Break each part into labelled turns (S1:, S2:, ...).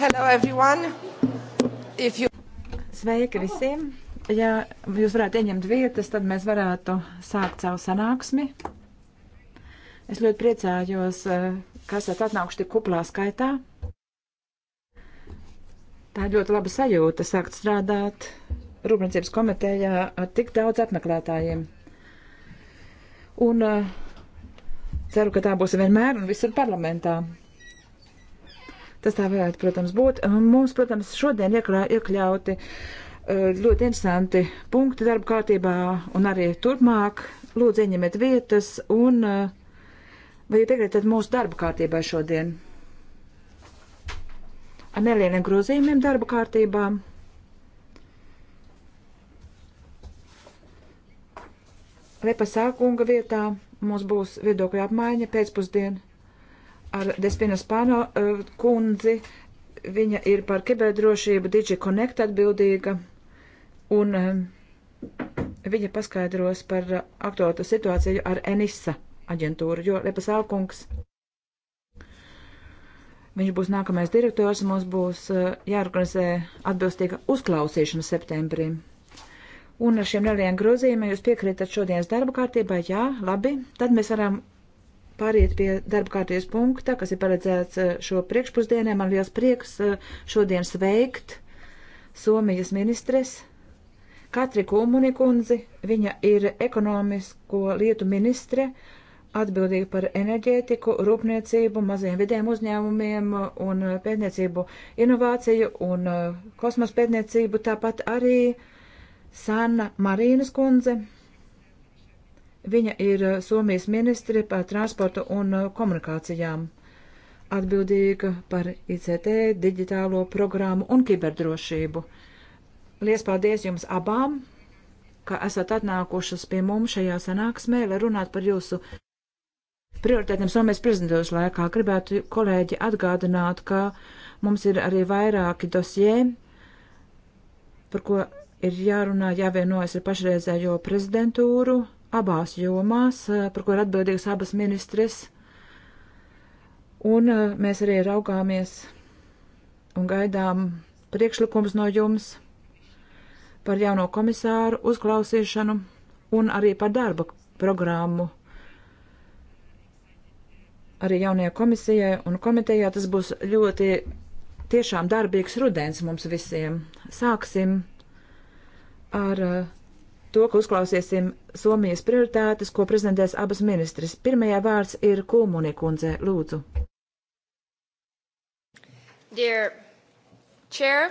S1: Hello everyone. If you... Sveiki visiem! Ja jūs varētu ieņemt vietas, tad mēs varētu sākt savu sanāksmi. Es ļoti priecājos, eh, ka esat atnākuši tik kuplā skaitā. Tā ir ļoti laba sajūta sākt strādāt Rūpniecības komitejā ar tik daudz apmeklētājiem. Un uh, ceru, ka tā būs vienmēr un visur parlamentā. Tas tā varētu, protams, būt. Mums, protams, šodien iekļā, iekļauti e, ļoti interesanti punkti darba kārtībā un arī turpmāk. Lūdzu, ieņemiet vietas un e, vai piekrītat mūsu darba kārtībai šodien? Ar nelieliem grozījumiem darba kārtībā. Lepa sākunga vietā mums būs viedokļa apmaiņa pēcpusdienā ar Despinas Pāno eh, kundzi. Viņa ir par kiberdrošību DigiConnect atbildīga, un eh, viņa paskaidros par eh, aktuālo situāciju ar Enisa aģentūru, jo Lepas Alkungs, viņš būs nākamais direktors, mums būs jāorganizē atbilstīga uzklausīšana septembrī. Un ar šiem nelieliem grozījumiem jūs piekrītat šodienas darba kārtībai? Jā, labi. Tad mēs varam pāriet pie darba kārtības punkta, kas ir paredzēts eh, šo priekšpusdienē. Man liels prieks eh, šodien sveikt Somijas ministres Katri Kulmunikundzi. Viņa ir ekonomisko lietu ministre, atbildīga par enerģētiku, rūpniecību, maziem vidiem uzņēmumiem un eh, pētniecību inovāciju un kosmos pētniecību. Tāpat arī Sanna Marīnas kundze Viņa ir eh, Somijas ministri par transportu un eh, komunikācijām, atbildīga par ICT, digitālo programmu un kiberdrošību. Lies paldies jums abām, ka esat atnākušas pie mums šajā sanāksmē, lai runātu par jūsu prioritātiem Somijas prezidentūras laikā. Gribētu kolēģi atgādināt, ka mums ir arī vairāki dosie, par ko ir jārunā, jāvienojas ar pašreizējo prezidentūru abās jomās, eh, par ko ir atbildīgas abas ministres. Un eh, mēs arī raugāmies un gaidām priekšlikums no jums par jauno komisāru uzklausīšanu un arī par darba programmu. Arī jaunajā komisijā un komitejā tas būs ļoti tiešām darbīgs rudens mums visiem. Sāksim ar uh, to, ka uzklausīsim Somijas prioritātes, ko prezentēs abas ministres. Pirmajā vārds ir Kulmuni kundze, lūdzu. Dear Chair.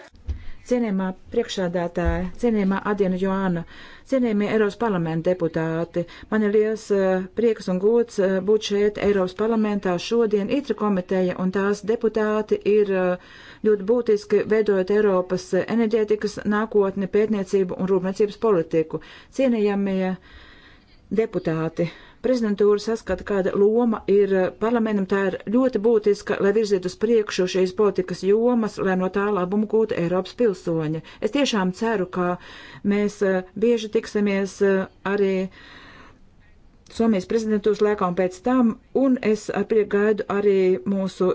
S1: Cienījumā priekšādātāja, cienījumā Adiena Joāna, cienījumie Eiropas parlamenta deputāti, man ir liels uh, prieks un gods uh, būt šeit Eiropas parlamentā šodien. Itra komiteja un tās deputāti ir uh, ļoti būtiski veidojot Eiropas enerģētikas nākotni, pētniecību un rūpniecības politiku. Cienījamie deputāti, prezidentūra saskata, kāda loma ir parlamentam, tā ir ļoti būtiska, lai virzītu uz priekšu šīs politikas jomas, lai no tā labumu gūtu Eiropas pilsoņi. Es tiešām ceru, ka mēs eh, bieži tiksimies eh, arī Somijas prezidentūras laikā un pēc tam, un es ar prieku gaidu arī mūsu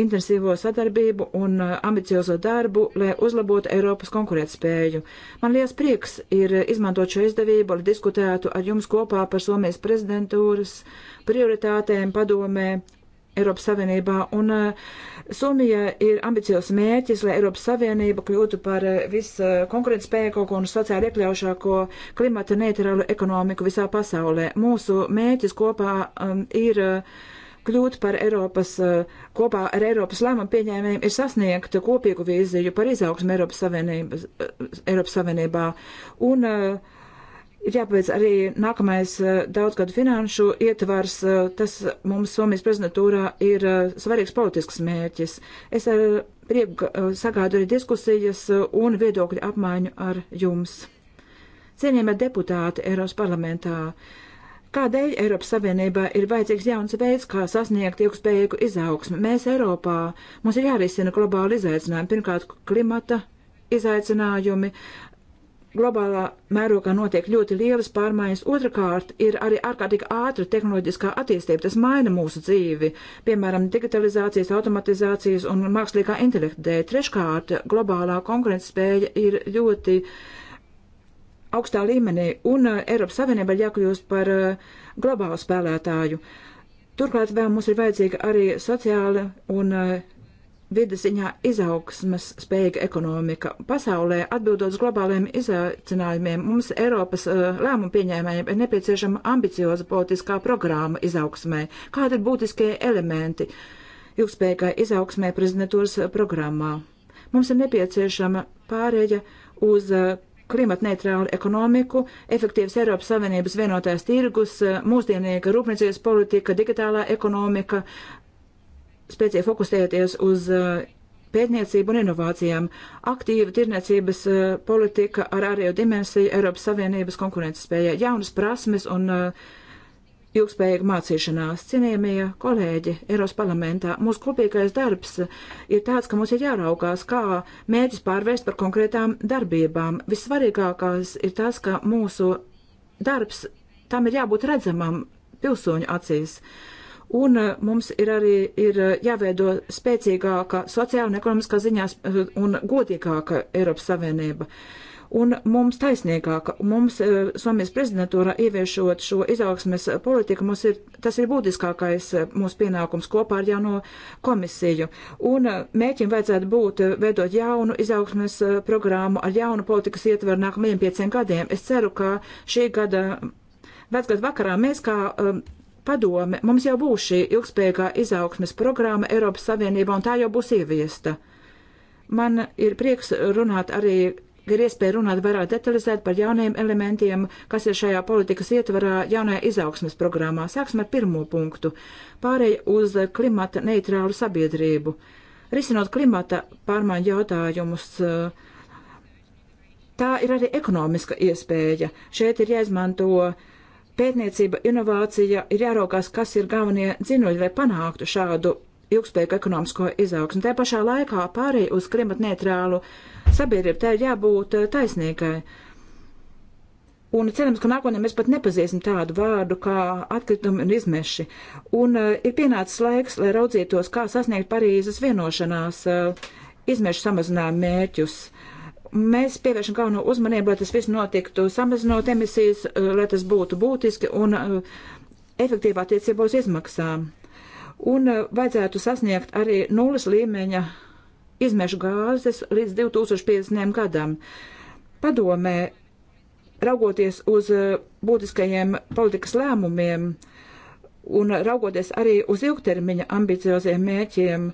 S1: intensīvo sadarbību un uh, ambiciozo darbu, lai uzlabotu Eiropas konkurētspēju. Man liels prieks ir izmantot šo izdevību, lai diskutētu ar jums kopā par Somijas prezidentūras prioritātēm padomē Eiropas Savienībā. Un uh, Somija ir ambiciozs mērķis, lai Eiropas Savienība kļūtu par uh, viskonkurētspējīgāko un sociāli iekļaušāko klimata neitrālu ekonomiku visā pasaulē. Mūsu mērķis kopā um, ir. Uh, kļūt par Eiropas, eh, kopā ar Eiropas lēmumu pieņēmējiem ir sasniegt kopīgu vīziju par izaugsmu Eiropas, Savienības, eh, Eiropas Savienībā. Un eh, ir jāpabeidz arī nākamais daudzgadu finanšu ietvars. Tas mums Somijas prezidentūrā ir svarīgs politisks mērķis. Es ar prieku sagādu arī diskusijas un viedokļu apmaiņu ar jums. Cienījamie deputāti Eiropas parlamentā. Uh, Kādēļ Eiropas Savienībā ir vajadzīgs jauns veids, kā sasniegt ilgspējīgu izaugsmu? Mēs Eiropā mums ir jārisina globāli izaicinājumi, pirmkārt klimata izaicinājumi. Globālā mērogā notiek ļoti lielas pārmaiņas. Otrakārt ir arī ārkārtīgi ātra tehnoloģiskā attīstība. Tas maina mūsu dzīvi, piemēram, digitalizācijas, automatizācijas un mākslīgā intelekta dēļ. Treškārt, globālā konkurences spēja ir ļoti uh, augstā līmenī, un eh, Eiropas Savienība ir jākļūst par eh, globālu spēlētāju. Turklāt vēl mums ir vajadzīga arī sociāla un eh, vidas ziņā izaugsmas spējīga ekonomika. Pasaulē, atbildot uz globāliem izaicinājumiem, mums Eiropas lēmumu pieņēmējiem ir nepieciešama ambicioza politiskā programma izaugsmē. Kādi ir būtiskie elementi ilgspējīgai izaugsmē prezidentūras programmā? Mums ir nepieciešama pārēja uz klimatneitrālu ekonomiku, efektīvs Eiropas Savienības vienotās tirgus, eh, mūsdienīga rūpniecības politika, digitālā ekonomika, spēcīgi fokusēties uz eh, pētniecību un inovācijām, aktīva tirniecības eh, politika ar ārējo dimensiju Eiropas Savienības konkurences spējā, jaunas prasmes un uh, ilgspējīga mācīšanās. Cienījamie kolēģi Eiros parlamentā, mūsu kopīgais darbs ir tāds, ka mums ir jāraugās, kā mērķis pārvērst par konkrētām darbībām. Vissvarīgākās ir tas, ka mūsu darbs tam ir jābūt redzamam pilsoņu acīs. Un eh, mums ir arī ir eh, jāveido spēcīgāka sociāla un ekonomiskā ziņā eh, un godīgāka Eiropas Savienība. Uh, un mums taisnīgāka. Mums eh, Somijas prezidentūra ieviešot šo izaugsmes eh, politiku, mums ir, tas ir būtiskākais eh, mūsu pienākums kopā ar jauno komisiju. Un mēķim vajadzētu būt veidot jaunu izaugsmes programmu ar jaunu politikas ietveru nākamajiem pieciem gadiem. Es ceru, ka šī gada vecgadu vakarā mēs kā padome, mums jau būs šī ilgspējīgā izaugsmes programma Eiropas Savienībā, un tā jau būs ieviesta. Man ir prieks runāt arī ka ir iespēja runāt vairāk detalizēt par jauniem elementiem, kas ir šajā politikas ietvarā jaunajā izaugsmes programmā. Sāksim ar pirmo punktu - pārēja uz klimata neitrālu sabiedrību. Risinot klimata pārmaiņu jautājumus, tā ir arī ekonomiska iespēja. Šeit ir jāizmanto pētniecība, inovācija, ir jāraugās, kas ir galvenie dzinoļi, lai panāktu šādu ilgspējīgu ekonomisko izaugsmu. Tā pašā laikā pārī uz klimatneitrālu sabiedrību tā ir jābūt eh, taisnīgai. Un cerams, ka nākotnē mēs pat nepazīsim tādu vārdu kā atkritumi un izmeši. Un uh, ir pienācis laiks, lai raudzītos, kā sasniegt Parīzes vienošanās uh, izmešu samazinājumu mērķus. Mēs pievēršam galveno uzmanību, lai tas viss notiktu, samazinot emisijas, uh, lai tas būtu būtiski un uh, efektīvā attiecībā uz izmaksām un eh, vajadzētu sasniegt arī nulles līmeņa izmešu gāzes līdz 2050. gadam. Padomē, raugoties uz eh, būtiskajiem politikas lēmumiem, un raugoties arī uz ilgtermiņa ambicioziem mērķiem,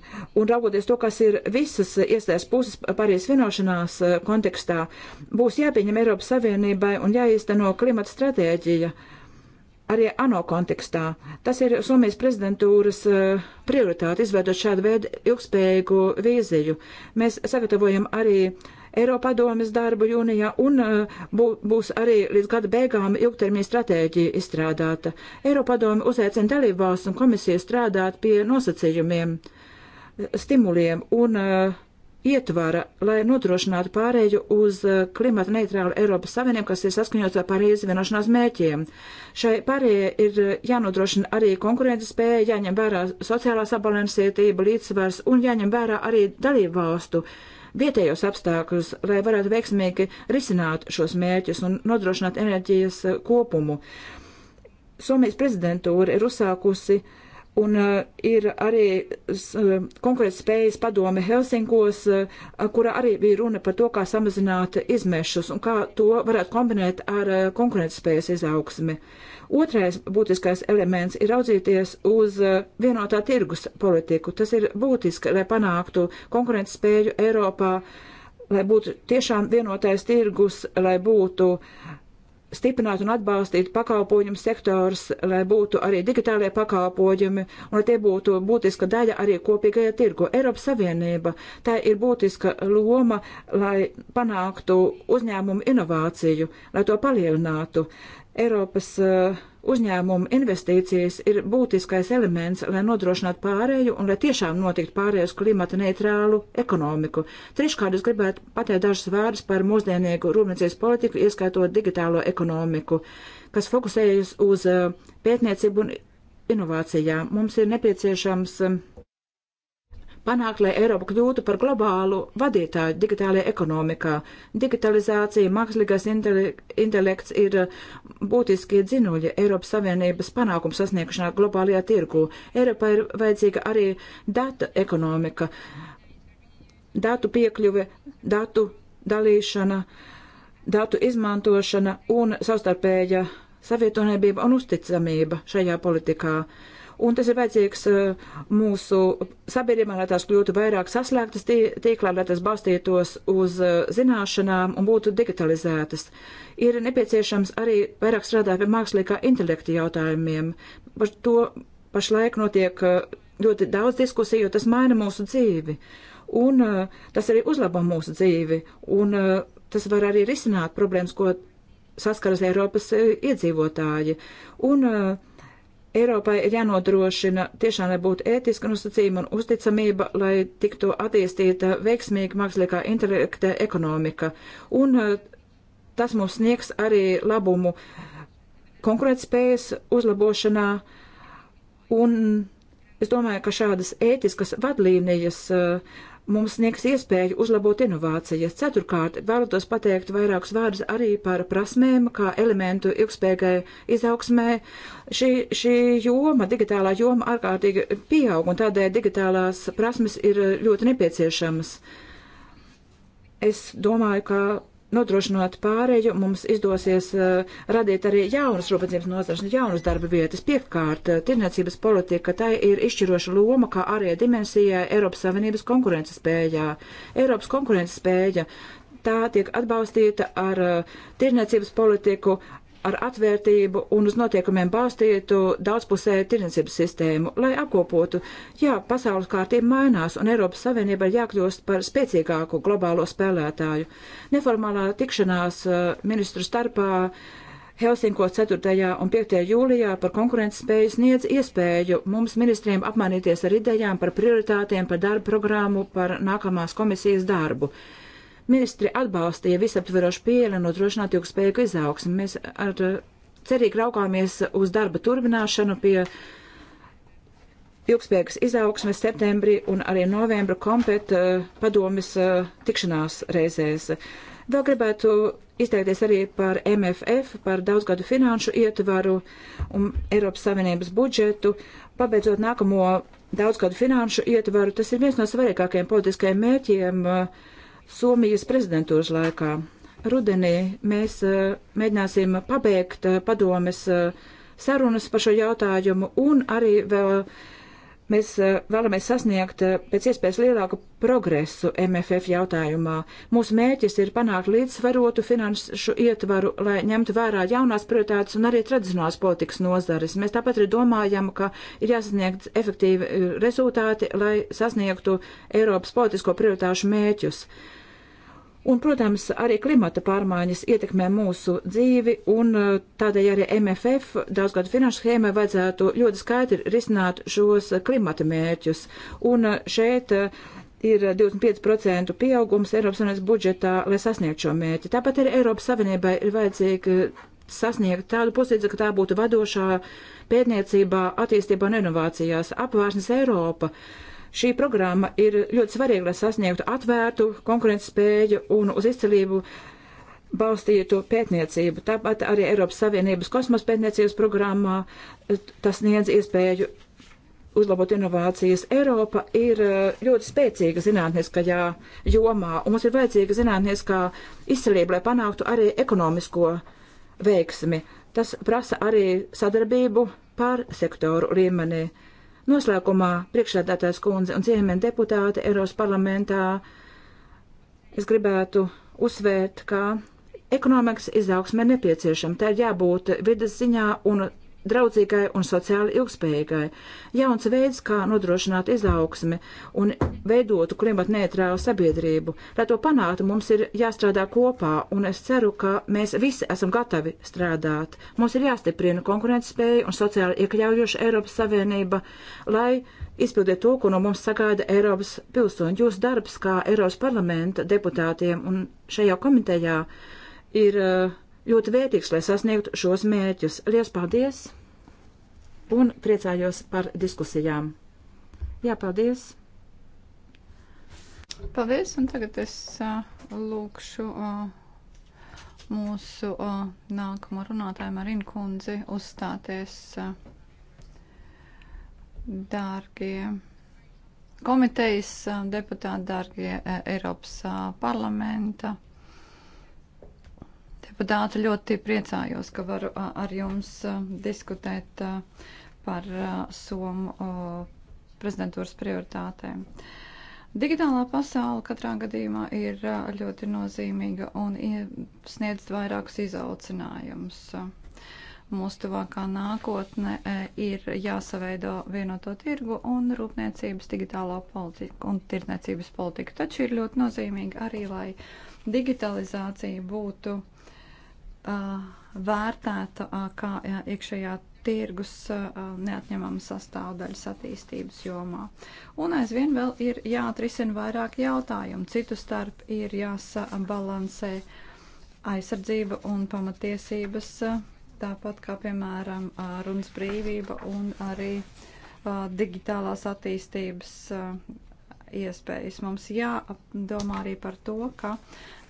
S1: un raugoties to, kas ir visas iestājas puses Parīs vienošanās eh, kontekstā, būs jāpieņem Eiropas Savienībai un jāīsteno klimata stratēģija. Uh, arī ANO kontekstā. Tas ir Somijas prezidentūras eh, prioritāte izveidot šādu veidu ilgspējīgu vīziju. Mēs sagatavojam arī Eiropadomes darbu jūnijā un eh, būs arī līdz gada beigām ilgtermiņa stratēģija izstrādāta. Eiropadome uzaicina dalībvalsts un komisiju strādāt pie nosacījumiem, stimuliem un uh, ietvara, lai nodrošinātu pārēju uz eh, klimata neitrālu Eiropas Savienību, kas ir saskaņots ar Parīzes vienošanās mērķiem. Šai pārējai ir eh, jānodrošina arī konkurences spēja, jāņem vērā sociālā sabalansētība, līdzsvars un jāņem vērā arī dalību valstu vietējos apstākļus, lai varētu veiksmīgi risināt šos mērķus un nodrošināt enerģijas eh, kopumu. Somijas prezidentūra ir uzsākusi uh, Un uh, ir arī uh, konkrēts spējas padome Helsinkos, uh, kura arī bija runa par to, kā samazināt izmešus un kā to varētu kombinēt ar uh, konkurētspējas izaugsmi. Otrais būtiskais elements ir raudzīties uz uh, vienotā tirgus politiku. Tas ir būtiski, lai panāktu konkurētspēju Eiropā, lai būtu tiešām vienotais tirgus, lai būtu uh, stiprināt un atbalstīt pakalpojumu sektors, lai būtu arī digitālie pakalpojumi un lai tie būtu būtiska daļa arī kopīgajā tirgu. Eiropas Savienība tā ir būtiska loma, lai panāktu uzņēmumu inovāciju, lai to palielinātu. Eiropas uh, Uzņēmumu investīcijas ir būtiskais elements, lai nodrošinātu pārēju un lai tiešām notiktu pārēju uz klimata neitrālu ekonomiku. Treškārt es gribētu pateikt dažas vārdas par mūsdienīgu rūpniecības politiku, ieskaitot digitālo ekonomiku, kas fokusējas uz uh, pētniecību un inovācijām. Mums ir nepieciešams uh, panākt, lai Eiropa kļūtu par globālu vadītāju digitālajā ekonomikā. Digitalizācija, mākslīgais intelekts ir būtiski dzinuļi Eiropas Savienības panākumu sasniegšanā globālajā tirgu. Eiropā ir vajadzīga arī data ekonomika, datu piekļuve, datu dalīšana, datu izmantošana un savstarpēja savietonēbība un uzticamība šajā politikā. Uh, un tas ir vajadzīgs eh, mūsu sabiedrībā, lai tās kļūtu vairāk saslēgtas tīklā, lai tas balstītos uz eh, zināšanām un būtu digitalizētas. Ir nepieciešams arī vairāk strādāt pie mākslīgā intelekta jautājumiem. Par to pašlaik notiek eh, ļoti daudz diskusiju, jo tas maina mūsu dzīvi. Un tas arī uzlabo mūsu dzīvi, un tas var arī risināt problēmas, ko saskaras Eiropas iedzīvotāji. Un uh, Eiropai ir jānodrošina tiešām, lai būtu ētiska nosacījuma un uzticamība, lai tiktu attīstīta veiksmīga mākslīgā intelekta ekonomika. Un eh, tas mums sniegs arī labumu konkurētspējas uzlabošanā. Un es domāju, ka šādas ētiskas vadlīnijas uh, mums sniegs iespēju uzlabot inovācijas. Ceturkārt, vēlētos pateikt vairākus vārdus arī par prasmēm, kā elementu ilgspējīgai izaugsmē. Šī, šī joma, digitālā joma ārkārtīgi pieaug, un tādēļ digitālās prasmes ir ļoti nepieciešamas. Es domāju, ka nodrošinot pārēju, mums izdosies uh, radīt arī jaunas rūpniecības nozares, jaunas darba vietas. Piekārt, eh, tirniecības politika tai ir izšķiroša loma, kā arī dimensijai Eiropas Savienības konkurences spējā. Eiropas konkurences spēja tā tiek atbalstīta ar uh, tirniecības politiku, ar atvērtību un uz notiekumiem balstītu daudzpusēju tirdzniecības sistēmu, lai apkopotu, jā, pasaules kārtība mainās un Eiropas Savienība ir jākļūst par spēcīgāku globālo spēlētāju. Neformālā tikšanās uh, ministru starpā Helsinkos 4. un 5. jūlijā par konkurences spēju sniedz iespēju mums ministriem apmainīties ar idejām par prioritātiem, par darbu programmu, par nākamās komisijas darbu. Ministri atbalstīja visaptverošu pieeja, lai nodrošinātu ilgspējīgu izaugsmu. Mēs ar uh, cerīgi raugāmies uz darba turpināšanu pie ilgspējīgas izaugsmes septembrī un arī novembra kompet uh, padomis uh, tikšanās reizēs. Vēl gribētu izteikties arī par MFF, par daudzgadu finanšu ietvaru un Eiropas Savienības budžetu. Pabeidzot nākamo daudzgadu finanšu ietvaru, tas ir viens no svarīgākajiem politiskajiem mērķiem. Uh, Somijas prezidentūras laikā. Rudenī mēs eh, mēģināsim pabeigt eh, padomes eh, sarunas par šo jautājumu un arī vēl mēs vēlamies sasniegt pēc iespējas lielāku progresu MFF jautājumā. Mūsu mērķis ir panākt līdzsvarotu finanšu ietvaru, lai ņemtu vērā jaunās prioritātes un arī tradicionālās politikas nozares. Mēs tāpat arī domājam, ka ir jāsasniegt efektīvi rezultāti, lai sasniegtu Eiropas politisko prioritāšu mērķus. Un, protams, arī klimata pārmaiņas ietekmē mūsu dzīvi, un eh, tādēļ arī MFF daudzgadu finanšu schēmai vajadzētu ļoti skaidri risināt šos klimata mērķus. Un eh, šeit eh, ir 25% pieaugums Eiropas Savienības budžetā, lai sasniegtu šo mērķi. Tāpat arī Eiropas Savienībai ir vajadzīgi sasniegt tādu puslīdzi, ka tā būtu vadošā pētniecībā, attīstībā un inovācijās. Apvārsnes Eiropa. Uh, Šī programma ir ļoti svarīga, lai sasniegtu atvērtu konkurences spēju un uz izcelību balstītu pētniecību. Tāpat arī Eiropas Savienības kosmosa pētniecības programmā eh, tas sniedz iespēju uzlabot inovācijas. Eiropa ir eh, ļoti spēcīga zinātniskajā jomā, un mums ir vajadzīga zinātniskā izcelība, lai panāktu arī ekonomisko veiksmi. Tas prasa arī sadarbību pār sektoru līmenī. Noslēgumā priekšsēdētājs kundze un cienījamie deputāti Eiropas parlamentā es gribētu uzsvērt, ka ekonomikas izaugsme ir nepieciešama. Tā ir jābūt vidas ziņā un draudzīgai un sociāli ilgspējīgai. Jauns veids, kā nodrošināt izaugsmi un veidotu klimatu neitrālu sabiedrību. Lai to panātu, mums ir jāstrādā kopā, un es ceru, ka mēs visi esam gatavi strādāt. Mums ir jāstiprina konkurētspēja un sociāli iekļaujoša Eiropas Savienība, lai izpildītu to, ko no mums sagaida Eiropas pilsoņi. Jūsu darbs kā Eiropas parlamenta deputātiem un šajā komitejā ir uh, ļoti vērtīgs, lai sasniegtu šos mērķus. Lielas paldies un priecājos par diskusijām.
S2: Jā, paldies! Paldies, un tagad es uh, lūkšu uh, mūsu uh, nākamo runātāju Marinu kundzi uzstāties. Uh, dārgie komitejas uh, deputāti, dārgie uh, Eiropas uh, parlamenta deputāti, ļoti priecājos, ka varu ar jums diskutēt par Somu prezidentūras prioritātēm. Digitālā pasaule katrā gadījumā ir ļoti nozīmīga un sniedz vairākus izaicinājumus. Mūsu tuvākā nākotne e, ir jāsaveido vienoto tirgu un rūpniecības digitālā politika un tirdzniecības politika. Taču ir ļoti nozīmīgi arī, lai digitalizācija būtu uh, vērtēta kā iekšējā tirgus neatņemama sastāvdaļas attīstības jomā. Un aizvien vēl ir jāatrisina vairāk jautājumu, citu starp ir jāsabalansē aizsardzība un pamatiesības, tāpat kā, piemēram, runas brīvība un arī digitālās attīstības iespējas. Mums jādomā arī par to, ka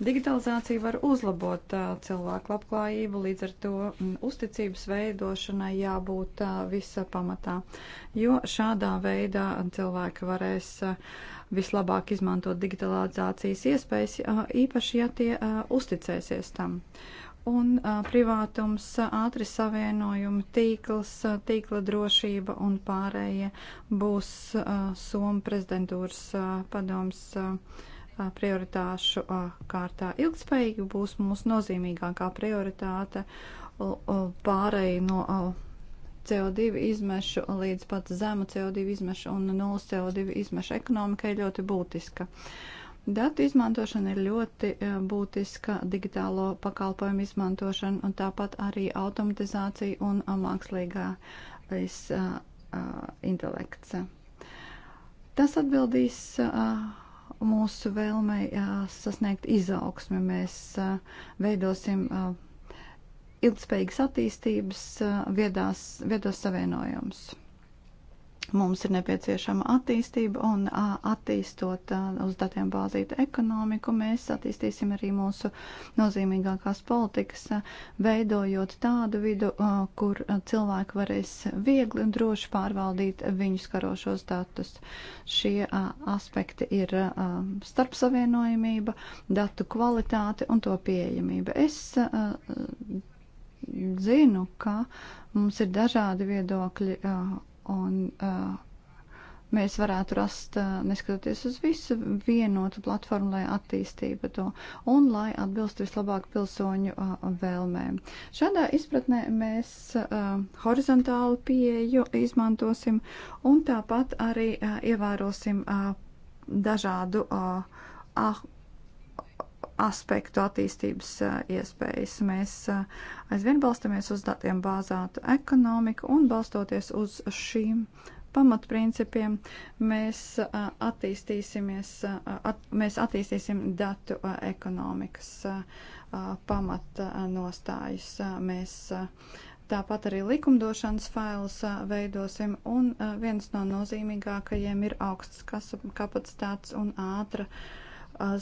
S2: digitalizācija var uzlabot uh, cilvēku labklājību, līdz ar to mm, uzticības veidošanai jābūt uh, visa pamatā, jo šādā veidā cilvēki varēs uh, vislabāk izmantot digitalizācijas iespējas, īpaši, ja tie uzticēsies tam un uh, privātums, ātri savienojumi, tīkls, tīkla drošība un pārējie būs uh, Somu prezidentūras uh, padoms uh, prioritāšu uh, kārtā. Ilgspējīgi būs mūsu nozīmīgākā prioritāte uh, pārēj no. Uh, CO2 izmešu līdz pat zemu CO2 izmešu un nulles CO2 izmešu ekonomika ir ļoti būtiska. Uh, Datu izmantošana ir ļoti eh, būtiska digitālo pakalpojumu izmantošana un tāpat arī automatizācija un eh, mākslīgais eh, intelekts. Tas atbildīs mūsu vēlmei sasniegt izaugsmi. Mēs veidosim ilgspējīgas attīstības viedās, viedos savienojums. Mums ir nepieciešama attīstība un attīstot uz datiem bāzītu ekonomiku, mēs attīstīsim arī mūsu nozīmīgākās politikas, veidojot tādu vidu, kur cilvēki varēs viegli un droši pārvaldīt viņus karošos datus. Šie aspekti ir starpsavienojamība, datu kvalitāte un to pieejamība. Es zinu, ka mums ir dažādi viedokļi un uh, mēs varētu rast, uh, neskatoties uz visu, vienotu platformu, lai attīstība to un lai atbilst vislabāk pilsoņu uh, vēlmēm. Šādā izpratnē mēs uh, horizontālu pieeju izmantosim un tāpat arī uh, ievērosim uh, dažādu uh, aspektu attīstības iespējas. Mēs aizvien balstamies uz datiem bāzētu ekonomiku un balstoties uz šīm pamatprincipiem mēs attīstīsimies, at, mēs attīstīsim datu ekonomikas pamatnostājas. Mēs Tāpat arī likumdošanas failus veidosim, un viens no nozīmīgākajiem ir augsts kapacitātes un ātra uh,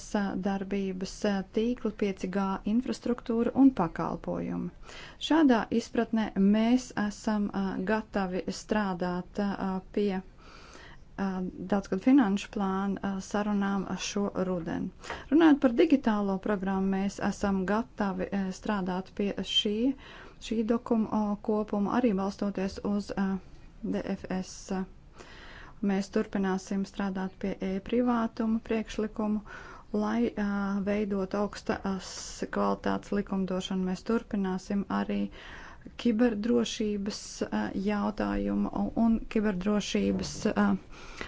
S2: sadarbības tīklu, 5G infrastruktūru un pakalpojumu. Šādā izpratnē mēs esam gatavi strādāt pie daudzgad finanšu plānu sarunām šo rudeni. Runājot par digitālo programmu, mēs esam gatavi strādāt pie šī, šī dokuma kopuma, arī balstoties uz DFS Mēs turpināsim strādāt pie e-privātuma priekšlikumu, lai uh, veidot augstas kvalitātes likumdošanu. Mēs turpināsim arī uh, kiberdrošības jautājumu un kiberdrošības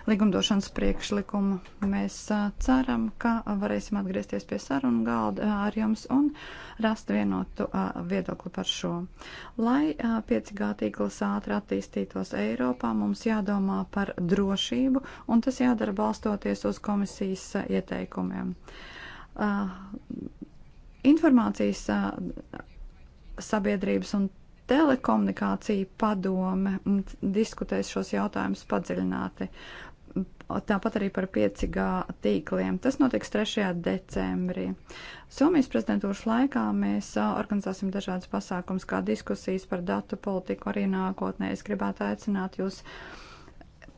S2: likumdošanas priekšlikumu. Mēs ceram, ka varēsim atgriezties pie sarunu galda ar jums un rast vienotu viedokli par šo. Lai 5G tīkls ātri attīstītos Eiropā, mums jādomā par drošību, un tas jādara balstoties uz komisijas ieteikumiem. Informācijas sabiedrības un Telekomunikācija padome diskutēs šos jautājumus padziļināti. Tāpat arī par 5G tīkliem. Tas notiks 3. decembrī. Somijas prezidentūras laikā mēs organizēsim dažādas pasākums, kā diskusijas par datu politiku arī nākotnē. Es gribētu aicināt jūs uh,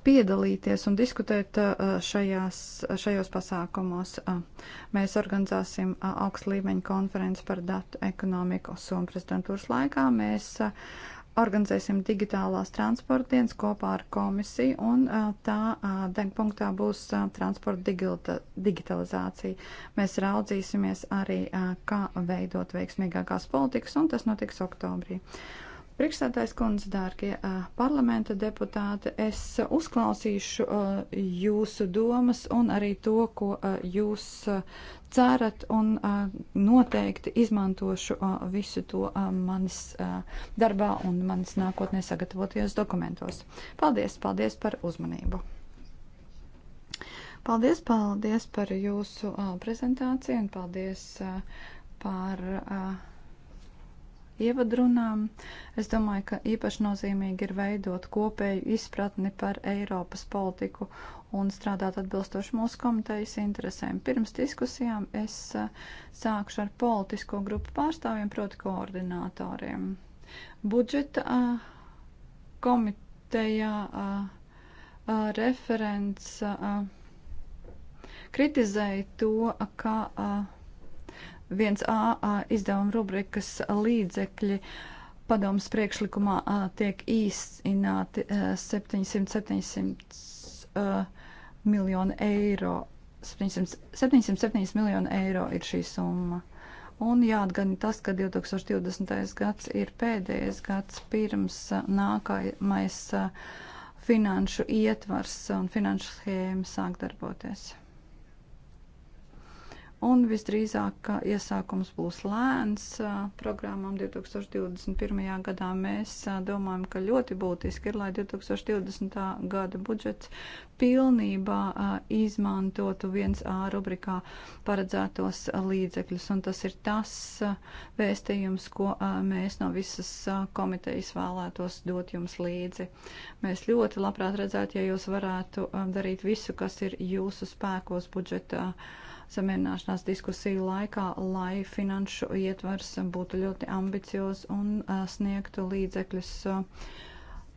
S2: piedalīties un diskutēt uh, šajās, šajos pasākumos. Uh, mēs organizāsim uh, augstu līmeņu konferenci par datu ekonomiku Somu prezidentūras laikā. Mēs organizēsim digitālās transporta dienas kopā ar komisiju, un tā degpunktā būs transporta digilta, digitalizācija. Mēs raudzīsimies arī, kā veidot veiksmīgākās politikas, un tas notiks oktobrī. Uh, Priekšstādājs kundze, dārgie parlamenta deputāti, es uzklausīšu jūsu domas un arī to, ko jūs cerat, un noteikti izmantošu visu to manis darbā un manis nākotnē sagatavotajos dokumentos. Paldies, paldies par uzmanību! Paldies, paldies par jūsu uh, prezentāciju un paldies uh, par uh, ievadrunām. Es domāju, ka īpaši nozīmīgi ir veidot kopēju izpratni par Eiropas politiku un strādāt atbilstoši mūsu komitejas interesēm. Pirms diskusijām es eh, sākšu ar politisko grupu pārstāvjiem, proti koordinātoriem. Budžeta eh, komitejā eh, referents kritizēja to, ka 1A izdevuma rubrikas līdzekļi padomas priekšlikumā tiek īstināti 700-700 miljonu eiro. 700, 707 miljonu eiro ir šī summa. Un jāatgādina tas, ka 2020. gads ir pēdējais gads pirms nākamais finanšu ietvars un finanšu schēma sāk darboties. Un visdrīzāk iesākums būs lēns programmām 2021. gadā. Mēs domājam, ka ļoti būtiski ir, lai 2020. gada budžets pilnībā izmantotu 1A rubrikā paredzētos līdzekļus. Un tas ir tas vēstījums, ko mēs no visas komitejas vēlētos dot jums līdzi. Mēs ļoti labprāt redzētu, ja jūs varētu darīt visu, kas ir jūsu spēkos budžetā samierināšanās diskusiju laikā, lai finanšu ietvars būtu ļoti ambicios un sniegtu līdzekļus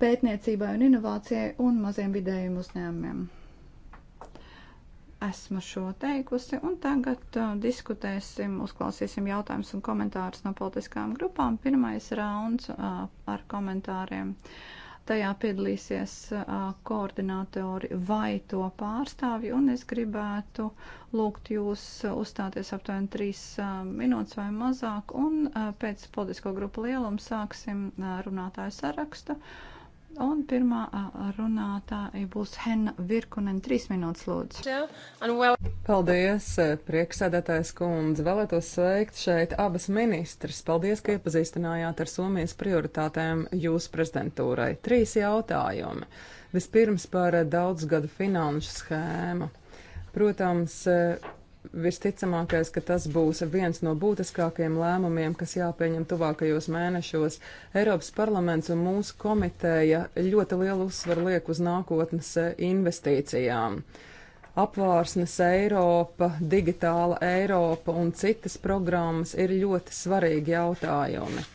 S2: pētniecībai un inovācijai un maziem vidējiem uzņēmumiem esmu šo teikusi, un tagad uh, diskutēsim, uzklausīsim jautājumus un komentārus no politiskām grupām. Pirmais rauns uh, ar komentāriem. Uh, Tajā piedalīsies koordinātori vai to pārstāvju, un es gribētu lūgt jūs uzstāties aptuveni trīs minūtes vai mazāk, un pēc politisko grupu lielumu sāksim runātāju sarakstu Un pirmā runātāja būs Henna Virkunen, trīs minūtes
S3: lūdzu. Paldies, e, prieksēdētājs kundze. Vēlētos sveikt šeit abas ministras. Paldies, ka iepazīstinājāt ar Somijas prioritātēm jūsu prezidentūrai. Trīs jautājumi. Vispirms par daudzgadu finanšu schēmu. Protams, e, Visticamākais, ka tas būs viens no būtiskākajiem lēmumiem, kas jāpieņem tuvākajos mēnešos. Eiropas parlaments un mūsu komiteja ļoti lielu uzsvaru liek uz nākotnes eh, investīcijām. Apvārsnes Eiropa, digitāla Eiropa un citas programmas ir ļoti svarīgi jautājumi.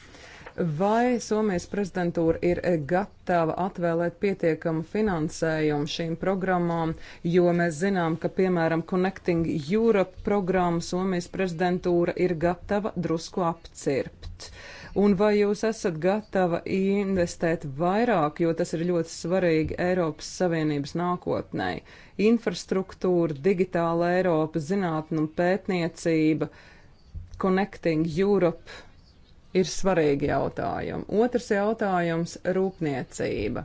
S3: Vai Somijas prezidentūra ir gatava atvēlēt pietiekamu finansējumu šīm programmām, jo mēs zinām, ka, piemēram, Connecting Europe programmu Somijas prezidentūra ir gatava drusku apcirpt? Un vai jūs esat gatava investēt vairāk, jo tas ir ļoti svarīgi Eiropas Savienības nākotnē? Infrastruktūra, digitāla Eiropa, zinātnum pētniecība, Connecting Europe ir svarīgi jautājumi. Otrs jautājums - rūpniecība.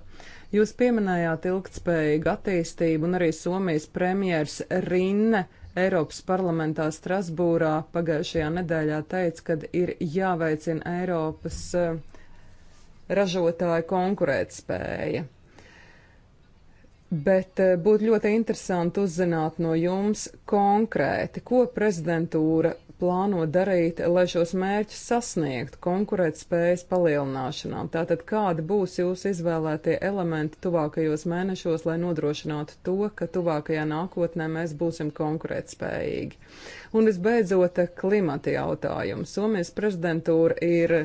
S3: Jūs pieminējāt ilgtspējīgu attīstību un arī Somijas premjers Rinne Eiropas parlamentā Strasbūrā pagājušajā nedēļā teica, ka ir jāveicina Eiropas eh, ražotāju konkurētspēja bet eh, būtu ļoti interesanti uzzināt no jums konkrēti, ko prezidentūra plāno darīt, lai šos mērķus sasniegtu konkurētspējas palielināšanā. Tātad kādi būs jūsu izvēlētie elementi tuvākajos mēnešos, lai nodrošinātu to, ka tuvākajā nākotnē mēs būsim konkurētspējīgi? Un visbeidzot, eh, klimata jautājums. Somijas prezidentūra ir,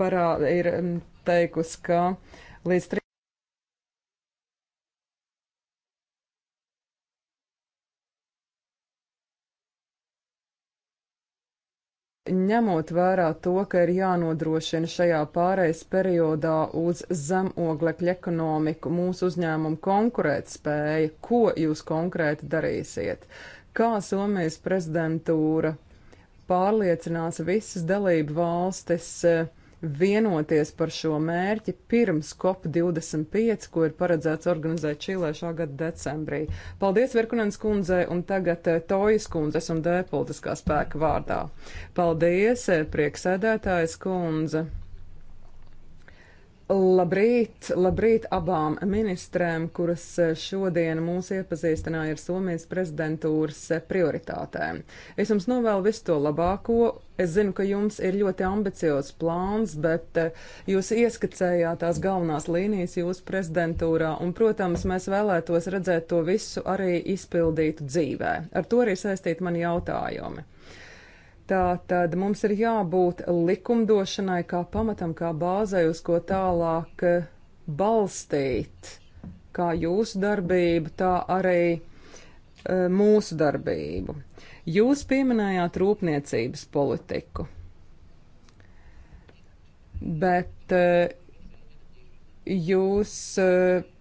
S3: parā, ir mm, teikusi, ka līdz ņemot vērā to, ka ir jānodrošina šajā pārejas periodā uz zemoglekļa ekonomiku mūsu uzņēmumu konkurētspēja, ko jūs konkrēti darīsiet? Kā Somijas prezidentūra pārliecinās visas dalību valstis? Uh, vienoties par šo mērķi pirms COP25, ko ir paredzēts organizēt Čīlē šā gada decembrī. Paldies Verkunens kundzei un tagad eh, Tojas kundzes un D politiskā spēka vārdā. Paldies, eh, prieksēdētājas kundze! Labrīt, labrīt abām ministrēm, kuras šodien mūs iepazīstināja ar Somijas prezidentūras prioritātēm. Es jums novēlu visu to labāko. Es zinu, ka jums ir ļoti ambiciozs plāns, bet eh, jūs ieskicējāt tās galvenās līnijas jūsu prezidentūrā, un, protams, mēs vēlētos redzēt to visu arī izpildītu dzīvē. Ar to arī saistīt mani jautājumi. Tā tad mums ir jābūt likumdošanai kā pamatam, kā bāzai, uz ko tālāk eh, balstīt kā jūsu darbību, tā arī e, mūsu darbību. Jūs pieminējāt rūpniecības politiku, bet e, jūs e,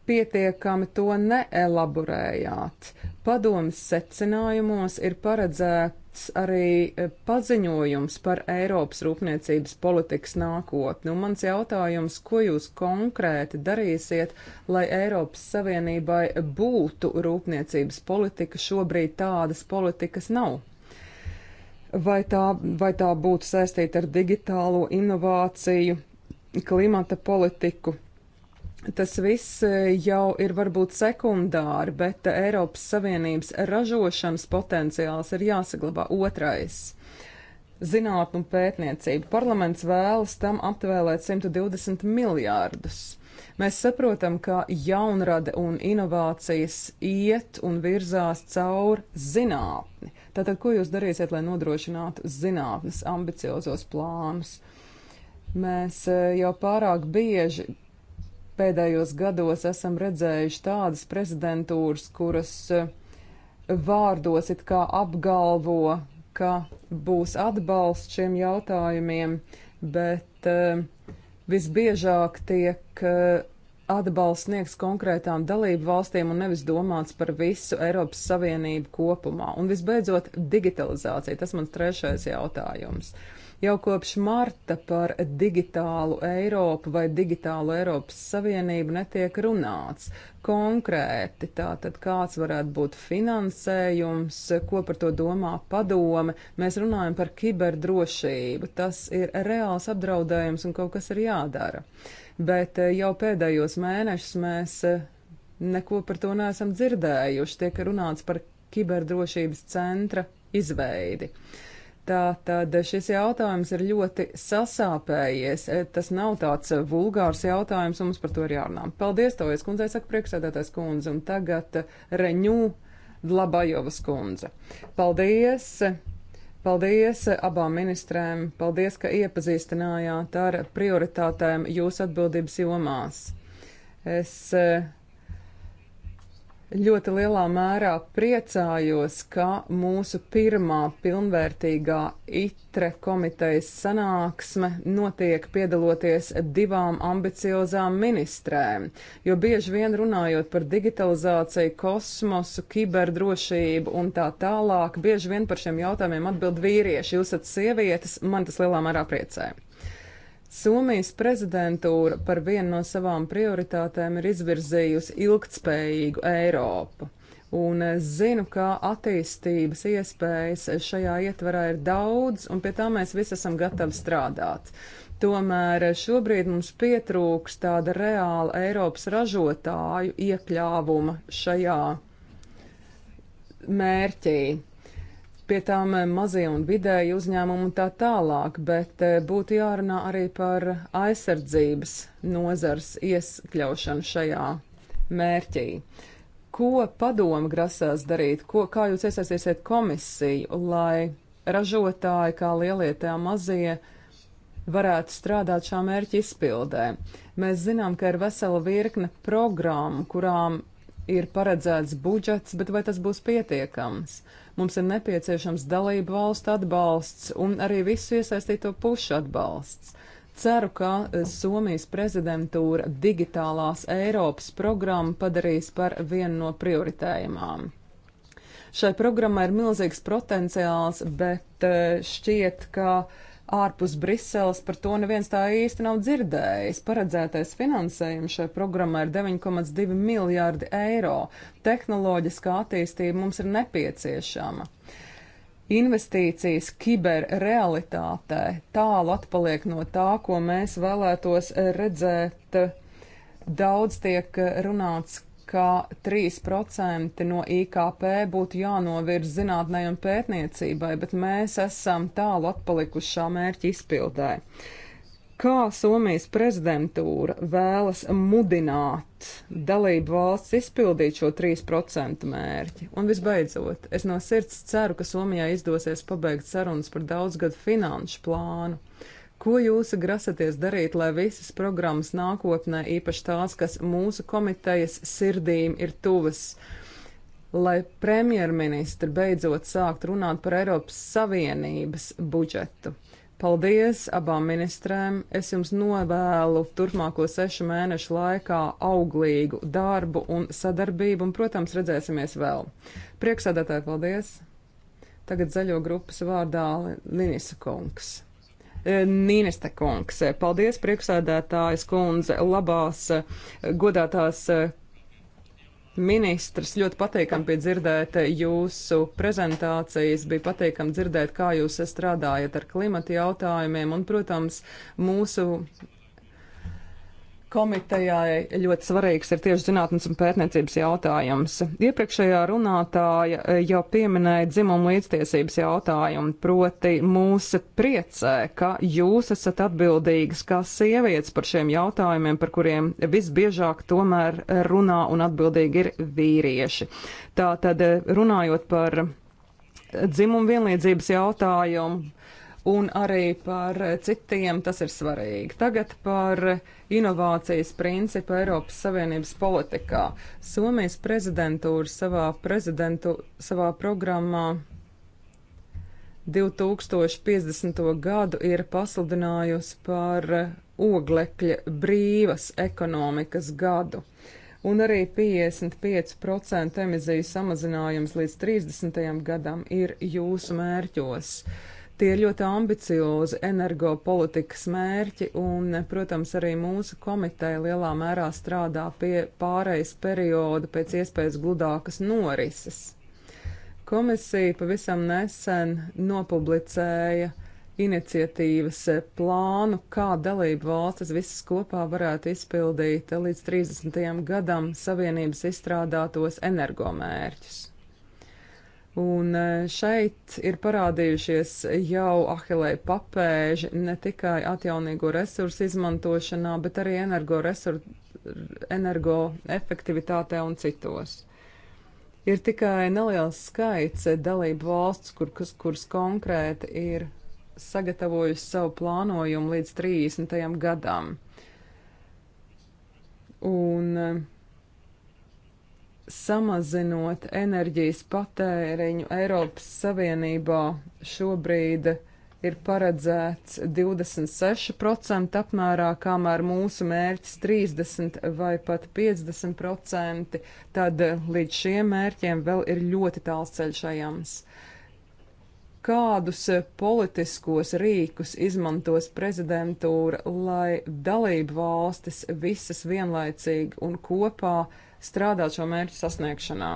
S3: pietiekami to neelaborējāt. Padomas secinājumos ir paredzēta iesniegts arī e, paziņojums par Eiropas rūpniecības politikas nākotni, un mans jautājums, ko jūs konkrēti darīsiet, lai Eiropas Savienībai būtu rūpniecības politika, šobrīd tādas politikas nav? Vai tā, vai tā būtu saistīta ar digitālo inovāciju, klimata politiku, Tas viss eh, jau ir varbūt sekundāri, bet eh, Eiropas Savienības ražošanas potenciāls ir jāsaglabā otrais. Zinātnē un pētniecība. Parlaments vēlas tam aptvēlēt 120 miljārdus. Mēs saprotam, ka jaunrade un inovācijas iet un virzās caur zinātni. Tātad, ko jūs darīsiet, lai nodrošinātu zinātnes ambiciozos plānus? Mēs eh, jau pārāk bieži pēdējos gados esam redzējuši tādas prezidentūras, kuras eh, vārdos it kā apgalvo, ka būs atbalsts šiem jautājumiem, bet eh, visbiežāk tiek eh, atbalsts sniegs konkrētām dalību valstīm un nevis domāts par visu Eiropas Savienību kopumā. Un visbeidzot, digitalizācija. Tas mans trešais jautājums. Uh, Jau kopš marta par digitālu Eiropu vai digitālu Eiropas Savienību netiek runāts. Konkrēti tātad kāds varētu būt finansējums, ko par to domā padome. Mēs runājam par kiberdrošību. Tas ir reāls apdraudējums un kaut kas ir jādara. Bet eh, jau pēdējos mēnešus mēs eh, neko par to neesam dzirdējuši. Tiek runāts par kiberdrošības centra izveidi. Uh, Tātad šis jautājums ir ļoti sasāpējies. E, tas nav tāds vulgārs jautājums, mums par to ir jārunā. Paldies, Tojas kundzei, saka priekšsēdētājs kundze, un tagad Reņū Dlabajovas kundze. Paldies! Paldies abām ministrēm, paldies, ka iepazīstinājāt ar prioritātēm jūsu atbildības jomās. Es e, ļoti lielā mērā priecājos, ka mūsu pirmā pilnvērtīgā ITRE komitejas sanāksme notiek piedaloties divām ambiciozām ministrēm, jo bieži vien runājot par digitalizāciju, kosmosu, kiberdrošību un tā tālāk, bieži vien par šiem jautājumiem atbild vīrieši. Jūs esat sievietes, man tas lielā mērā priecē. Somijas prezidentūra par vienu no savām prioritātēm ir izvirzījusi ilgtspējīgu Eiropu. Un es zinu, ka attīstības iespējas šajā ietvarā ir daudz, un pie tā mēs visi esam gatavi strādāt. Tomēr šobrīd mums pietrūks tāda reāla Eiropas ražotāju iekļāvuma šajā mērķī pie tām eh, mazie un vidēji uzņēmumi un tā tālāk, bet eh, būtu jārunā arī par aizsardzības nozars ieskļaušanu šajā mērķī. Ko padoma grasās darīt, ko, kā jūs iesaistīsiet komisiju, lai ražotāji, kā lielie tā mazie, varētu strādāt šā mērķa izpildē? Mēs zinām, ka ir vesela virkne programmu, kurām ir paredzēts budžets, bet vai tas būs pietiekams? Mums ir nepieciešams dalību valstu atbalsts un arī visu iesaistīto pušu atbalsts. Ceru, ka eh, Somijas prezidentūra digitālās Eiropas programmu padarīs par vienu no prioritējumām. Šai programmai ir milzīgs potenciāls, bet eh, šķiet, ka uh, ārpus Briseles par to neviens tā īsti nav dzirdējis. Paredzētais finansējums šai programmai ir 9,2 miljārdi eiro. Tehnoloģiskā attīstība mums ir nepieciešama. Investīcijas kiberrealitātē tālu atpaliek no tā, ko mēs vēlētos redzēt. Daudz tiek runāts, ka 3% no IKP būtu jānovirz zinātnē un pētniecībai, bet mēs esam tālu atpalikuši šā mērķa izpildē. Kā Somijas prezidentūra vēlas mudināt dalību valsts izpildīt šo 3% mērķi? Un visbeidzot, es no sirds ceru, ka Somijai izdosies pabeigt sarunas par daudzgadu finanšu plānu. Ko jūs grasaties darīt, lai visas programmas nākotnē, īpaši tās, kas mūsu komitejas sirdīm ir tuvas, lai premjerministri beidzot sākt runāt par Eiropas Savienības budžetu? Paldies abām ministrēm. Es jums novēlu turpmāko sešu mēnešu laikā auglīgu darbu un sadarbību, un, protams, redzēsimies vēl. Prieksādātāji, paldies! Tagad zaļo grupas vārdā Linisa Kungs. Eh, Nīnesta kungs. Eh, paldies, priekšsēdētājas kundze, labās, eh, godātās ministrs. Ļoti patīkam bija dzirdēt jūsu prezentācijas, bija patīkam dzirdēt, kā jūs strādājat ar klimata jautājumiem un, protams, mūsu komitejai ļoti svarīgs ir tieši zinātnes un pētniecības jautājums. Iepriekšējā runātāja jau pieminēja dzimumu līdztiesības jautājumu, proti mūs priecē, ka jūs esat atbildīgas kā sievietes par šiem jautājumiem, par kuriem visbiežāk tomēr runā un atbildīgi ir vīrieši. Tātad runājot par dzimumu vienlīdzības jautājumu, un arī par citiem tas ir svarīgi. Tagad par inovācijas principu Eiropas Savienības politikā. Somijas prezidentūra savā, prezidentu, savā programmā 2050. gadu ir pasludinājusi par oglekļa brīvas ekonomikas gadu un arī 55% emisiju samazinājums līdz 30. gadam ir jūsu mērķos. Tie ir ļoti ambiciozi energopolitikas mērķi, un, protams, arī mūsu komiteja lielā mērā strādā pie pārejas perioda pēc iespējas gludākas norises. Komisija pavisam nesen nopublicēja iniciatīvas plānu, kā dalību valstis visas kopā varētu izpildīt līdz 30. gadam Savienības izstrādātos energomērķus. Un e, šeit ir parādījušies jau ahilēja papēži ne tikai atjaunīgo resursu izmantošanā, bet arī energoefektivitātē energo un citos. Ir tikai neliels skaits dalību valsts, kur, kas, kuras konkrēti ir sagatavojusi savu plānojumu līdz 30. gadam. Un e, samazinot enerģijas patēriņu Eiropas Savienībā šobrīd ir paredzēts 26% apmērā, kamēr mūsu mērķis 30 vai pat 50%, tad līdz šiem mērķiem vēl ir ļoti tāls ceļš ejams. Kādus politiskos rīkus izmantos prezidentūra, lai dalību valstis visas vienlaicīgi un kopā uh, strādāt šo mērķu sasniegšanā.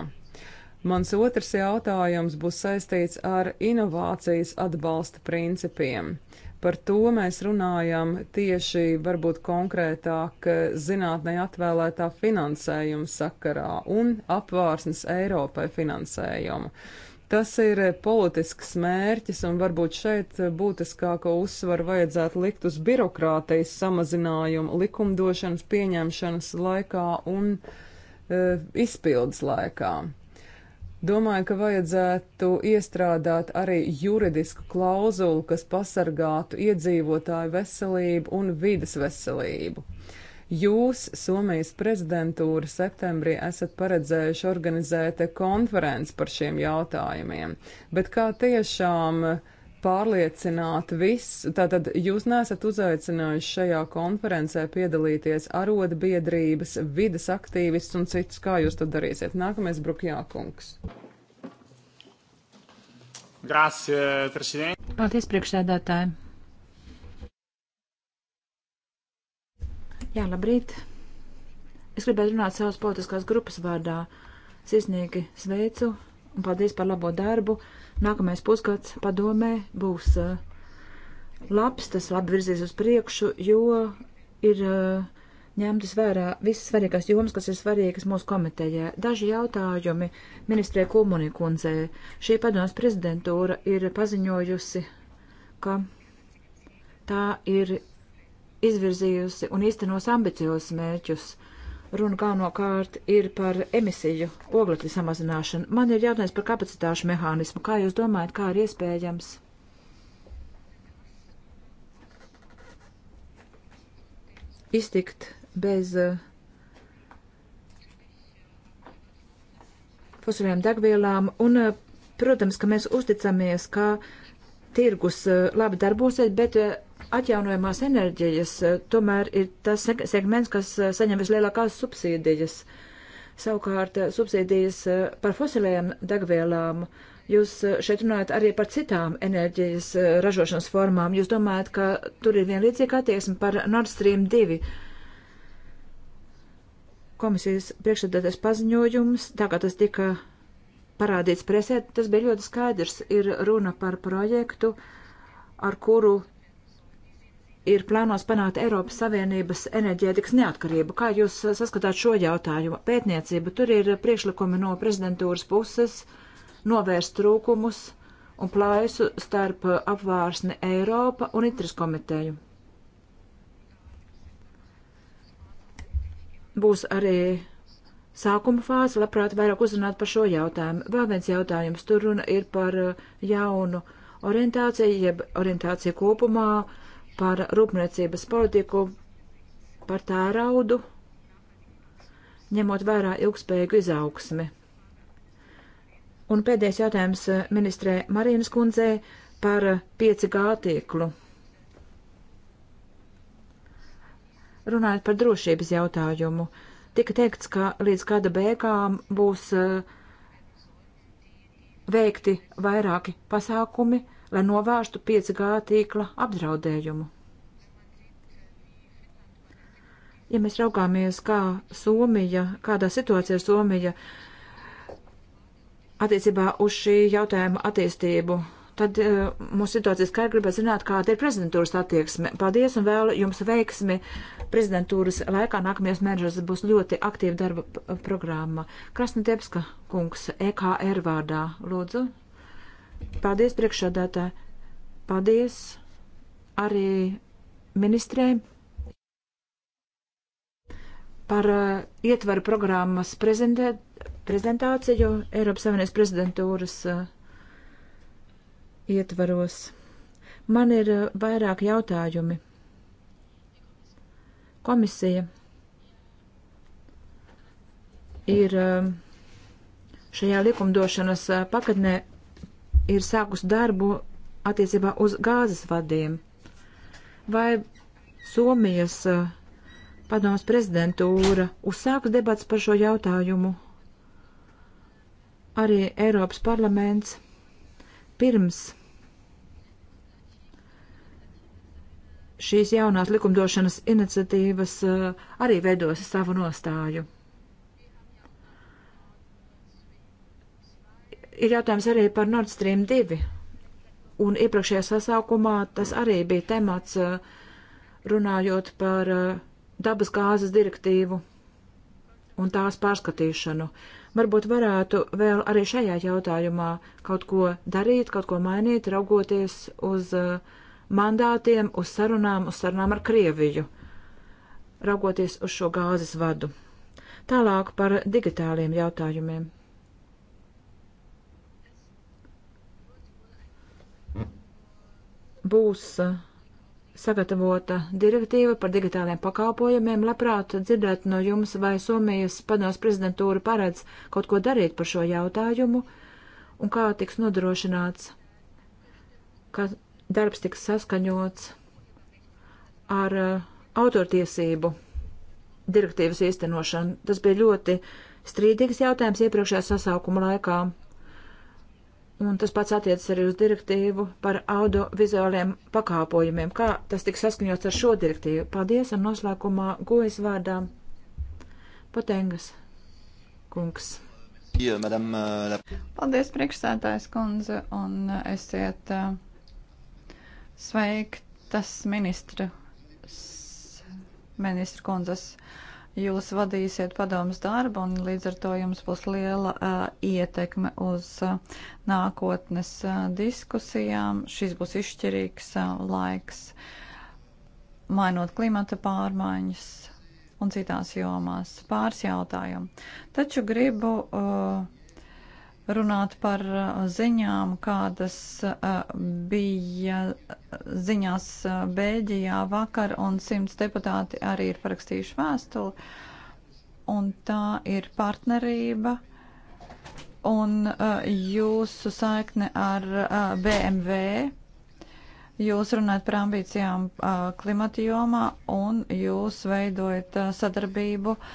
S3: Mans otrs jautājums būs saistīts ar inovācijas atbalsta principiem. Par to mēs runājam tieši varbūt konkrētāk zinātnē atvēlētā finansējuma sakarā un apvārsnes Eiropai finansējumu. Tas ir politisks mērķis, un varbūt šeit būtiskāko uzsvaru vajadzētu likt uz birokrātijas samazinājumu likumdošanas pieņemšanas laikā un uh, E, izpildes laikā. Domāju, ka vajadzētu iestrādāt arī juridisku klauzulu, kas pasargātu iedzīvotāju veselību un vidas veselību. Jūs, Somijas prezidentūra, septembrī esat paredzējuši organizēt konferenci par šiem jautājumiem, bet kā tiešām uh, pārliecināt visus. Tātad jūs nesat uzaicinājuši šajā konferencē piedalīties arotbiedrības, vidas aktīvists un citus. Kā jūs to darīsiet? Nākamais Brukjākungs. Grāsie, prezident. Paldies,
S1: priekšsēdētāji. Jā, labrīt. Es gribētu runāt savas politiskās grupas vārdā. Sirsnīgi sveicu un paldies par labo darbu. Uh, nākamais pusgads padomē būs uh, labs, tas labi virzīs uz priekšu, jo ir uh, ņemtas vērā visas svarīgās jomas, kas ir svarīgas mūsu komitejā. Daži jautājumi ministrē Kulmunikundzē. Šī padomas prezidentūra ir paziņojusi, ka tā ir izvirzījusi un īstenos ambiciozus mērķus. Uh, Runa galvenokārt ir par emisiju oglekļa samazināšanu. Man ir jautājums par kapacitāšu mehānismu. Kā jūs domājat, kā ir iespējams? Iztikt bez eh, fosiliem degvielām un, eh, protams, ka mēs uzticamies, ka tirgus eh, labi darbosies, bet atjaunojamās enerģijas eh, tomēr ir tas segments, kas eh, saņem vislielākās subsīdijas. Savukārt eh, subsīdijas par fosilējām degvielām. Jūs šeit runājat arī par citām enerģijas ražošanas formām. Jūs domājat, ka tur ir vienlīdzīga attieksme par Nord Stream 2. Komisijas priekšsēdētais paziņojums, tā kā tas tika parādīts presē, tas bija ļoti skaidrs. Ir runa par projektu, ar kuru ir plānos panākt Eiropas Savienības enerģētikas neatkarību. Kā jūs eh, saskatāt šo jautājumu? Pētniecība tur ir eh, priekšlikumi no prezidentūras puses novērst trūkumus un plaisu starp eh, apvārsni Eiropa un Itris komiteju. Būs arī sākuma fāze, labprāt vairāk uzrunāt par šo jautājumu. Vēl viens jautājums, tur runa ir par jaunu orientāciju, jeb orientāciju kopumā, uh, par rūpniecības politiku, par tēraudu, ņemot vērā ilgspējīgu izaugsmi. Un pēdējais jautājums eh, ministrē Marīnas kundzē par 5G eh, tīklu. Runājot par drošības jautājumu, tika teikts, ka līdz gada beigām būs eh, veikti vairāki pasākumi, lai novērstu 5G tīkla apdraudējumu. Ja mēs raugāmies, kā Somija, kādā situācijā Somija attiecībā uz šī jautājuma attīstību, tad eh, mūsu situācija skaidri gribētu zināt, kāda ir prezidentūras attieksme. Paldies un vēl jums veiksmi prezidentūras laikā. Nākamajos mēnešos būs ļoti aktīva darba programma. Krasnodebska kungs, EKR vārdā, lūdzu. Paldies priekšādātā. Paldies arī ministrēm par uh, ietveru programmas prezentē, prezentāciju Eiropas Savienības prezidentūras uh, ietvaros. Man ir uh, vairāk jautājumi. Komisija ir uh, šajā likumdošanas uh, pakatnē ir sākus darbu attiecībā uz gāzes vadiem. Vai Somijas uh, padomas prezidentūra uzsākus debats par šo jautājumu? Arī Eiropas parlaments pirms šīs jaunās likumdošanas iniciatīvas uh, arī veidos savu nostāju. Ir jautājums arī par Nord Stream 2. Un iepriekšējā sasaukumā tas arī bija temats eh, runājot par eh, dabas gāzes direktīvu un tās pārskatīšanu. Varbūt varētu vēl arī šajā jautājumā kaut ko darīt, kaut ko mainīt, raugoties uz eh, mandātiem, uz sarunām, uz sarunām ar Krieviju, raugoties uz šo gāzes vadu. Tālāk par digitāliem jautājumiem. būs eh, sagatavota direktīva par digitāliem pakalpojumiem. Labprāt dzirdēt no jums, vai Somijas padomus prezidentūra paredz kaut ko darīt par šo jautājumu un kā tiks nodrošināts, ka darbs tiks saskaņots ar eh, autortiesību direktīvas īstenošanu. Tas bija ļoti strīdīgs jautājums iepriekšējā sasaukuma laikā. Un tas pats attiecas arī uz direktīvu par audiovizuāliem pakāpojumiem. Kā tas tiks saskaņots ar šo direktīvu? Paldies, un noslēgumā gojas vārdā
S2: Potengas kungs. Paldies, priekšsētājs kundze, un esiet sveiktas ministra, ministra kundzes jūs vadīsiet padomus darbu, un līdz ar to jums būs liela uh, ietekme uz uh, nākotnes uh, diskusijām. Šis būs izšķirīgs uh, laiks, mainot klimata pārmaiņas un citās jomās pāris jautājumu. Taču gribu uh, runāt par uh, ziņām, kādas uh, bija ziņās uh, Bēļģijā vakar, un simts deputāti arī ir parakstījuši vēstuli. Un tā ir partnerība un jūsu saikne ar BMW. Jūs runājat par ambīcijām klimata jomā un jūs veidojat sadarbību uh,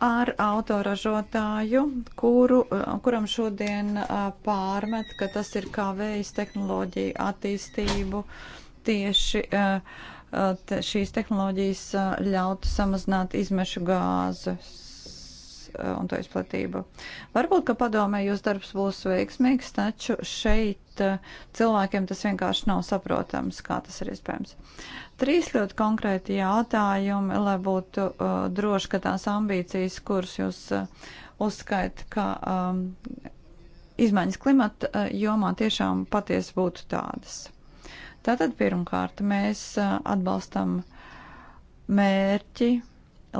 S2: ar autoražotāju, kuru, kuram šodien pārmet, ka tas ir kā vējas tehnoloģija attīstību tieši šīs tehnoloģijas ļautu samazināt izmešu gāzes un to izplatību. Varbūt, ka padomē jūs darbs būs veiksmīgs, taču šeit cilvēkiem tas vienkārši nav saprotams, kā tas ir iespējams. Uh, Trīs ļoti konkrēti jautājumi, lai būtu uh, droši, ka tās ambīcijas, kuras jūs uh, uzskaitat, ka um, izmaiņas klimata uh, jomā tiešām patiesi būtu tādas. Tātad pirmkārt mēs uh, atbalstam mērķi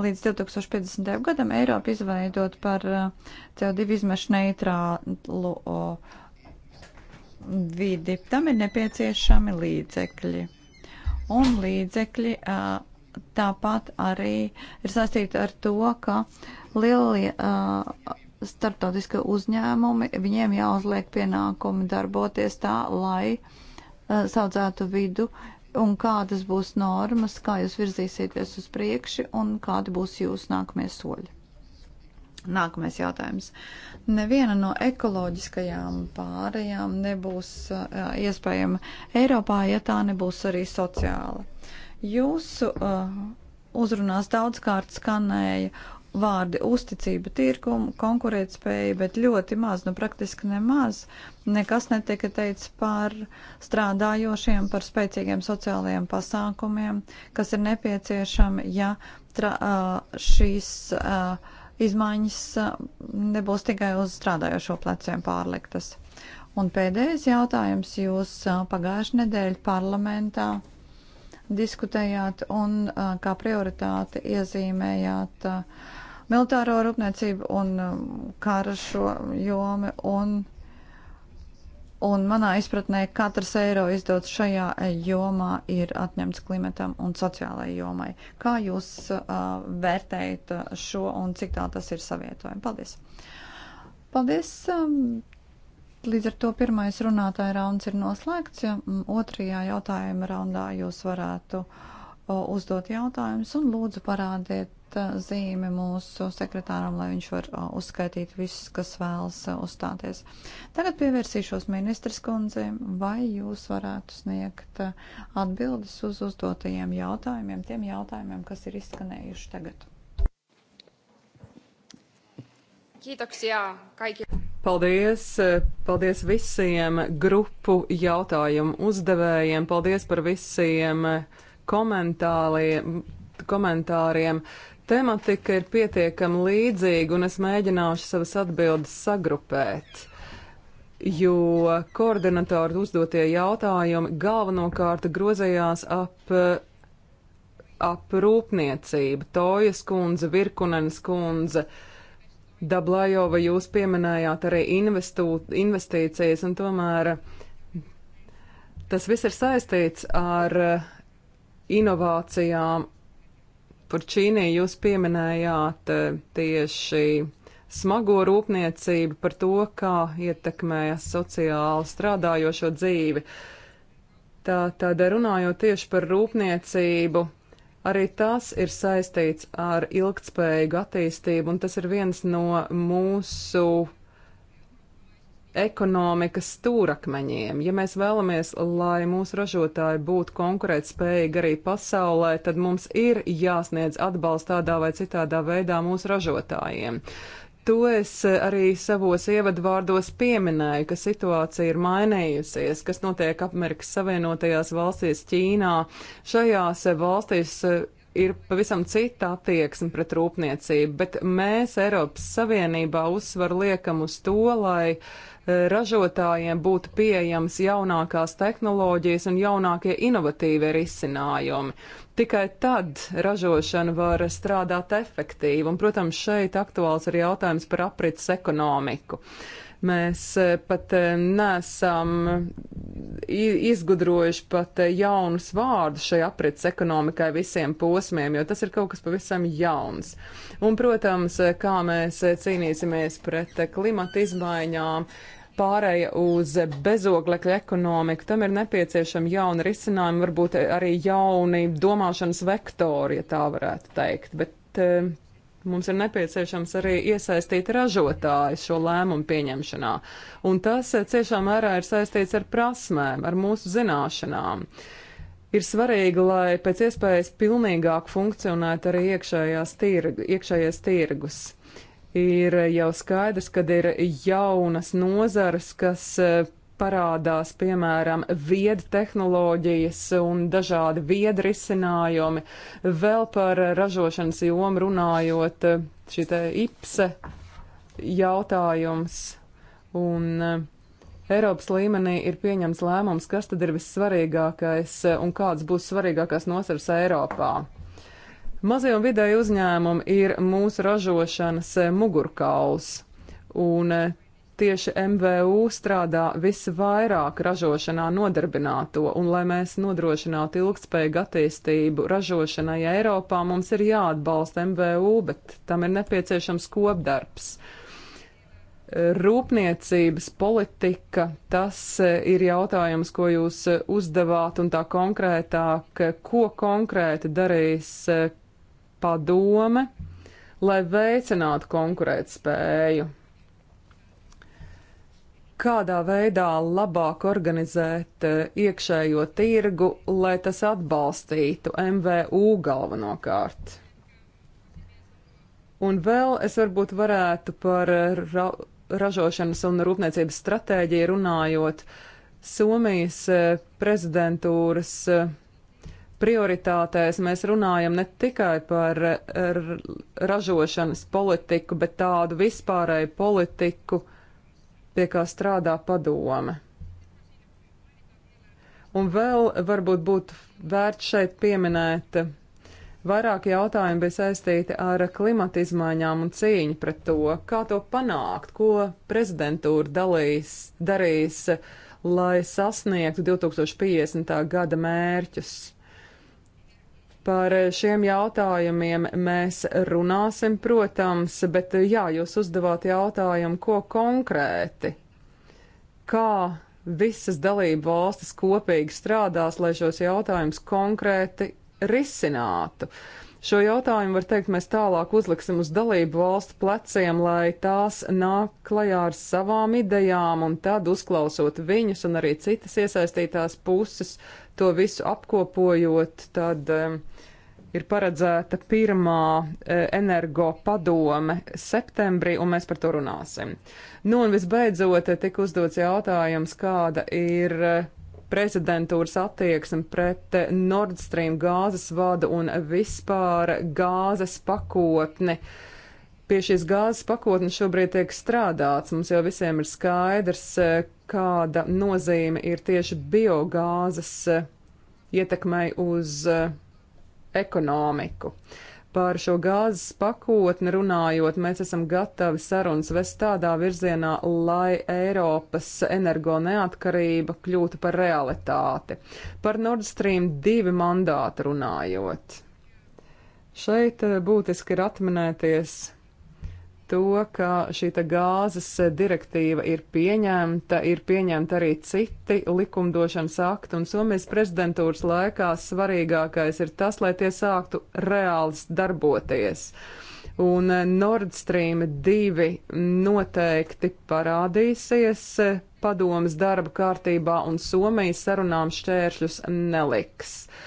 S2: līdz 2050. gadam Eiropu izveidot par uh, CO2 izmešu neitrālu uh, vidi. Tam ir nepieciešami līdzekļi. Un līdzekļi tāpat arī ir saistīti ar to, ka lielie starptautiskie uzņēmumi, viņiem jāuzliek pienākumi darboties tā, lai saudzētu vidu un kādas būs normas, kā jūs virzīsieties uz priekšu un kādi būs jūsu nākamie soļi. Nākamais jautājums. Neviena no ekoloģiskajām pārējām nebūs uh, iespējama Eiropā, ja tā nebūs arī sociāla. Jūsu uh, uzrunās daudzkārt skanēja vārdi uzticība tirkumu, konkurētspēja, bet ļoti maz, nu praktiski nemaz, nekas netika teicis par strādājošiem, par spēcīgiem sociālajiem pasākumiem, kas ir nepieciešami, ja tra, uh, šīs. Uh, izmaiņas eh, nebūs tikai uz strādājošo pleciem pārliktas. Un pēdējais jautājums jūs eh, pagājušajā nedēļā parlamentā diskutējāt un eh, kā prioritāti iezīmējāt militāro rūpniecību un kara šo jomi un Un manā izpratnē katrs eiro izdots šajā jomā ir atņemts klimatam un sociālajai jomai. Kā jūs uh, vērtējat šo un cik tā tas ir savietojami? Paldies! Paldies! Um, līdz ar to pirmais runātāja rauns ir noslēgts. Ja mm, otrajā jautājuma raundā jūs varētu uh, uzdot jautājumus un lūdzu parādiet dot uh, zīmi mūsu sekretāram, lai viņš var uh, uzskaitīt visus, kas vēlas uh, uzstāties. Tagad pievērsīšos ministras kundzei, vai jūs varētu sniegt atbildes uz uzdotajiem jautājumiem, tiem jautājumiem, kas ir izskanējuši tagad. Kiitoksia kaikille.
S3: Paldies! Paldies visiem grupu jautājumu uzdevējiem! Paldies par visiem komentāriem! Tematika ir pietiekami līdzīga, un es mēģināšu savas atbildes sagrupēt, jo koordinatori uzdotie jautājumi galvenokārt grozējās ap, ap rūpniecību. Tojas kundze, Virkunenes kundze, Dablajova, jūs pieminējāt arī investū, investīcijas, un tomēr tas viss ir saistīts ar eh, inovācijām Purčīnī jūs pieminējāt eh, tieši smago rūpniecību par to, kā ietekmēja sociāli strādājošo dzīvi. Tā tad runājot tieši par rūpniecību, arī tas ir saistīts ar ilgtspējīgu attīstību, un tas ir viens no mūsu ekonomikas stūrakmeņiem. Ja mēs vēlamies, lai mūsu ražotāji būtu konkurētspējīgi arī pasaulē, tad mums ir jāsniedz atbalsts tādā vai citādā veidā mūsu ražotājiem. To es arī savos ievadvārdos pieminēju, ka situācija ir mainījusies, kas notiek Amerikas Savienotajās valstīs, Ķīnā. Šajās valstīs ir pavisam cita attieksme pret rūpniecību, bet mēs Eiropas Savienībā uzsvaru liekam uz to, lai eh, ražotājiem būtu pieejams jaunākās tehnoloģijas un jaunākie inovatīvie risinājumi. Tikai tad ražošana var strādāt efektīvi, un, protams, šeit aktuāls ir jautājums par aprits ekonomiku. Uh, Mēs eh, pat eh, nesam eh, izgudrojuši pat jaunus vārdus šai aprits ekonomikai visiem posmiem, jo tas ir kaut kas pavisam jauns. Un, protams, kā mēs cīnīsimies pret klimata izmaiņām, pārēja uz bezoglekļa ekonomiku, tam ir nepieciešama jauna risinājuma, varbūt arī jauni domāšanas vektori, ja tā varētu teikt. Bet Mums ir nepieciešams arī iesaistīt ražotājus šo lēmumu pieņemšanā, un tas eh, ciešā mērā ir saistīts ar prasmēm, ar mūsu zināšanām. Ir svarīgi, lai pēc iespējas pilnīgāk funkcionētu arī tirgu, iekšējais tirgus. Ir jau skaidrs, ka ir jaunas nozares, kas eh, parādās, piemēram, viedu tehnoloģijas un dažādi viedu risinājumi. Vēl par ražošanas jomu runājot, šī te IPSE jautājums un eh, Eiropas līmenī ir pieņemts lēmums, kas tad ir vissvarīgākais un kādas būs svarīgākās nozars Eiropā. Mazie un vidēji uzņēmumi ir mūsu ražošanas mugurkauls, un eh, tieši MVU strādā visvairāk ražošanā nodarbināto, un lai mēs nodrošinātu ilgspējīgu attīstību ražošanai Eiropā, mums ir jāatbalsta MVU, bet tam ir nepieciešams kopdarbs. Rūpniecības politika, tas e, ir jautājums, ko jūs e, uzdevāt, un tā konkrētāk, e, ko konkrēti darīs padome, lai veicinātu konkurētspēju. spēju kādā veidā labāk organizēt e, iekšējo tirgu, lai tas atbalstītu MVU galvenokārt. Un vēl es varbūt varētu par e, ra ražošanas un rūpniecības stratēģiju runājot. Somijas e, prezidentūras prioritātēs mēs runājam ne tikai par ražošanas politiku, bet tādu vispārēju politiku, pie kā strādā padome. Un vēl varbūt būtu vērts šeit pieminēt, vairāk jautājumu bija saistīti ar klimata izmaiņām un cīņu pret to, kā to panākt, ko prezidentūra dalīs, darīs, lai sasniegtu 2050. gada mērķus. Par šiem jautājumiem mēs runāsim, protams, bet jā, jūs uzdevāt jautājumu, ko konkrēti, kā visas dalību valstis kopīgi strādās, lai šos jautājumus konkrēti risinātu. Šo jautājumu, var teikt, mēs tālāk uzliksim uz dalību valstu pleciem, lai tās nāk klajā ar savām idejām un tad uzklausot viņus un arī citas iesaistītās puses, to visu apkopojot, tad. Um, ir paredzēta pirmā e, energo padome septembrī, un mēs par to runāsim. Nu, un visbeidzot, e, tika uzdots jautājums, kāda ir e, prezidentūras attieksmi pret eh, Nord Stream gāzes vadu un vispār gāzes pakotni. Pie šīs gāzes pakotnes šobrīd tiek strādāts. Mums jau visiem ir skaidrs, eh, kāda nozīme ir tieši biogāzes eh, ietekmei uz ekonomiku. Uh, Par šo gāzes pakotni runājot, mēs esam gatavi sarunas vest tādā virzienā, lai Eiropas energo neatkarība kļūtu par realitāti. Par Nord Stream 2 mandātu runājot. Šeit eh, būtiski ir atminēties to, ka šī gāzes direktīva ir pieņemta, ir pieņemta arī citi likumdošanas akti, un Somijas prezidentūras laikā svarīgākais ir tas, lai tie sāktu reāls darboties. Un Nord Stream 2 noteikti parādīsies padomas darba kārtībā, un Somijas sarunām šķēršļus neliks. Uh,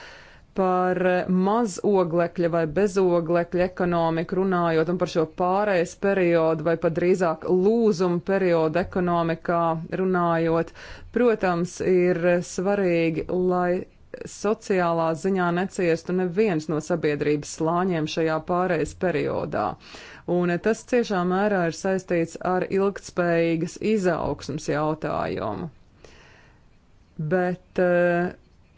S3: par eh, mazoglekļa vai bezoglekļa ekonomiku runājot un par šo pārējais periodu vai pat drīzāk lūzumu periodu ekonomikā runājot, protams, ir eh, svarīgi, lai sociālā ziņā neciestu neviens no sabiedrības slāņiem šajā pārējais periodā. Un eh, tas ciešā mērā ir saistīts ar ilgtspējīgas izaugsmas jautājumu. Bet uh,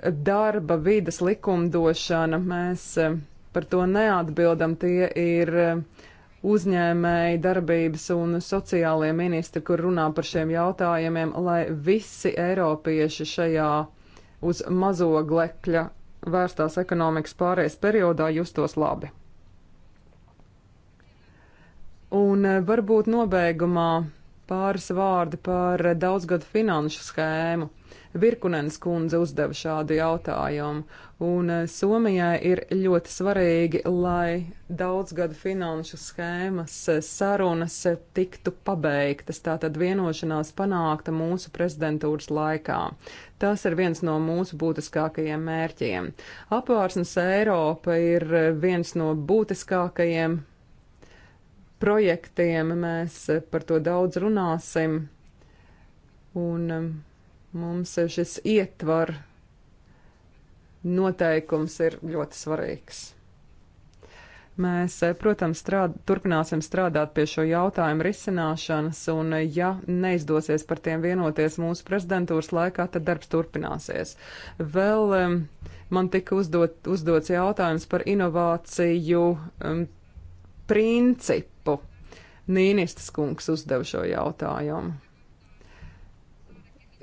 S3: darba vidas likumdošana, mēs e, par to neatbildam. Tie ir e, uzņēmēji darbības un sociālie ministri, kur runā par šiem jautājumiem, lai visi eiropieši šajā uz mazo glekļa vērstās ekonomikas pārējais periodā justos labi. Un e, varbūt nobeigumā pāris vārdi par daudzgadu finanšu schēmu. Virkunens kundze uzdeva šādu jautājumu, un eh, Somijai ir ļoti svarīgi, lai daudzgadu finanšu schēmas eh, sarunas eh, tiktu pabeigtas, tātad vienošanās panākta mūsu prezidentūras laikā. Tas ir viens no mūsu būtiskākajiem mērķiem. Apvārsnes Eiropa ir viens no būtiskākajiem projektiem mēs par to daudz runāsim. Un mums šis ietvar noteikums ir ļoti svarīgs. Mēs, eh, protams, strād, turpināsim strādāt pie šo jautājumu risināšanas, un eh, ja neizdosies par tiem vienoties mūsu prezidentūras laikā, tad darbs turpināsies. Vēl um, man tika uzdot, uzdots jautājums par inovāciju um, principu. Nīnistas kungs uzdeva šo jautājumu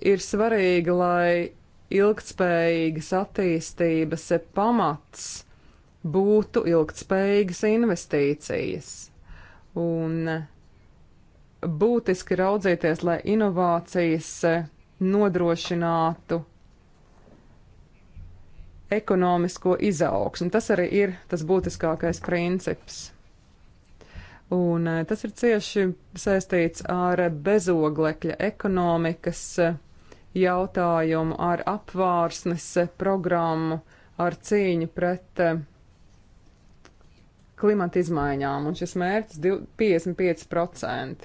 S3: ir svarīgi, lai ilgtspējīgas attīstības pamats būtu ilgtspējīgas investīcijas. Un būtiski raudzīties, lai inovācijas nodrošinātu ekonomisko izaugsmu. Tas arī ir tas būtiskākais princips. Un eh, tas ir cieši saistīts ar bezoglekļa ekonomikas uh, jautājumu, ar apvārsnes programmu, ar cīņu pret eh, klimata izmaiņām, un šis mērķis 55%.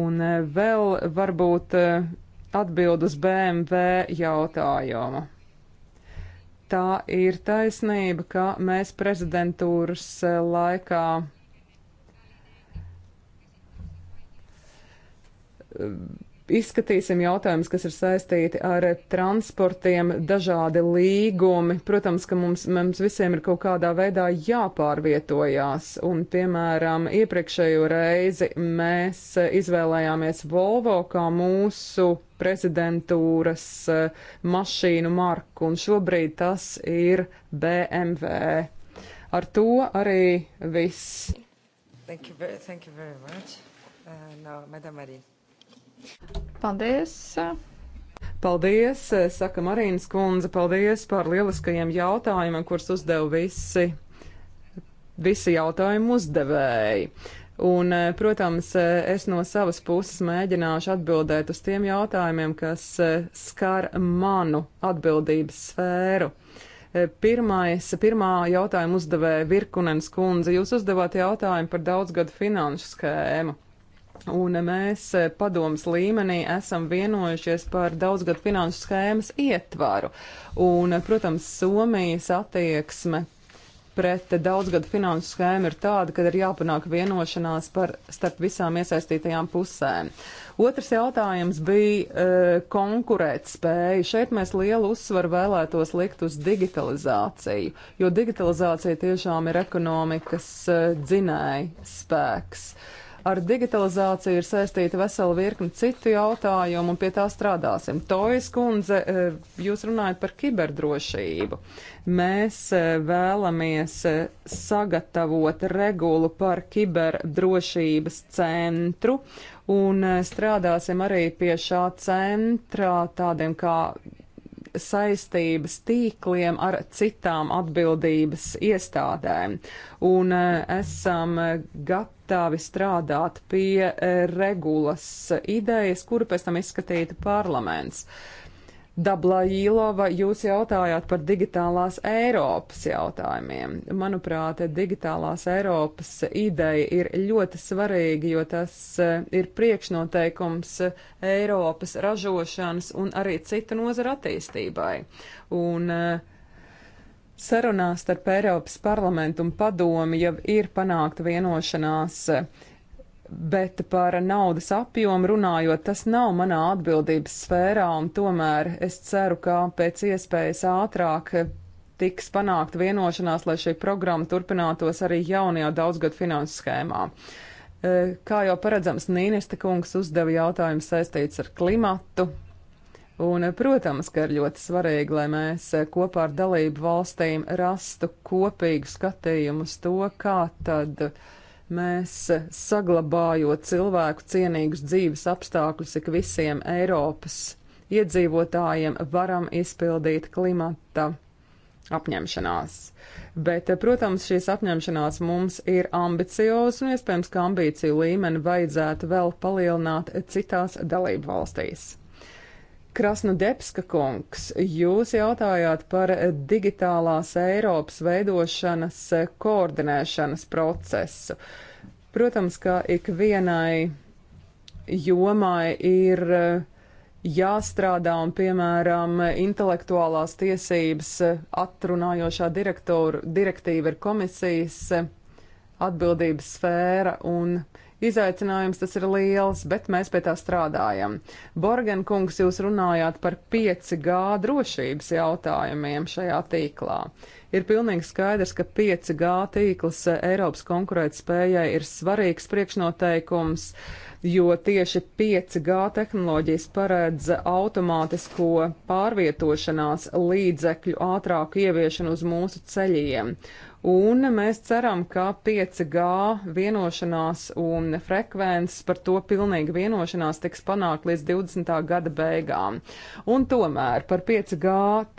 S3: Un eh, vēl varbūt eh, atbild uz BMW jautājumu. Tā ir taisnība, ka mēs prezidentūras laikā Izskatīsim jautājumus, kas ir saistīti ar transportiem, dažādi līgumi. Protams, ka mums, mums visiem ir kaut kādā veidā jāpārvietojās. Un, piemēram, iepriekšējo reizi mēs izvēlējāmies Volvo kā mūsu prezidentūras eh, mašīnu marku, un šobrīd tas ir BMW. Ar to arī viss.
S2: Thank you very, thank you very much. Uh, now, Madam Marie.
S3: Paldies! Paldies, saka Marīnas kundze, paldies par lieliskajiem jautājumiem, kurus uzdeva visi, visi jautājumu uzdevēji. Un, protams, es no savas puses mēģināšu atbildēt uz tiem jautājumiem, kas skar manu atbildības sfēru. Pirmais, pirmā jautājuma uzdevēja Virkunens kundze. Jūs uzdevāt jautājumu par daudzgadu finanšu skēmu un mēs eh, padomas līmenī esam vienojušies par daudzgadu finanšu schēmas ietvaru. Un, eh, protams, Somijas attieksme pret daudzgadu finanšu schēmu ir tāda, ka ir jāpanāk vienošanās par starp visām iesaistītajām pusēm. Otrs jautājums bija e, eh, konkurētspēja. Šeit mēs lielu uzsvaru vēlētos likt uz digitalizāciju, jo digitalizācija tiešām ir ekonomikas e, dzinēja spēks. E, Ar digitalizāciju ir saistīta vesela virkni citu jautājumu, un pie tā strādāsim. Tojas kundze, e, jūs runājat par kiberdrošību. Mēs e, vēlamies e, sagatavot regulu par kiberdrošības centru, un strādāsim arī pie šā centra tādiem kā saistības tīkliem ar citām atbildības iestādēm. Un esam gatavi gatavi strādāt pie e, regulas idejas, kuru pēc tam izskatītu parlaments. Dablaīlova, jūs jautājāt par digitālās Eiropas jautājumiem. Manuprāt, digitālās Eiropas ideja ir ļoti svarīga, jo tas e, ir priekšnoteikums Eiropas ražošanas un arī citu nozaru attīstībai. Un, uh, Sarunās starp Eiropas parlamentu un padomi jau ir panākta vienošanās, bet par naudas apjomu runājot, tas nav manā atbildības sfērā, un tomēr es ceru, ka pēc iespējas ātrāk tiks panākta vienošanās, lai šī programma turpinātos arī jaunajā daudzgadu finanses schēmā. Kā jau paredzams, Nīnesta kungs uzdeva jautājumu saistīts ar klimatu, Un, protams, ka ir ļoti svarīgi, lai mēs kopā ar dalību valstīm rastu kopīgu skatījumu uz to, kā tad mēs saglabājot cilvēku cienīgus dzīves apstākļus ik visiem Eiropas iedzīvotājiem varam izpildīt klimata apņemšanās. Bet, protams, šīs apņemšanās mums ir ambiciozas un iespējams, ka ambīciju līmeni vajadzētu vēl palielināt citās dalību valstīs. Krasnodebska kungs, jūs jautājāt par digitālās Eiropas veidošanas eh, koordinēšanas procesu. Protams, ka ikvienai jomai ir eh, jāstrādā un, piemēram, intelektuālās tiesības eh, atrunājošā direktīva ir komisijas atbildības sfēra un Izaicinājums tas ir liels, bet mēs pie tā strādājam. Borgen kungs, jūs runājāt par 5G drošības jautājumiem šajā tīklā. Ir pilnīgi skaidrs, ka 5G tīkls Eiropas konkurētspējai ir svarīgs priekšnoteikums, jo tieši 5G tehnoloģijas paredz automātisko pārvietošanās līdzekļu ātrāku ieviešanu uz mūsu ceļiem. Un mēs ceram, ka 5G vienošanās un frekvences par to pilnīga vienošanās tiks panākt līdz 20. gada beigām. Un tomēr par 5G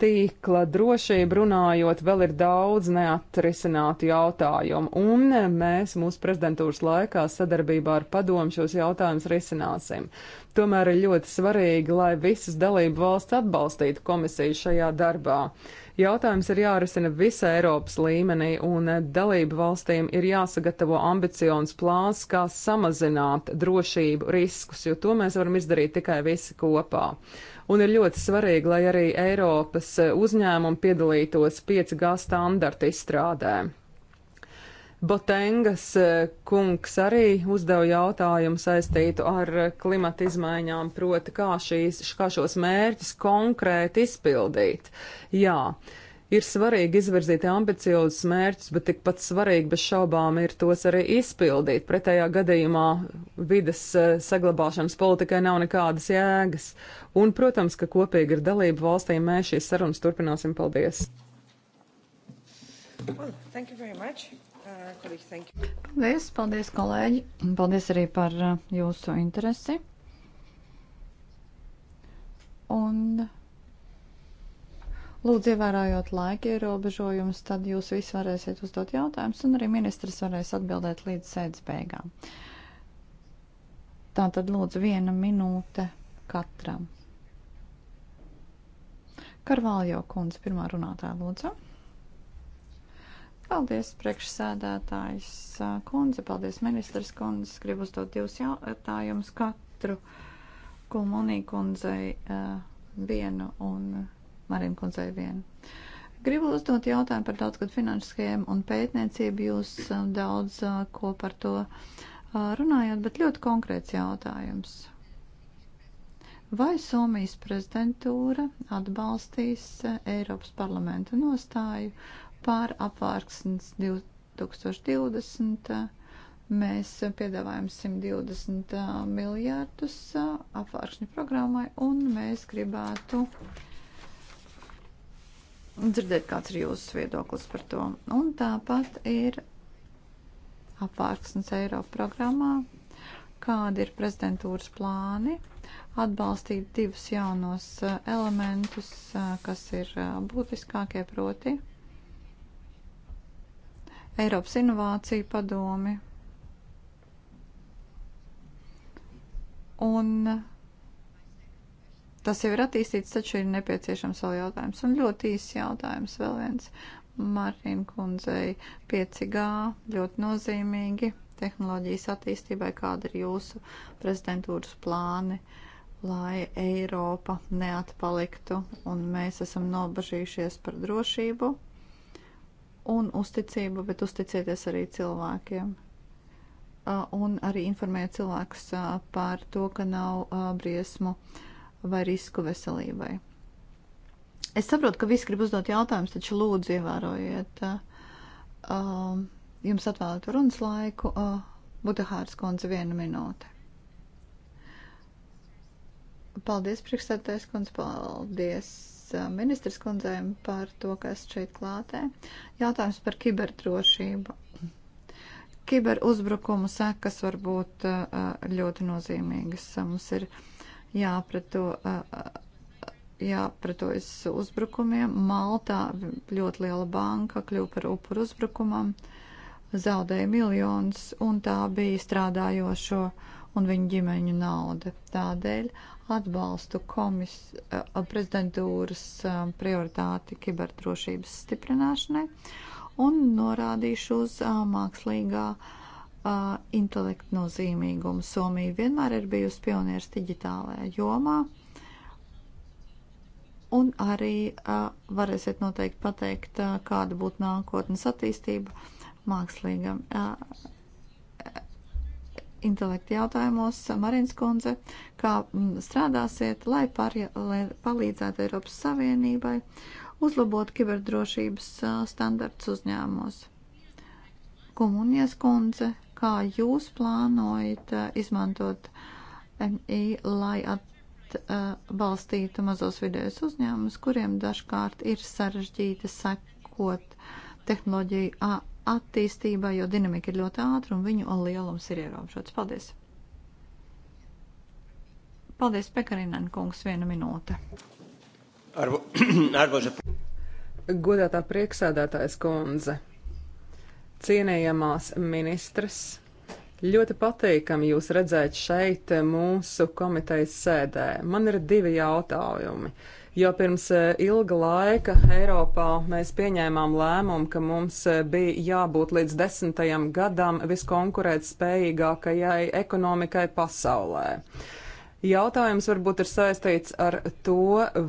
S3: tīkla drošību runājot, vēl ir daudz neatrisinātu jautājumu. Un mēs mūsu prezidentūras laikā sadarbībā ar padomu šos jautājumus risināsim. Tomēr ir ļoti svarīgi, lai visas dalību valsts atbalstītu komisiju šajā darbā. Jautājums ir jārisina visā Eiropas līmenī, un dalību valstīm ir jāsagatavo ambiciozs plāns, kā samazināt drošību riskus, jo to mēs varam izdarīt tikai visi kopā un ir ļoti svarīgi, lai arī Eiropas uzņēmumi piedalītos 5G standarta izstrādē. Botengas eh, kungs arī uzdeva jautājumu saistītu ar eh, klimata izmaiņām, proti, kā, šīs, kā šos mērķus konkrēti izpildīt. Jā, ir svarīgi izvirzīt ambiciozus mērķus, bet tikpat svarīgi bez šaubām ir tos arī izpildīt. Pretējā gadījumā vidas eh, saglabāšanas politikai nav nekādas jēgas. Un, protams, ka kopīgi ar dalību valstīm mēs šīs sarunas turpināsim. Paldies!
S1: Well, thank you very much. Paldies,
S2: paldies, kolēģi. Paldies arī par uh, jūsu interesi. Un lūdzu, ievērojot laika ierobežojumus, tad jūs visi varēsiet uzdot jautājumus, un arī ministrs varēs atbildēt līdz sēdes beigām. Tā tad lūdzu viena minūte katram. Karvaljo kundze, pirmā runātāja, lūdzu. Paldies, priekšsēdētājs kundze, paldies, ministrs kundze. Gribu uzdot divus jautājumus katru Kulmonī kundzei uh, vienu un Marina kundzei vienu. Gribu uzdot jautājumu par daudzgad finanšu schēmu un pētniecību. Jūs uh, daudz uh, ko par to runājat, bet ļoti konkrēts jautājums. Vai Somijas prezidentūra atbalstīs Eiropas parlamenta nostāju pār apvārksnes 2020. Mēs piedāvājam 120 miljārdus apvārkšņu programmai un mēs gribētu dzirdēt, kāds ir jūsu viedoklis par to. Un tāpat ir apvārksnes Eiropa programmā, kādi ir prezidentūras plāni atbalstīt divus jaunos elementus, kas ir būtiskākie proti Eiropas Inovāciju padomi. Un tas jau ir attīstīts, taču ir nepieciešams vēl jautājums. Un ļoti īsts jautājums vēl viens. Marina kundzei 5G ļoti nozīmīgi tehnoloģijas attīstībai, kāda ir jūsu prezidentūras plāni, lai Eiropa neatpaliktu, un mēs esam nobažījušies par drošību un uzticību, bet uzticieties arī cilvēkiem. Un arī informēt cilvēkus par to, ka nav briesmu vai risku veselībai. Es saprotu, ka visi grib uzdot jautājumus, taču lūdzu ievērojiet jums atvēlētu runas laiku. Budahārs kundze viena minūte. Paldies, priekšsētājs kundze, paldies Uh, ministrs kundzēm par to, ka esat šeit klātē. Jautājums par kiberdrošību. Kiberuzbrukumu sekas var būt uh, uh, ļoti nozīmīgas. Mums ir jāprato, jāpratojas uzbrukumiem. Maltā ļoti liela banka kļuva par upuru uzbrukumam, zaudēja miljonus, un tā bija strādājošo un viņu ģimeņu nauda. Tādēļ atbalstu komis, eh, prezidentūras eh, prioritāti kiberdrošības stiprināšanai un norādīšu uz eh, mākslīgā intelektu nozīmīgumu. Somija vienmēr ir bijusi pionieris digitālajā jomā. Un arī uh, varēsiet noteikti pateikt, uh, kāda būtu nākotnes attīstība mākslīgam uh, intelektu jautājumos, Marins kundze, kā mm, strādāsiet, lai, par, lai palīdzētu Eiropas Savienībai uzlabot kiberdrošības standarts uzņēmumos. Komunies kundze, kā jūs plānojat izmantot MI, lai atbalstītu mazos vidējos uzņēmumus, kuriem dažkārt ir sarežģīti sekot tehnoloģiju attīstībai, jo dinamika ir ļoti ātra un viņu lielums ir ierobežots. Paldies!
S3: Paldies, Pekarinen kungs, viena minūte.
S1: Arvo, arvoža.
S3: Godātā prieksēdētājs kundze, cienējamās ministras, ļoti patīkami jūs redzēt šeit mūsu komitejas sēdē. Man ir divi jautājumi. Uh, jo pirms e, ilga laika Eiropā mēs pieņēmām lēmumu, ka mums e, bija jābūt līdz desmitajam gadam viskonkurēt spējīgākajai ekonomikai pasaulē. Jautājums varbūt ir saistīts ar to,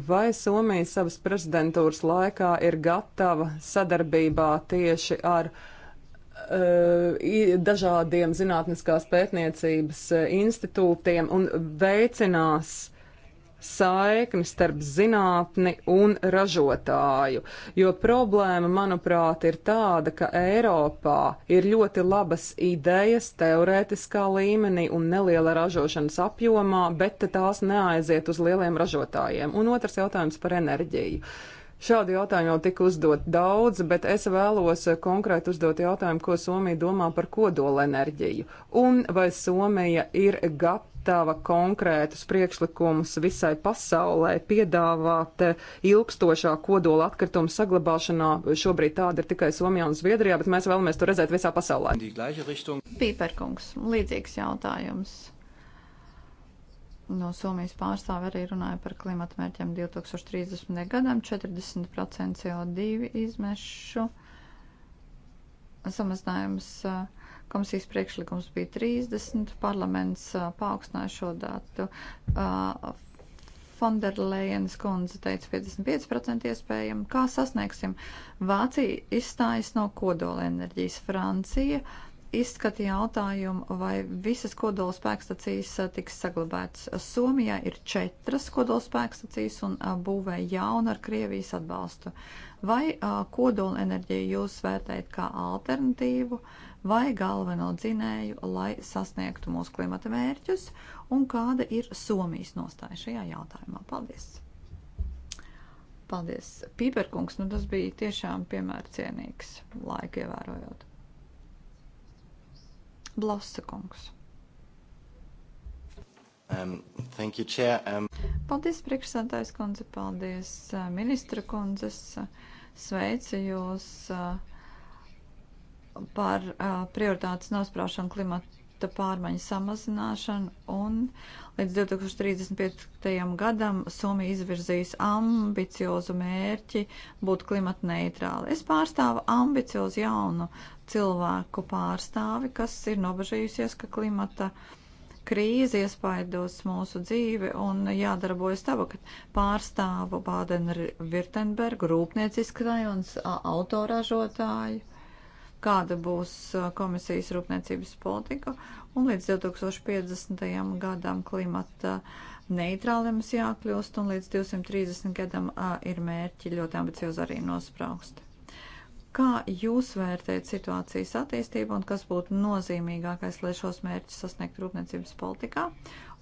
S3: vai Somija savas prezidentūras laikā ir gatava sadarbībā tieši ar uh, dažādiem zinātniskās pētniecības institūtiem un veicinās saikni starp zinātni un ražotāju, jo problēma, manuprāt, ir tāda, ka Eiropā ir ļoti labas idejas teorētiskā līmenī un neliela ražošanas apjomā, bet tās neaiziet uz lieliem ražotājiem. Un otrs jautājums par enerģiju. Šādi jautājumi jau tika uzdot daudz, bet es vēlos konkrēti uzdot jautājumu, ko Somija domā par kodolenerģiju un vai Somija ir gatava gatava konkrētus priekšlikumus visai pasaulē piedāvāt eh, ilgstošā kodola atkrituma saglabāšanā. Šobrīd tāda ir tikai Somijā un Zviedrijā, bet mēs vēlamies to redzēt visā pasaulē. Pīperkungs, līdzīgs jautājums.
S2: No Somijas pārstāve arī runāja par klimata mērķiem 2030. gadam 40% CO2 izmešu samazinājums. Uh, Komisijas priekšlikums bija 30, parlaments paaugstināja šo datu. Fonderlejenes kundze teica 55% iespējami. Kā sasniegsim? Vācija izstājas no kodolenerģijas. Francija izskata jautājumu, vai visas kodola spēkstacijas tiks saglabātas. Somijā ir četras kodola spēkstacijas un būvē jaunu ar Krievijas atbalstu. Vai kodola enerģiju jūs vērtējat kā alternatīvu? Uh, vai galveno dzinēju, lai sasniegtu mūsu klimata mērķus, un kāda ir Somijas nostāja šajā jautājumā. Paldies! Paldies, Pīperkungs, nu tas bija tiešām piemērcienīgs laika ievērojot. Blasa kungs. Um, thank you, Chair. Um... Paldies, priekšsādājs kundze, paldies, uh, ministra kundzes. Sveicu jūs. Uh, par uh, prioritātes nosprāšanu klimata pārmaiņu samazināšanu un līdz 2035. gadam Somija izvirzīs ambiciozu mērķi būt klimata neitrāli. Es pārstāvu ambiciozu jaunu cilvēku pārstāvi, kas ir nobežījusies, ka klimata krīze iespaidos mūsu dzīvi un jādarbojas tā, ka pārstāvu Bādenu Virtenbergu, rūpniecisku rajons, autoražotāju kāda būs uh, komisijas rūpniecības politika, un līdz 2050. gadam klimata neitrāliem mums jākļūst, un līdz 230 gadam uh, ir mērķi ļoti ambiciozi arī nosprauksti. Kā jūs vērtējat situācijas attīstību un kas būtu nozīmīgākais, lai šos mērķus sasniegtu rūpniecības politikā?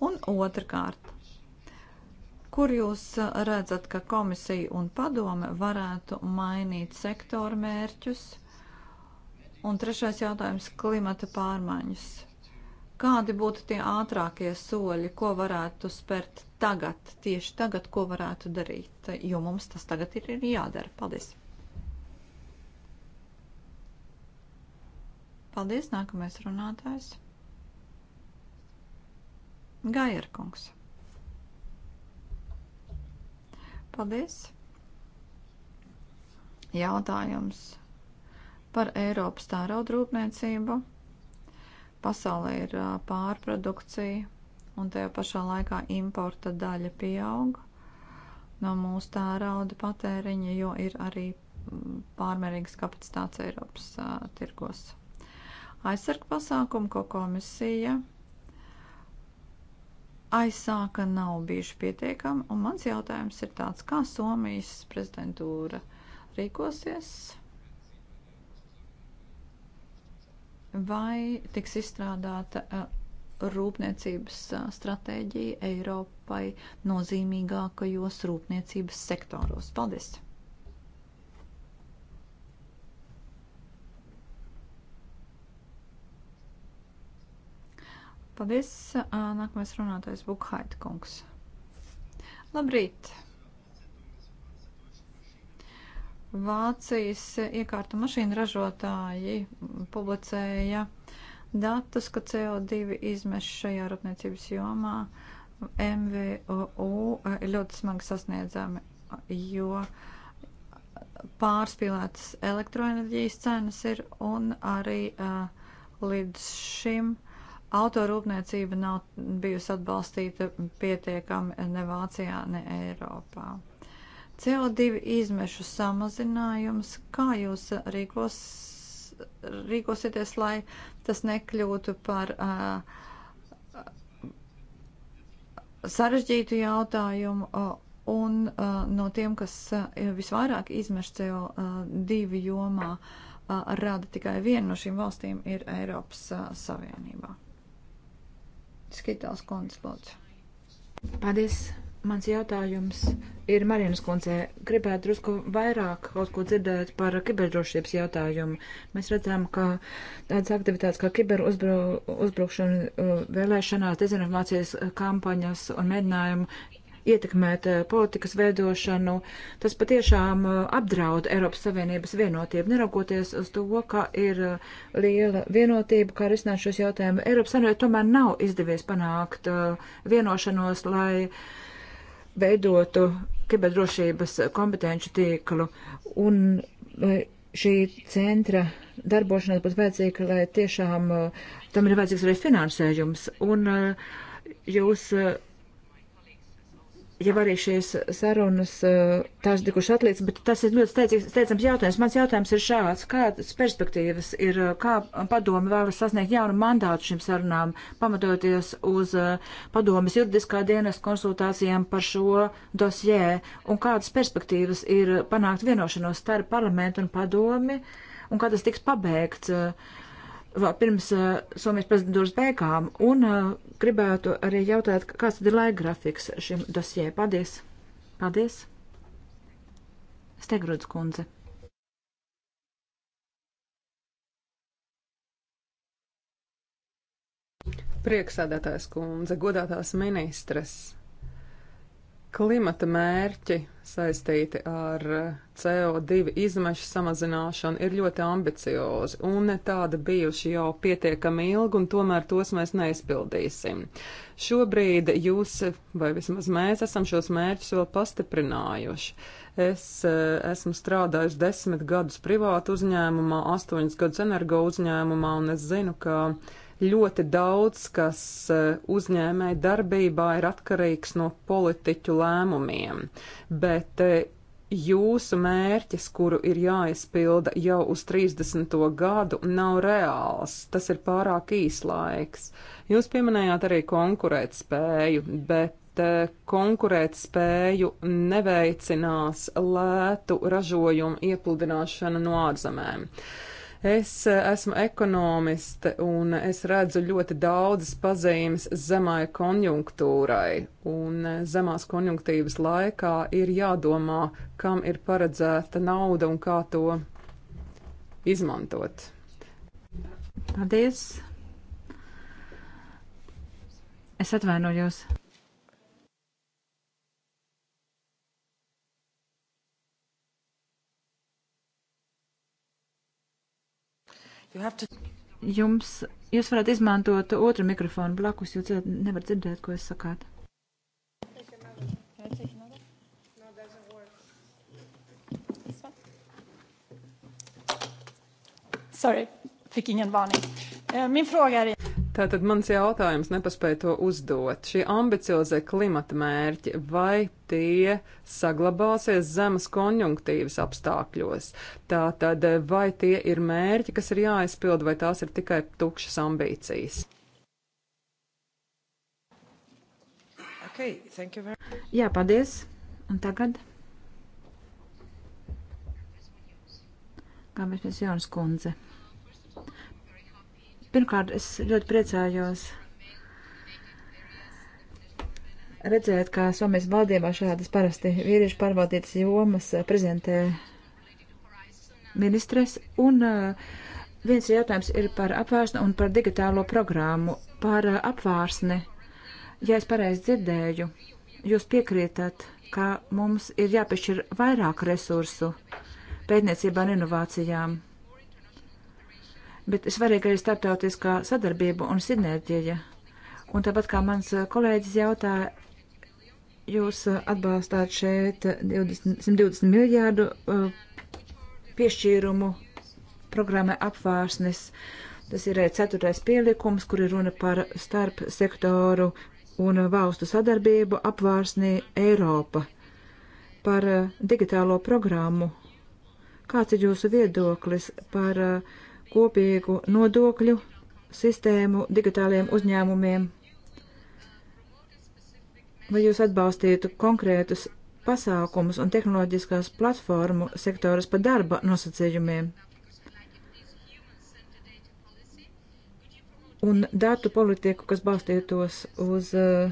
S2: Un otrkārt, kur jūs uh, redzat, ka komisija un padome varētu mainīt sektoru mērķus? Uh, Un trešais jautājums - klimata pārmaiņas. Kādi būtu tie ātrākie soļi, ko varētu spērt tagad, tieši tagad, ko varētu darīt? Jo mums tas tagad ir, ir jādara. Paldies! Paldies, nākamais runātājs. Gairkungs. Paldies! Jautājums par Eiropas tērauda rūpniecību. Pasaulē ir pārprodukcija, un tajā pašā laikā importa daļa pieaug no mūsu tērauda patēriņa, jo ir arī pārmērīgas kapacitātes Eiropas uh, tirgos. Aizsarga pasākumu, ko komisija aizsāka, nav bijuši pietiekami, un mans jautājums ir tāds, kā Somijas prezidentūra rīkosies vai tiks izstrādāta uh, rūpniecības uh, stratēģija Eiropai nozīmīgākajos rūpniecības sektoros. Paldies! Paldies! Uh, nākamais runātājs Bukhaita kungs. Labrīt! Vācijas iekārtu mašīnu ražotāji publicēja datus, ka CO2 izmeša šajā rūpniecības jomā MVU ļoti smagi sasniedzami, jo pārspīlētas elektroenerģijas cenas ir un arī uh, līdz šim autorūpniecība nav bijusi atbalstīta pietiekami ne Vācijā, ne Eiropā. CO2 izmešu samazinājums, kā jūs uh, rīkos, rīkosieties, lai tas nekļūtu par uh, uh sarežģītu jautājumu uh, un uh, no tiem, kas uh, visvairāk izmeš CO2 jomā, uh, rada tikai viena no šīm valstīm ir Eiropas uh, Savienībā. Skitās kundze, lūdzu.
S1: Paldies! Mans jautājums ir Marienas kundzē. Gribētu drusku vairāk kaut ko dzirdēt par kiberdrošības jautājumu. Mēs redzam, ka tādas aktivitātes kā kiberuzbrukšana uh, vēlēšanās, dezinformācijas kampaņas un mēģinājumu ietekmēt uh, politikas veidošanu, tas patiešām uh, apdraud Eiropas Savienības vienotību, neraugoties uz to, ka ir liela vienotība, kā risināt šos jautājumus. Eiropas Savienībai tomēr nav izdevies panākt vienošanos, lai uh, veidotu kiberdrošības kompetenci tīklu. Un e, šī centra darbošanās būtu vajadzīga, lai tiešām e, tam ir vajadzīgs arī finansējums. Un e, jūs jau arī šīs sarunas, eh, tās tikuši atlīdz, bet tas ir ļoti steidzams, steidzams jautājums. Mans jautājums ir šāds, kādas perspektīvas ir, eh, kā padomi vēlas sasniegt jaunu mandātu šīm sarunām, pamatoties uz eh, padomis juridiskā dienas konsultācijām par šo dosjē, un kādas perspektīvas ir panākt vienošanos starp parlamentu un padomi, un kā tas tiks pabeigts. Uh, vēl pirms uh, Somijas prezidentūras beigām, un uh, gribētu arī jautāt, kāds tad ir laika grafiks šim dosijai. Paldies! Paldies! Stegrudz kundze.
S3: Prieksēdētājs kundze, godātās ministres. Klimata mērķi saistīti ar CO2 izmešu samazināšanu ir ļoti ambiciozi, un tāda bijuši jau pietiekami ilgi, un tomēr tos mēs neizpildīsim. Šobrīd jūs, vai vismaz mēs, esam šos mērķus vēl pastiprinājuši. Es eh, esmu strādājis desmit gadus privātu uzņēmumā, astoņus gadus energo uzņēmumā, un es zinu, ka ļoti daudz, kas eh, uzņēmē darbībā ir atkarīgs no politiķu lēmumiem, bet eh, jūsu mērķis, kuru ir jāizpilda jau uz 30. gadu, nav reāls. Tas ir pārāk īs laiks. Jūs pieminējāt arī konkurētspēju, bet eh, konkurētspēju neveicinās lētu ražojumu iepludināšana no ārzemēm. Uh, Es eh, esmu ekonomiste un es redzu ļoti daudzas pazīmes zemai konjunktūrai, un eh, zemās konjunktūras laikā ir jādomā, kam ir paredzēta nauda un kā to izmantot. Paldies! Es atvainojos. To...
S1: Jums, jūs varat izmantot otru mikrofonu blakus, jo cilvēki nevar dzirdēt, ko jūs sakāt.
S2: Sorry, fick ingen varning. Eh, min
S3: fråga är... Tātad mans jautājums nepaspēja to uzdot. Šie ambiciozie klimata mērķi, vai tie saglabāsies zemes konjunktīvas apstākļos? Tātad, vai tie ir mērķi, kas ir jāizpild, vai tās ir tikai tukšas ambīcijas?
S1: Okay, very... Jā, paldies. Un tagad? Kā mēs pēc Jonas kundze? Pirmkārt, es ļoti priecājos redzēt, kā Somijas valdībā šādas parasti vīriešu pārvaldītas jomas prezentē ministres. Un uh, viens jautājums ir par apvārsni un par digitālo programmu. Par uh, apvārsni, ja es pareizi dzirdēju, jūs piekrītat, ka mums ir jāpiešķir vairāk resursu pētniecībā un inovācijām bet svarīga ir starptautiskā sadarbība un sinerģija. Un tāpat kā mans eh, kolēģis jautāja, jūs eh, atbalstāt šeit 20, 120 miljārdu eh, piešķīrumu programmai apvārsnes. Tas ir ceturtais pielikums, kur ir runa par starp sektoru un valstu sadarbību apvārsnī Eiropa par digitālo programmu. Kāds ir jūsu viedoklis par uh, kopīgu nodokļu sistēmu digitāliem uzņēmumiem? Vai jūs atbalstītu konkrētus pasākumus un tehnoloģiskās platformu sektorus par darba nosacījumiem? Un datu politiku, kas balstītos uz uh,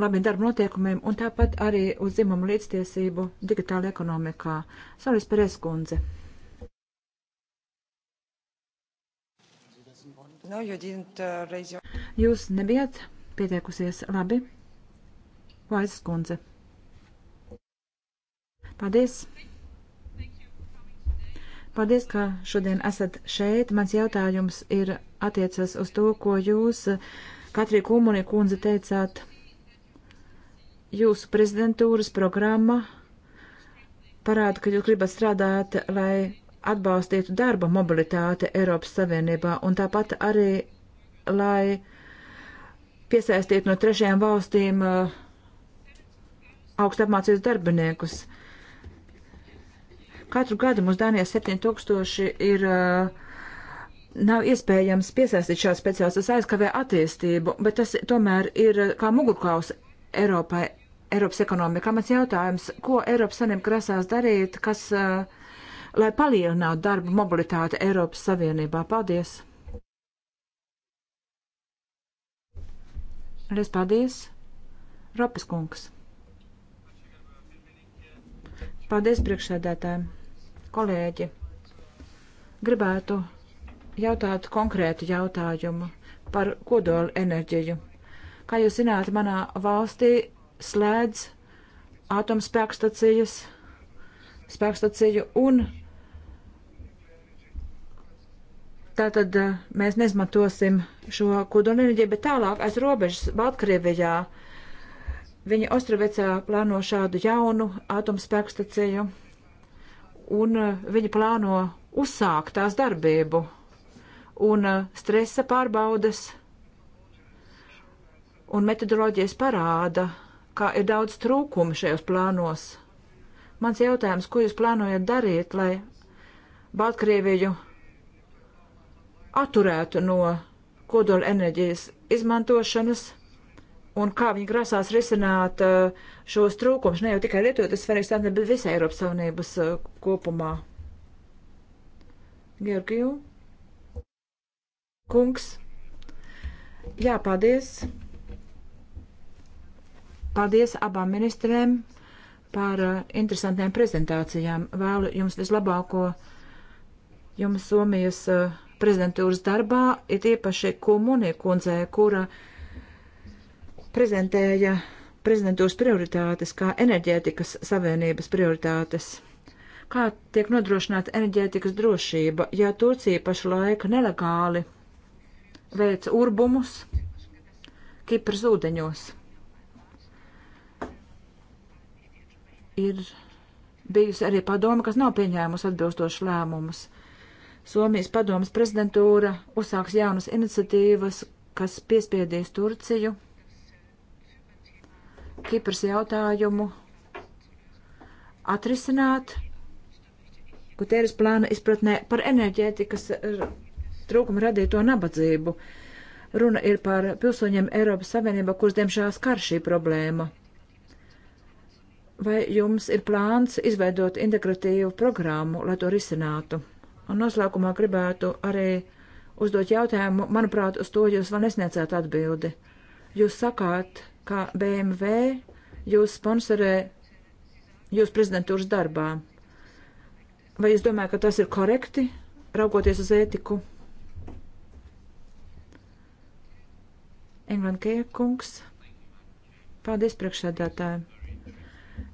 S1: labiem darba noteikumiem un tāpat arī uz dzimumu līdztiesību digitāla ekonomikā. Salis Pereskundze. kundze.
S2: No, you didn't uh, raise your...
S1: Jūs nebijat pieteikusies labi. Vaisas kundze. Paldies. Paldies, ka šodien esat šeit. Mans jautājums ir attiecas uz to, ko jūs, Katrija Kūmunija kundze, teicāt. Jūsu prezidentūras programma parāda, ka jūs gribat strādāt, lai atbalstītu darba mobilitāti Eiropas Savienībā un tāpat arī, lai piesaistītu no trešajām valstīm uh, augstu apmācības darbiniekus. Katru gadu mums Dānijā 7000 ir. Uh, nav iespējams piesaistīt šādas speciālas, tas aizkavē attīstību, bet tas tomēr ir uh, kā mugurkaus Eiropai, Eiropas ekonomikā. Mans jautājums, ko Eiropas Sanība grasās darīt, kas uh, lai palielinātu darba mobilitāti Eiropas Savienībā. Paldies! Lies paldies! Ropes kungs! Paldies priekšsēdētājiem, kolēģi! Gribētu jautāt konkrētu jautājumu par kodolu enerģiju. Kā jūs zināt, manā valstī slēdz atomspēkstacijas, spēkstaciju un Tātad eh, mēs neizmantosim šo kodolenerģiju, bet tālāk aiz robežas Baltkrievijā viņi Ostravecā plāno šādu jaunu atomspēkstaciju un eh, viņi plāno uzsākt tās darbību un eh, stresa pārbaudas un metodoloģijas parāda, kā ir daudz trūkumu šajos plānos. Mans jautājums, ko jūs plānojat darīt, lai Baltkrieviju atturētu no kodola enerģijas izmantošanas un kā viņi grasās risināt uh, šos trūkumus, ne jau tikai Lietuvā, tas svarīgs tādēļ, bet visai Eiropas Savienības uh, kopumā. Georgiju. Kungs. Jā, paldies. Paldies abām ministrēm par uh, interesantām prezentācijām. Vēlu jums vislabāko jums Somijas uh, prezidentūras darbā, ir īpaši Kumuni kundzē, kura prezentēja prezidentūras prioritātes kā enerģētikas savienības prioritātes. Kā tiek nodrošināta enerģētikas drošība, ja Turcija pašlaik nelegāli veic urbumus Kipras ūdeņos? Ir bijusi arī padoma, kas nav pieņēmusi atbilstošu lēmumus. Somijas padomas prezidentūra uzsāks jaunas iniciatīvas, kas piespiedīs Turciju, Kipras jautājumu atrisināt Gutēras plāna izpratnē par enerģētikas eh, trūkumu radīto nabadzību. Runa ir par pilsoņiem Eiropas Savienībā, kurus diemžēl skar šī problēma. Vai jums ir plāns izveidot integratīvu programmu, lai to risinātu? Un noslēgumā gribētu arī uzdot jautājumu, manuprāt, uz to jūs vēl nesniedzāt atbildi. Jūs sakāt, ka BMW jūs sponsorē jūs prezidentūras darbā. Vai jūs domājat, ka tas ir korekti, raugoties uz ētiku? Ingvan Kiekungs. Paldies priekšsēdētājiem.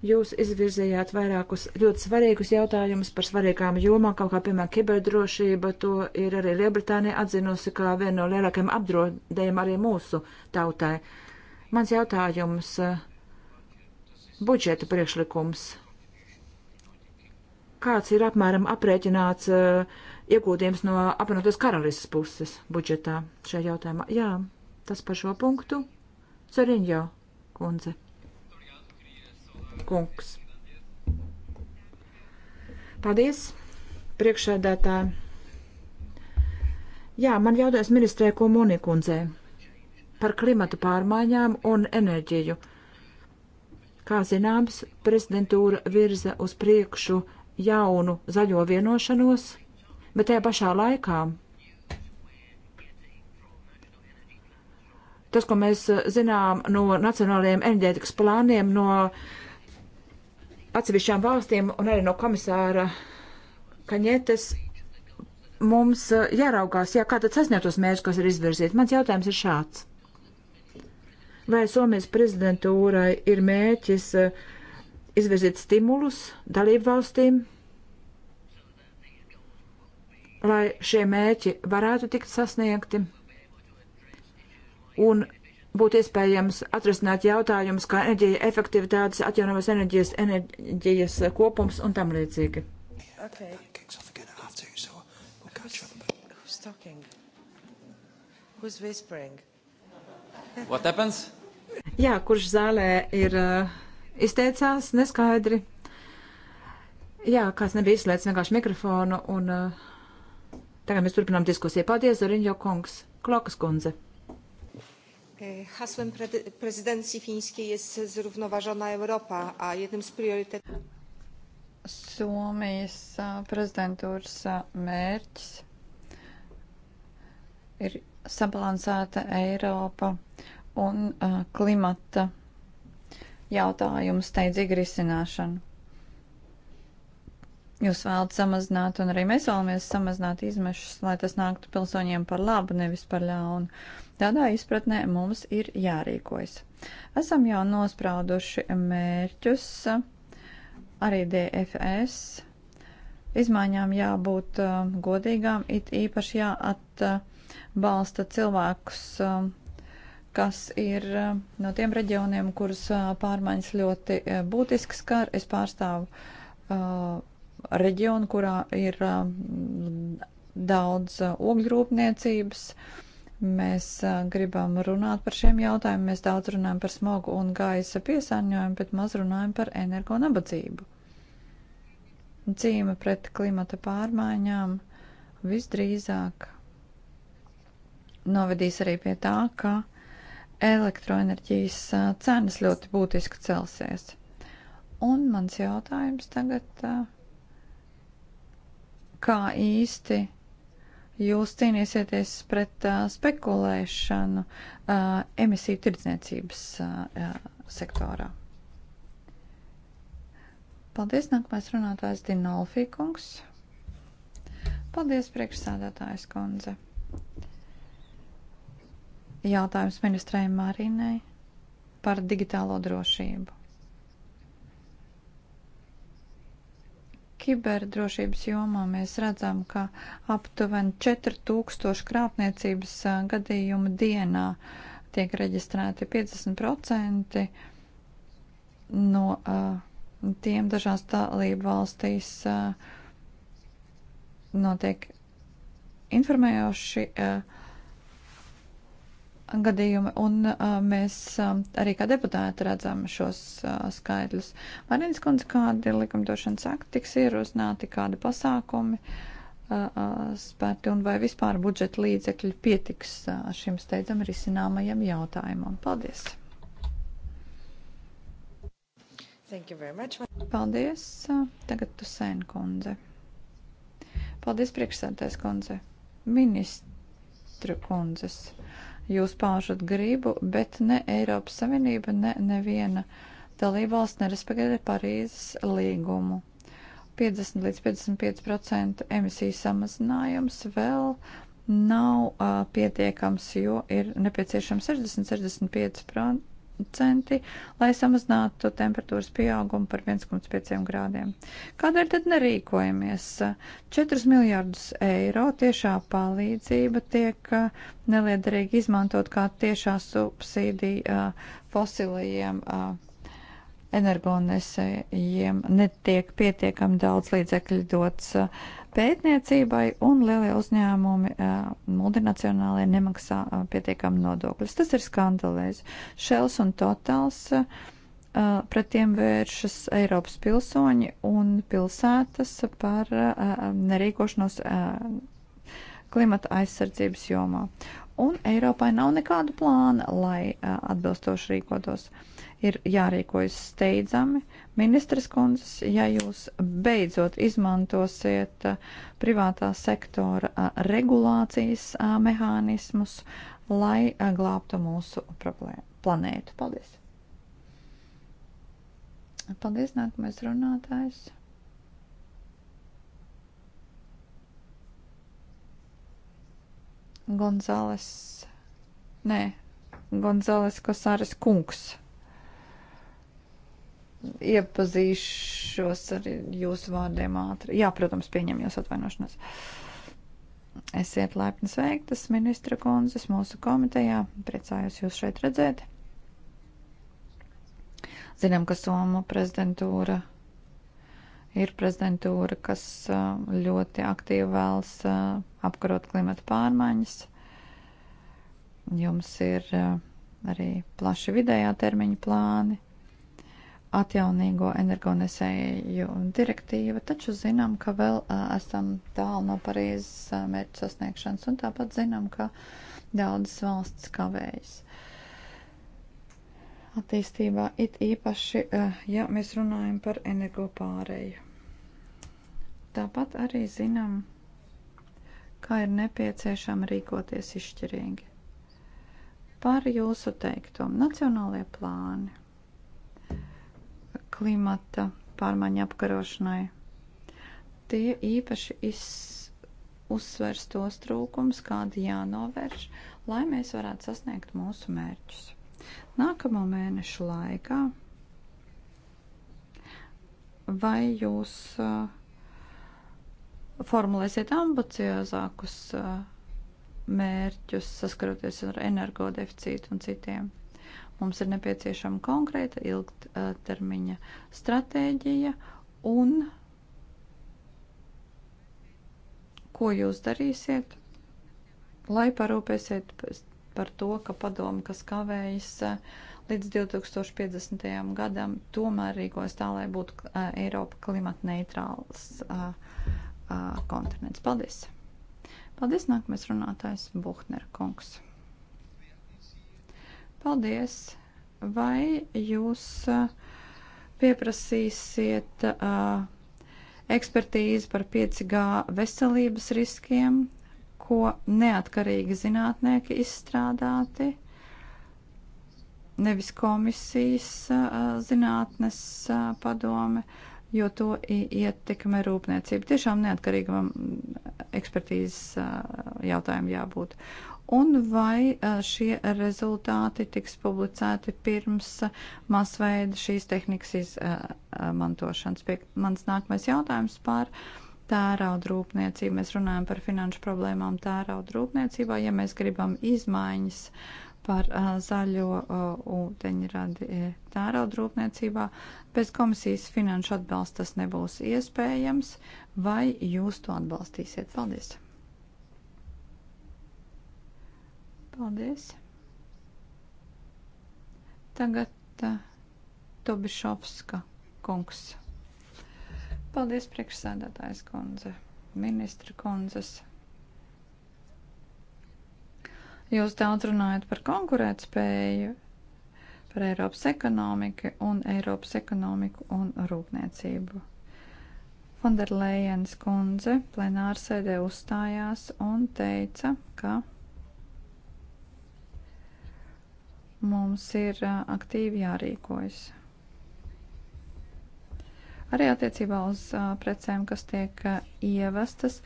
S1: Jūs izvirzījāt vairākus ļoti svarīgus jautājumus par svarīgām jomām, kaut kā, piemēram, kiberdrošība. To ir arī Lielbritānija atzinusi kā vienu no lielākajiem apdraudējumiem arī mūsu tautai. Mans jautājums eh, - budžeta priekšlikums. Kāds ir apmēram aprēķināts eh, iegūdījums no apvienotās karalistas puses budžetā šajā jautājumā? Jā, tas par šo punktu. Sariņo, kundze kungs. Paldies, priekšsēdētāji. Jā, man jautājums ministrē Komunikundzē par klimatu pārmaiņām un enerģiju. Kā zināms, prezidentūra virza uz priekšu jaunu zaļo vienošanos, bet tajā pašā laikā tas, ko mēs zinām no nacionālajiem enerģētikas plāniem, no atsevišķām valstīm un arī no komisāra Kaņetes mums eh, jāraugās, jā, kā tad sasniegt tos mērķus, kas ir izvirzīti. Mans jautājums ir šāds. Vai Somijas prezidentūrai ir mērķis eh, izvirzīt stimulus dalību valstīm, lai šie mērķi varētu tikt sasniegti? Un būtu iespējams atrisināt jautājumus kā enerģija efektivitātes, atjaunovas enerģijas, enerģijas kopums un tam līdzīgi. Okay. Jā, kurš zālē ir uh, izteicās neskaidri. Jā, kāds nebija izslēdzis vienkārši mikrofonu un uh, tagad mēs turpinām diskusiju. Paldies, Zoriņo kungs, Klokas kundze.
S2: E, hasłem pre prezydencji fińskiej jest zrównoważona Europa, a jednym z priorytetów. Somijas prezidentūras mērķis ir sabalansēta Eiropa un e, klimata jautājumu steidzīgi risināšanu. Jūs vēlat samazināt, un arī mēs vēlamies samazināt izmešus, lai tas nāktu pilsoņiem par labu, nevis par ļaunu Tādā izpratnē mums ir jārīkojas. Esam jau nosprauduši mērķus arī DFS. Izmaiņām jābūt uh, godīgām, it īpaši jāatbalsta uh, cilvēkus, uh, kas ir uh, no tiem reģioniem, kuras uh, pārmaiņas ļoti uh, būtiski skar. Es pārstāvu uh, reģionu, kurā ir uh, daudz uh, ogļrūpniecības. Uh, Mēs gribam runāt par šiem jautājumiem, mēs daudz runājam par smogu un gaisa piesārņojumu, bet maz runājam par energo nabadzību. Cīma pret klimata pārmaiņām visdrīzāk novedīs arī pie tā, ka elektroenerģijas cenas ļoti būtiski celsies. Un mans jautājums tagad, kā īsti jūs cīnīsieties pret uh, spekulēšanu uh, emisiju tirdzniecības uh, sektorā. Paldies, nākamais runātājs Dinolfi kungs. Paldies, priekšsādātājs kundze. Jautājums ministrēm Marinai par digitālo drošību. Kiberdrošības jomā mēs redzam, ka aptuveni 4000 krāpniecības gadījumu dienā tiek reģistrēti 50% no uh, tiem dažās dalību valstīs uh, notiek informējoši uh, gadījumi, un uh, mēs uh, arī kā deputāti redzam šos uh, skaidrus. Marīnas kundze, kādi likumdošanas akti tiks ierosināti, kādi pasākumi uh, spērti, un vai vispār budžeta līdzekļi pietiks uh, šim steidzam risināmajam jautājumam. Paldies! Paldies! Tagad tu sēn kundze. Paldies priekšsēdētājs kundze. Ministru kundzes. Uh, Jūs paužat gribu, bet ne Eiropas Savienība, ne neviena dalībvalsts nerespektē Parīzes līgumu. 50 līdz 55% emisiju samazinājums vēl nav uh, pietiekams, jo ir nepieciešams 60-65% procenti, lai samazinātu temperatūras pieaugumu par 1,5 grādiem. Kādēļ tad nerīkojamies? 4 miljārdus eiro tiešā palīdzība tiek uh, neliederīgi izmantot kā tiešā subsīdija uh, fosilajiem. Uh, energonesējiem netiek pietiekami daudz līdzekļu dots uh, pētniecībai, un lielie uzņēmumi, uh, multinacionālie, nemaksā uh, pietiekami nodokļus. Tas ir skandalēs. Šels un Totals pret tiem vēršas Eiropas pilsoņi un pilsētas par nerīkošanos klimata aizsardzības jomā. Un Eiropai nav nekādu plānu, lai atbilstoši rīkotos. Uh, ir jārīkojas steidzami. Ministras kundzes, ja jūs beidzot izmantosiet uh, privātā sektora uh, regulācijas uh, mehānismus, lai glābtu mūsu planētu. Paldies! Paldies, nākamais runātājs. Gonzales, nē, Gonzales Kosāres kungs iepazīšos ar jūsu vārdiem ātri. Jā, protams, pieņem jūs atvainošanos. Esiet laipni sveiktas, ministra kundzes, mūsu komitejā. Priecājos jūs šeit redzēt. Zinām, ka Somu prezidentūra ir prezidentūra, kas ļoti aktīvi vēlas apkarot klimata pārmaiņas. Jums ir arī plaši vidējā termiņa plāni atjaunīgo energonesēju direktīva, taču zinām, ka vēl uh, esam tālu no Parīzes uh, mērķa sasniegšanas, un tāpat zinām, ka daudzas valsts kavējas. Attīstībā it īpaši, uh, ja mēs runājam par energo pārēju. Tāpat arī zinām, kā ir nepieciešama rīkoties izšķirīgi. Par jūsu teikto nacionālajie plāni klimata pārmaiņu apkarošanai. Tie īpaši iz, uzsvers tos trūkums, kādi jānovērš, lai mēs varētu sasniegt mūsu mērķus. Nākamo mēnešu laikā vai jūs uh, formulēsiet ambiciozākus uh, mērķus saskaroties ar energodeficītu un citiem? Mums ir nepieciešama konkrēta ilgtermiņa stratēģija un ko jūs darīsiet, lai parūpēsiet par to, ka padomu, kas kavējas eh, līdz 2050. gadam, tomēr rīkos tā, lai būtu eh, Eiropa klimata neitrāls eh, kontinents. Paldies! Paldies, nākamais runātājs Buhner kungs. Paldies! Vai jūs uh, pieprasīsiet uh, ekspertīzi par 5G veselības riskiem, ko neatkarīgi zinātnieki izstrādāti? Nevis komisijas uh, zinātnes padome, jo to ietekmē rūpniecība. Tiešām neatkarīgam mm, ekspertīzes jautājumam jābūt un vai šie rezultāti tiks publicēti pirms masveida šīs tehnikas izmantošanas. Mans nākamais jautājums par tērauda rūpniecību. Mēs runājam par finanšu problēmām tērauda rūpniecībā. Ja mēs gribam izmaiņas par uh, zaļo uh, ūdeņradi tērauda rūpniecībā, bez komisijas finanšu atbalsta tas nebūs iespējams, vai jūs to atbalstīsiet? Paldies! Paldies. Tagad uh, Tobišovska kungs. Paldies, priekšsēdētājs kundze, ministra kundzes. Jūs daudz runājat par konkurētspēju, par Eiropas ekonomiku un Eiropas ekonomiku un rūpniecību. Fonderlējens kundze plenārsēdē uzstājās un teica, ka Mums ir aktīvi jārīkojas. Arī attiecībā uz precēm, kas tiek ievestas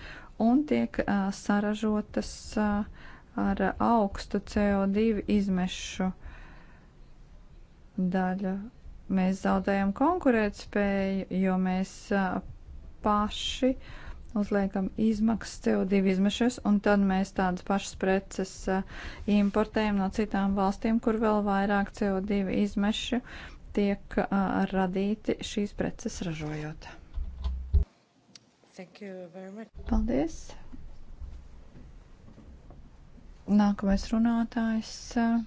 S2: un tiek saražotas ar augstu CO2 izmešu daļu. Mēs zaudējam konkurētspēju, jo mēs paši uh, uzliekam izmaksas CO2 izmešas, un tad mēs tādas pašas preces uh, importējam no citām valstīm, kur vēl vairāk CO2 izmešu tiek uh, radīti šīs preces ražojot. Paldies! Nākamais runātājs uh,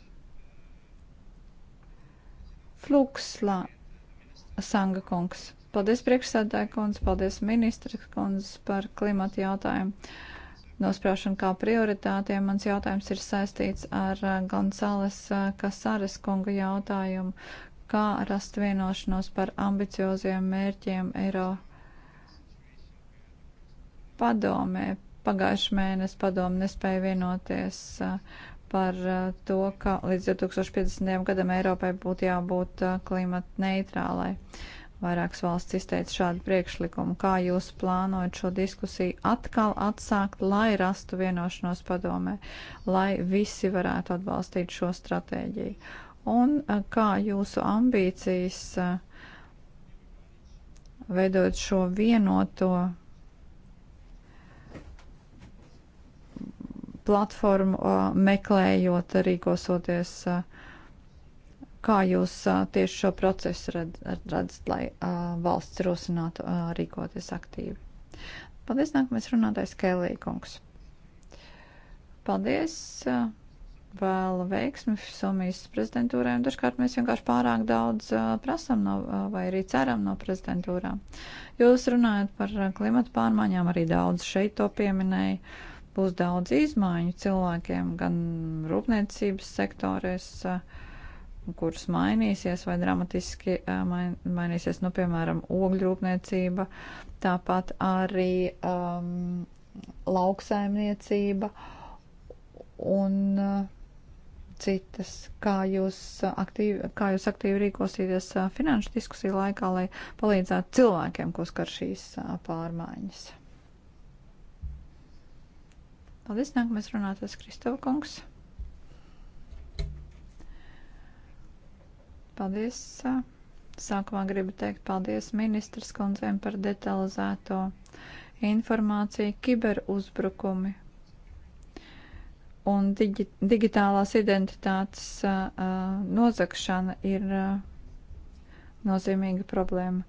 S2: Flukslā Sanga kungs. Paldies priekšsēdētāji kundze, paldies ministra kundze par klimatu jautājumu. Nospraušana kā prioritātiem. Mans jautājums ir saistīts ar eh, Gonzales Kasares eh, kunga jautājumu. Kā rast vienošanos par ambicioziem mērķiem Eiro padomē? Pagājuši mēnesi padomu nespēja vienoties eh, par to, ka līdz 2050. gadam Eiropai būtu jābūt klimata neitrālai. Vairākas valsts izteica šādu priekšlikumu. Kā jūs plānojat šo diskusiju atkal atsākt, lai rastu vienošanos padomē, lai visi varētu atbalstīt šo stratēģiju? Un eh, kā jūsu ambīcijas eh, veidot šo vienoto platformu, eh, meklējot, rīkosoties? Kā jūs tieši šo procesu redzat, lai valsts rosinātu rīkoties aktīvi? Paldies, nākamais runātais Kēlī kungs. Paldies, vēlu veiksmi Somijas prezidentūrai, un dažkārt mēs vienkārši pārāk daudz prasam no, vai arī ceram no prezidentūrām. Jūs runājat par klimatu pārmaiņām, arī daudz šeit to pieminēja būs daudz izmaiņu cilvēkiem, gan rūpniecības sektorēs, uh, kuras mainīsies vai dramatiski main, mainīsies, nu, piemēram, ogļrūpniecība, tāpat arī um, lauksaimniecība un uh, citas, kā jūs, aktīvi, kā jūs aktīvi rīkosieties uh, finanšu diskusiju laikā, lai palīdzētu cilvēkiem, ko skar šīs uh, pārmaiņas. Paldies, nākamais runātājs Kristova kungs. Paldies. Sākumā gribu teikt paldies ministras kundzēm par detalizēto informāciju, kiberuzbrukumi un digi digitālās identitātes uh, nozakšana ir uh, nozīmīga problēma.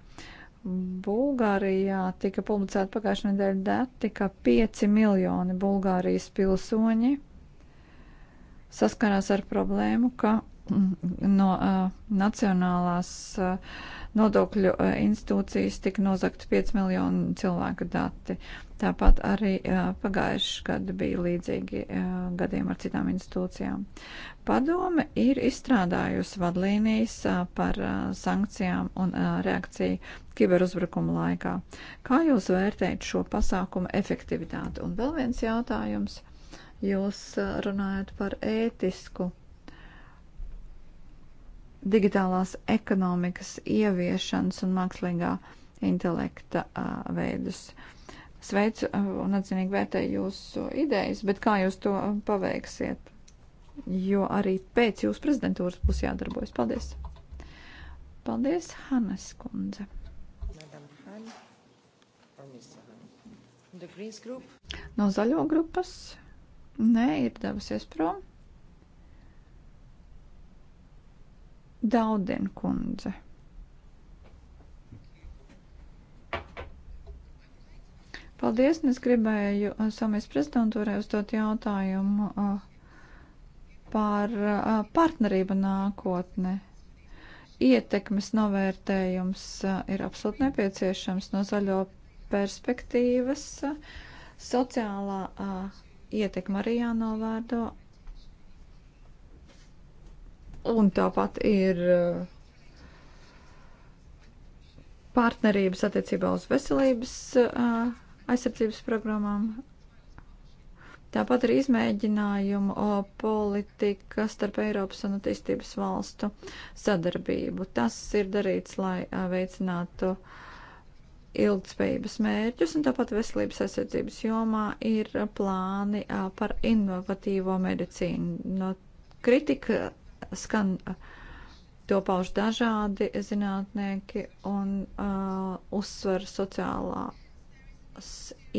S2: Bulgārijā tika publicēta pagājušā nedēļa dati, ka 5 miljoni Bulgārijas pilsoņi saskarās ar problēmu, ka no uh, Nacionālās uh, nodokļu uh, institūcijas tika nozakti 5 miljonu cilvēku dati. Tāpat arī uh, pagājuši gadu bija līdzīgi uh, gadiem ar citām institūcijām. Padome ir izstrādājusi vadlīnijas uh, par uh, sankcijām un uh, reakciju kiberuzbrukumu laikā. Kā jūs vērtējat šo pasākumu efektivitāti? Un vēl viens jautājums. Jūs runājat par ētisku digitālās ekonomikas ieviešanas un mākslīgā intelekta uh, veidus. Sveicu un atzinīgi vērtēju jūsu idejas, bet kā jūs to paveiksiet? Jo arī pēc jūsu prezidentūras būs jādarbojas. Paldies! Paldies, Hannes kundze! Oh, no zaļo grupas? Nē, ir devusies prom. Daudien kundze. Paldies, un es gribēju uh, Somijas prezidentūrē uzdot jautājumu uh, par uh, partnerību nākotne. Ietekmes novērtējums ir absolūti nepieciešams no zaļo perspektīvas. Sociālā ietekma arī jānovērdo Un tāpat ir uh, partnerības attiecībā uz veselības uh, aizsardzības programmām. Tāpat ir izmēģinājuma politika starp Eiropas un attīstības valstu sadarbību. Tas ir darīts, lai uh, veicinātu ilgtspējības mērķus, un tāpat veselības aizsardzības jomā ir plāni par innovatīvo medicīnu. No kritika skan to pauž dažādi zinātnieki un uh, uzsver sociālās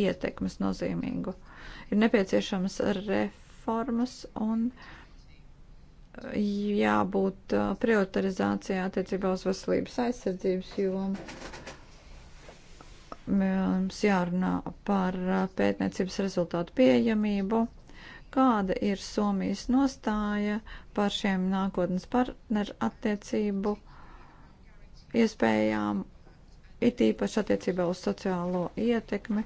S2: ietekmes nozīmīgu. Ir nepieciešams reformas un jābūt uh, prioritarizācijā attiecībā uz veselības aizsardzības jomu. Mums jārunā par pētniecības rezultātu pieejamību kāda ir Somijas nostāja par šiem nākotnes partneru attiecību iespējām, it īpaši attiecībā uz sociālo ietekmi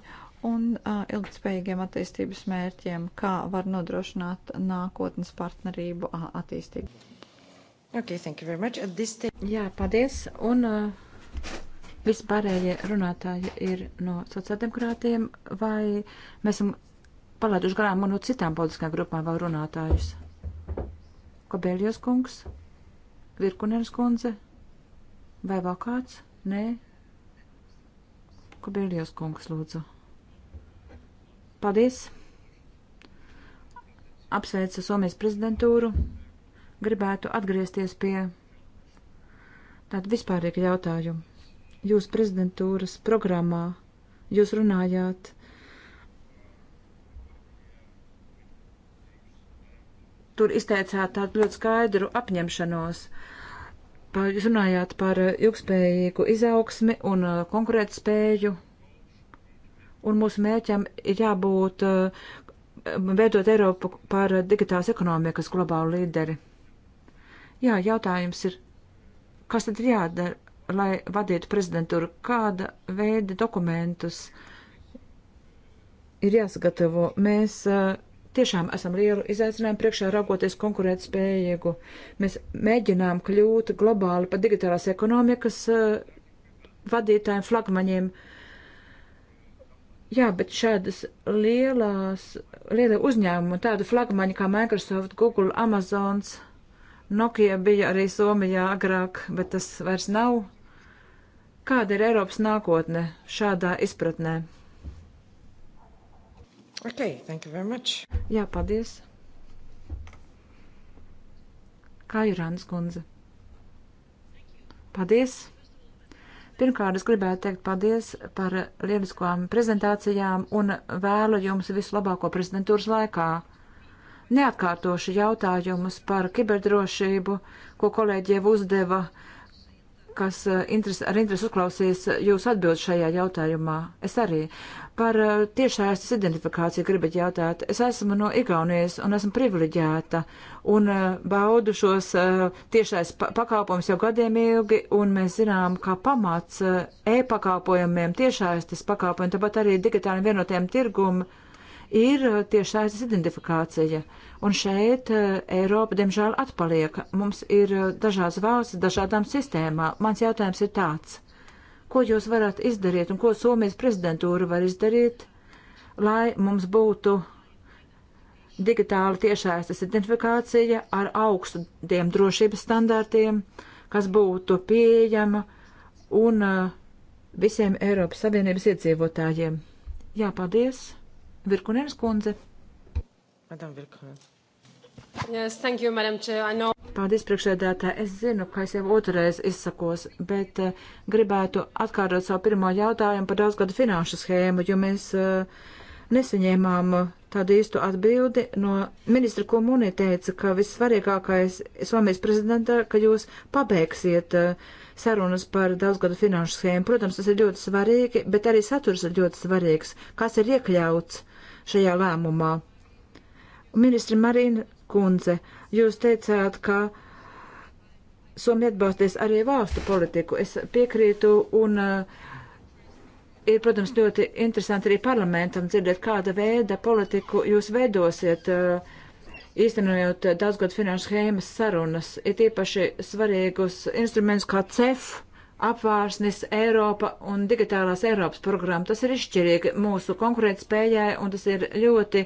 S2: un uh, ilgtspējīgiem attīstības mērķiem, kā var nodrošināt nākotnes partnerību uh, attīstību. Okay, thank you very much.
S1: At this stage... Jā, paldies. Un uh, vispārējie runātāji ir no sociāldemokrātiem. Vai mēs esam palaiduši garām un no citām politiskām grupām vēl runātājus. Kobēļos kungs, Virkunenes kundze, vai vēl kāds? Nē. Kobēļos kungs, lūdzu. Paldies! Apsveicu Somijas prezidentūru. Gribētu atgriezties pie tāda vispārīga jautājuma. Jūs prezidentūras programmā jūs runājāt tur izteicāt tādu ļoti skaidru apņemšanos. Pār, jūs runājāt par eh, ilgspējīgu izaugsmi un eh, konkurētspēju, un mūsu mērķam ir jābūt eh, veidot Eiropu par digitās ekonomikas globālu līderi. Jā, jautājums ir, kas tad ir jādara, lai vadītu prezidentūru, kāda veida dokumentus ir jāsagatavo. Mēs uh, tiešām esam lielu izaicinājumu priekšā raugoties konkurēt spējīgu. Mēs mēģinām kļūt globāli par digitālās ekonomikas eh, vadītājiem, flagmaņiem. Jā, bet šādas lielās, lielie uzņēmumi, tādi flagmaņi kā Microsoft, Google, Amazons, Nokia bija arī Somijā agrāk, bet tas vairs nav. Kāda ir Eiropas nākotne šādā izpratnē? Okay, thank you very much. Jā, paldies. Kā ir Rānas kundze? Paldies! Pirmkārt, es gribētu teikt paldies par lieliskām prezentācijām un vēlu jums visu labāko prezidentūras laikā. Neatkārtošu jautājumus par kiberdrošību, ko kolēģiem uzdeva uh, kas eh, interes, ar interesi uzklausīs eh, jūs atbild šajā jautājumā. Es arī par eh, tiešsaistes identifikāciju gribat jautāt. Es esmu no Igaunijas un esmu privileģēta un baudu šos tiešsaistes pakalpojumus jau gadiem ilgi, un mēs zinām, kā pamats e-pakalpojumiem, tiešsaistes pakalpojumiem, tāpat arī digitāliem vienotiem tirgumiem ir eh, tiešsaistes identifikācija. Un šeit eh, Eiropa, diemžēl, atpaliek. Mums ir eh, dažās valsts, dažādām sistēmām. Mans jautājums ir tāds. Ko jūs varat izdarīt un ko Somijas prezidentūra var izdarīt, lai mums būtu digitāla tiešsaistes identifikācija ar augstiem drošības standārtiem, kas būtu pieejama un visiem Eiropas Savienības iedzīvotājiem? Jā, paldies! Virkunenes kundze.
S3: Madam Virkunen. Yes, thank you, Madam Chair. I know.
S1: Paldies, priekšsēdētā. Es zinu, ka es jau otrreiz izsakos, bet uh, gribētu atkārtot savu pirmo jautājumu par daudzgadu finanšu schēmu, jo mēs uh, nesaņēmām uh, tādu īstu atbildi no ministra Komunī teica, ka vissvarīgākais Somijas prezidentā, ka jūs pabeigsiet uh, sarunas par daudzgadu finanšu schēmu. Protams, tas ir ļoti svarīgi, bet arī saturs ir ļoti svarīgs. Kas ir iekļauts? šajā lēmumā. Ministri Marina Kunze, jūs teicāt, ka Somija atbalstīs arī valstu politiku. Es piekrītu un uh, ir, protams, ļoti interesanti arī parlamentam dzirdēt, kāda veida politiku jūs veidosiet, eh, īstenojot daudzgad finanšu schēmas sarunas. Ir īpaši svarīgus instrumentus kā CEF apvārsnes Eiropa un digitālās Eiropas programma. Tas ir izšķirīgi mūsu konkurētspējai un tas ir ļoti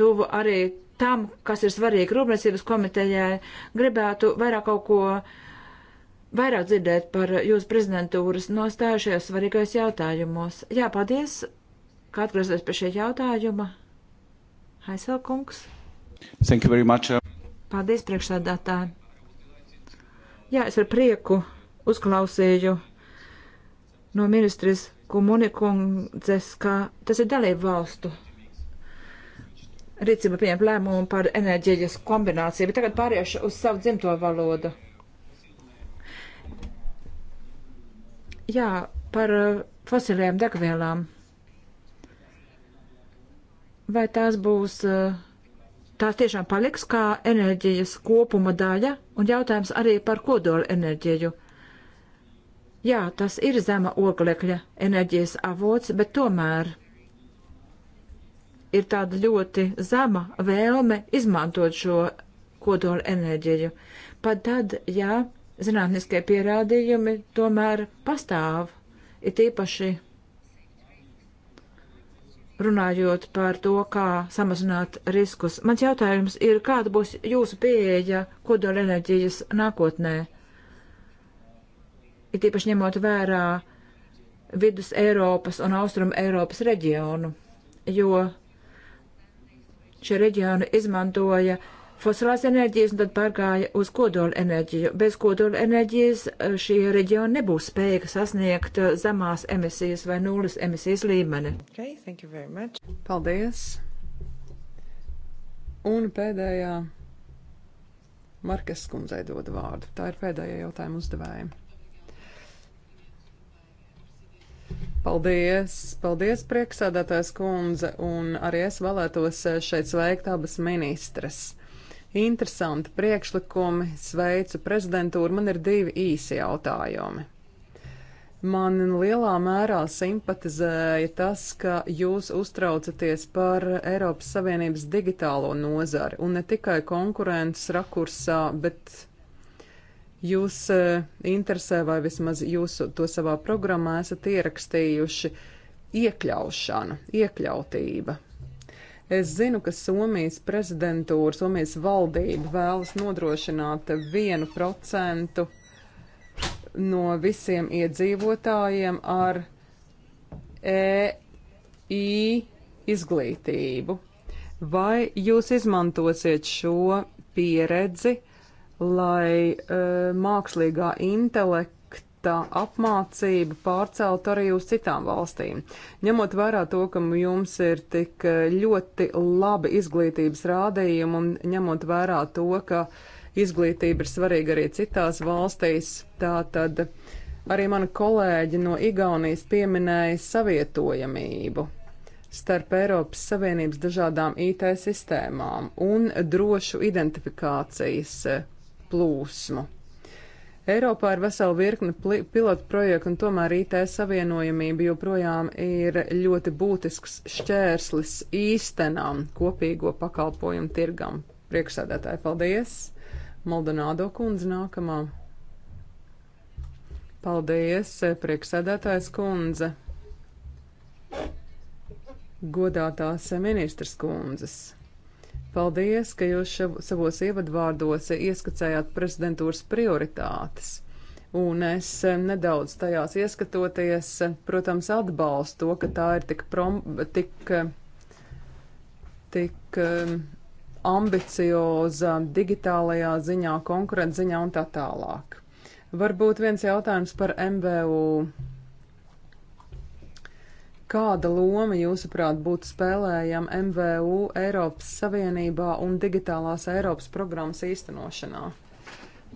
S1: tuvu arī tam, kas ir svarīgi Rūpniecības komitejai. Gribētu vairāk kaut ko vairāk dzirdēt par jūsu prezidentūras nostājušajos svarīgajos jautājumos. Jā, paldies, kā atgriezties pie šī jautājuma. Haiselkungs.
S2: Thank you very much.
S1: Paldies, priekšsādātāji. Jā, es ar prieku uzklausīju no ministres Kumunikundzes, ka tas ir dalību valstu rīcība pieņem lēmumu par enerģijas kombināciju, bet tagad pāriešu uz savu dzimto valodu. Jā, par uh, fosiliem degvielām. Vai tās būs, uh, tās tiešām paliks kā enerģijas kopuma daļa? Un jautājums arī par kodola enerģiju. Jā, tas ir zema oglekļa enerģijas avots, bet tomēr ir tāda ļoti zema vēlme izmantot šo kodola enerģiju. Pat tad, ja zinātniskie pierādījumi tomēr pastāv, ir tīpaši runājot par to, kā samazināt riskus. Mans jautājums ir, kāda būs jūsu pieeja kodola enerģijas nākotnē? it īpaši ņemot vērā vidus Eiropas un austrumu Eiropas reģionu, jo šie reģioni izmantoja fosilās enerģijas un tad pārgāja uz kodola enerģiju. Bez kodola enerģijas e, šie reģioni nebūs spējīgi sasniegt e, zemās emisijas vai nulles emisijas
S3: līmeni.
S2: Okay, thank you very much.
S3: Paldies. Un pēdējā Markas skundzei dod vārdu. Tā ir pēdējā jautājuma uzdevējuma. Paldies, paldies prieksēdētājs kundze, un arī es vēlētos eh, šeit sveikt abas ministres. Interesanti priekšlikumi, sveicu prezidentūru, man ir divi īsi jautājumi. Man lielā mērā simpatizēja tas, ka jūs uztraucaties par Eiropas Savienības digitālo nozari, un ne tikai konkurences rakursā, bet jūs e, interesē, vai vismaz jūs to savā programmā esat ierakstījuši iekļaušana, iekļautība. Es zinu, ka Somijas prezidentūra, Somijas valdība vēlas nodrošināt vienu procentu no visiem iedzīvotājiem ar EI izglītību. Vai jūs izmantosiet šo pieredzi? lai uh, mākslīgā intelekta apmācība pārceltu arī uz citām valstīm. Ņemot vērā to, ka jums ir tik e, ļoti labi izglītības rādījumi un ņemot vērā to, ka izglītība ir svarīga arī citās valstīs, tā tad arī mani kolēģi no Igaunijas pieminēja savietojamību starp Eiropas Savienības dažādām IT sistēmām un drošu identifikācijas e, plūsmu. Eiropā ir vesela virkne pilotu projektu, un tomēr IT savienojamība joprojām ir ļoti būtisks šķērslis īstenām kopīgo pakalpojumu tirgam. Priekšsēdētāji, paldies! Maldonādo kundze nākamā. Paldies, priekšsēdētājs kundze! Godātās ministras kundzes! Paldies, ka jūs savos ievadvārdos ieskicējāt prezidentūras prioritātes. Un es nedaudz tajās ieskatoties, protams, atbalstu to, ka tā ir tik, prom, tik, tik um, ambicioza digitālajā ziņā, konkurence ziņā un tā tālāk. Varbūt viens jautājums par MVU Kāda loma, jūsuprāt, būtu spēlējama MVU Eiropas Savienībā un digitālās Eiropas programmas īstenošanā?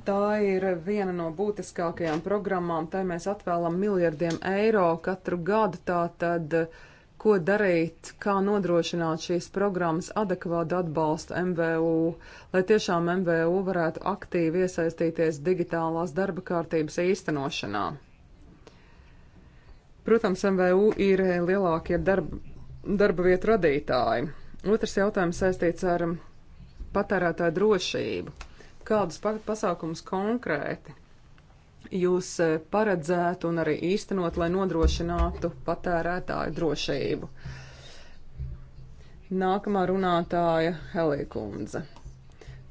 S3: Tā ir viena no būtiskākajām programmām, tai mēs atvēlam miljardiem eiro katru gadu. Tātad, ko darīt, kā nodrošināt šīs programmas adekvātu atbalstu MVU, lai tiešām MVU varētu aktīvi iesaistīties digitālās darba kārtības īstenošanā? Protams, MVU ir eh, lielākie darba, darba vietu radītāji. Otrs jautājums saistīts ar um, patērētāju drošību. Kādus pasākumus konkrēti jūs eh, paredzētu un arī īstenot, lai nodrošinātu patērētāju drošību? Nākamā runātāja Helīkundze.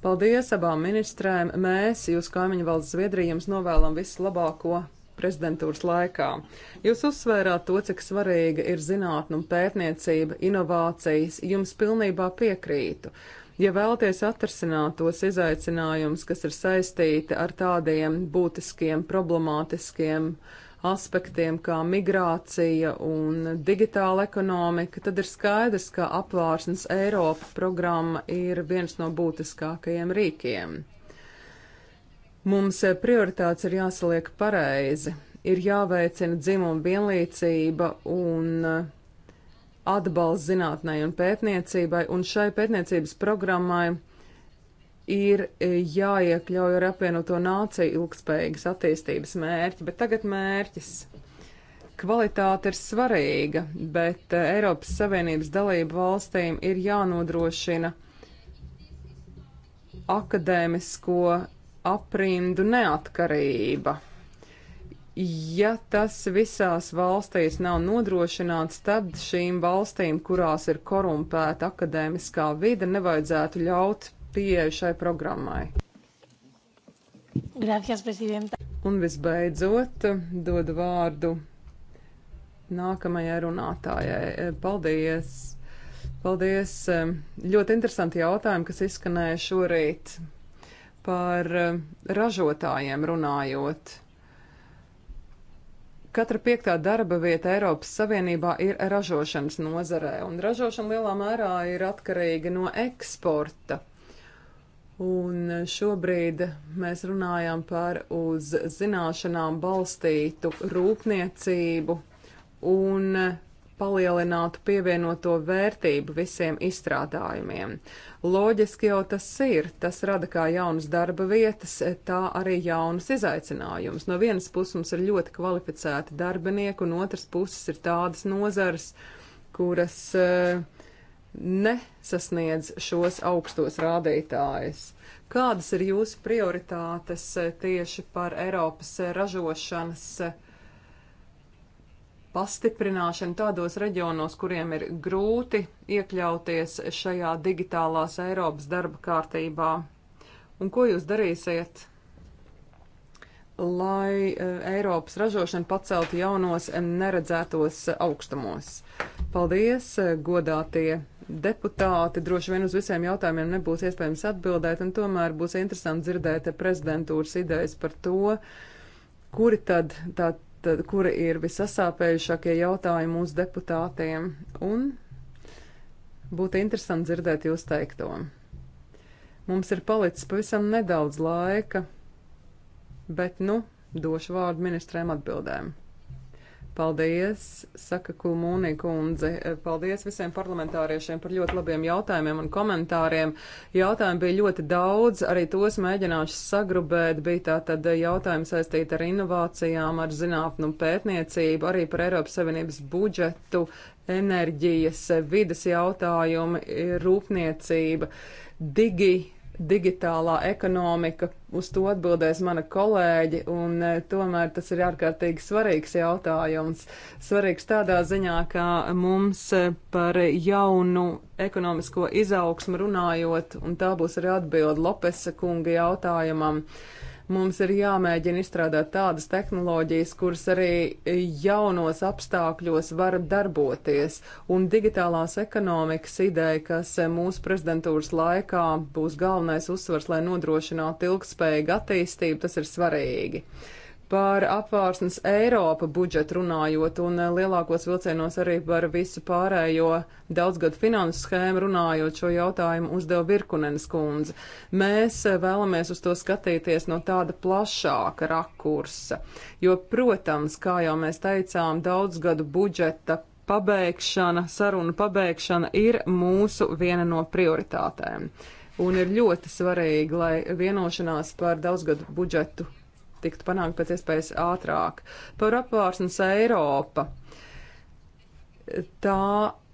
S3: Paldies abām ministrēm. Mēs, jūs kaimiņu valsts Zviedrija, jums novēlam visu labāko prezidentūras laikā. Jūs uzsvērāt to, cik svarīga ir zinātnum pētniecība, inovācijas, jums pilnībā piekrītu. Ja vēlaties atrasināt tos izaicinājumus, kas ir saistīti ar tādiem būtiskiem, problemātiskiem aspektiem kā migrācija un digitāla ekonomika, tad ir skaidrs, ka aplārsnes Eiropa programma ir viens no būtiskākajiem rīkiem. Mums eh, prioritātes ir jāsaliek pareizi, ir jāveicina dzimuma vienlīdzība un eh, atbalsts zinātnē un pētniecībai, un šai pētniecības programmai ir eh, jāiekļauj ar apvienoto nāciju ilgspējīgas attīstības mērķi, bet tagad mērķis. Kvalitāte ir svarīga, bet Eiropas Savienības dalību valstīm ir jānodrošina akadēmisko aprindu neatkarība. Ja tas visās valstīs nav nodrošināts, tad šīm valstīm, kurās ir korumpēta akadēmiskā vide, nevajadzētu ļaut pieeju šai programmai.
S1: Gracias, prezidenta.
S3: Un visbeidzot, dodu vārdu nākamajai runātājai. Paldies! Paldies! Ļoti interesanti jautājumi, kas izskanēja šorīt par eh, ražotājiem runājot. Katra piektā darba vieta Eiropas Savienībā ir ražošanas nozarē, un ražošana lielā mērā ir atkarīga no eksporta. Un šobrīd mēs runājam par uz zināšanām balstītu rūpniecību un palielinātu pievienoto vērtību visiem izstrādājumiem. Loģiski jau tas ir, tas rada kā jaunas darba vietas, tā arī jaunas izaicinājumus. No vienas puses mums ir ļoti kvalificēti darbinieki, un otras puses ir tādas nozares, kuras eh, nesasniedz šos augstos rādītājus. Kādas ir jūsu prioritātes eh, tieši par Eiropas eh, ražošanas pastiprināšanu tādos reģionos, kuriem ir grūti iekļauties šajā digitālās Eiropas darba kārtībā? Un ko jūs darīsiet, lai e, Eiropas ražošana paceltu jaunos neredzētos augstumos? Paldies, e, godātie deputāti. Droši vien uz visiem jautājumiem nebūs iespējams atbildēt, un tomēr būs interesanti dzirdēt prezidentūras idejas par to, kuri tad tā tad, kuri ir visasāpējušākie jautājumi mūsu deputātiem, un būtu interesanti dzirdēt jūs teikto. Mums ir palicis pavisam nedaudz laika, bet nu došu vārdu ministrēm atbildēm. Paldies, saka Kulmūnī kundze. Paldies visiem parlamentāriešiem par ļoti labiem jautājumiem un komentāriem. Jautājumi bija ļoti daudz, arī tos mēģināšu sagrubēt. Bija tātad jautājumi saistīti ar inovācijām, ar zinātnu pētniecību, arī par Eiropas Savienības budžetu, enerģijas, vidas jautājumi, rūpniecība, digi, digitālā ekonomika, Uz to atbildēs mana kolēģi, un e, tomēr tas ir ārkārtīgi svarīgs jautājums. Svarīgs tādā ziņā, ka mums e, par jaunu ekonomisko izaugsmu runājot, un tā būs arī atbilde Lopesa kunga jautājumam. Uh, Mums ir jāmēģina izstrādāt tādas tehnoloģijas, kuras arī jaunos apstākļos var darboties, un digitālās ekonomikas ideja, kas mūsu prezidentūras laikā būs galvenais uzsvars, lai nodrošinātu ilgspējīgu attīstību, tas ir svarīgi. Par apvārsnes Eiropa budžetu runājot un eh, lielākos vilcienos arī par visu pārējo daudzgadu finansu schēmu runājot šo jautājumu uzdeva Virkunenes kundze. Mēs eh, vēlamies uz to skatīties no tāda plašāka rakursa, jo, protams, kā jau mēs teicām, daudzgadu budžeta pabeigšana, saruna pabeigšana ir mūsu viena no prioritātēm. Un ir ļoti svarīgi, lai vienošanās par daudzgadu budžetu tiktu panākt pēc iespējas ātrāk. Par apvārsnes Eiropa. Tā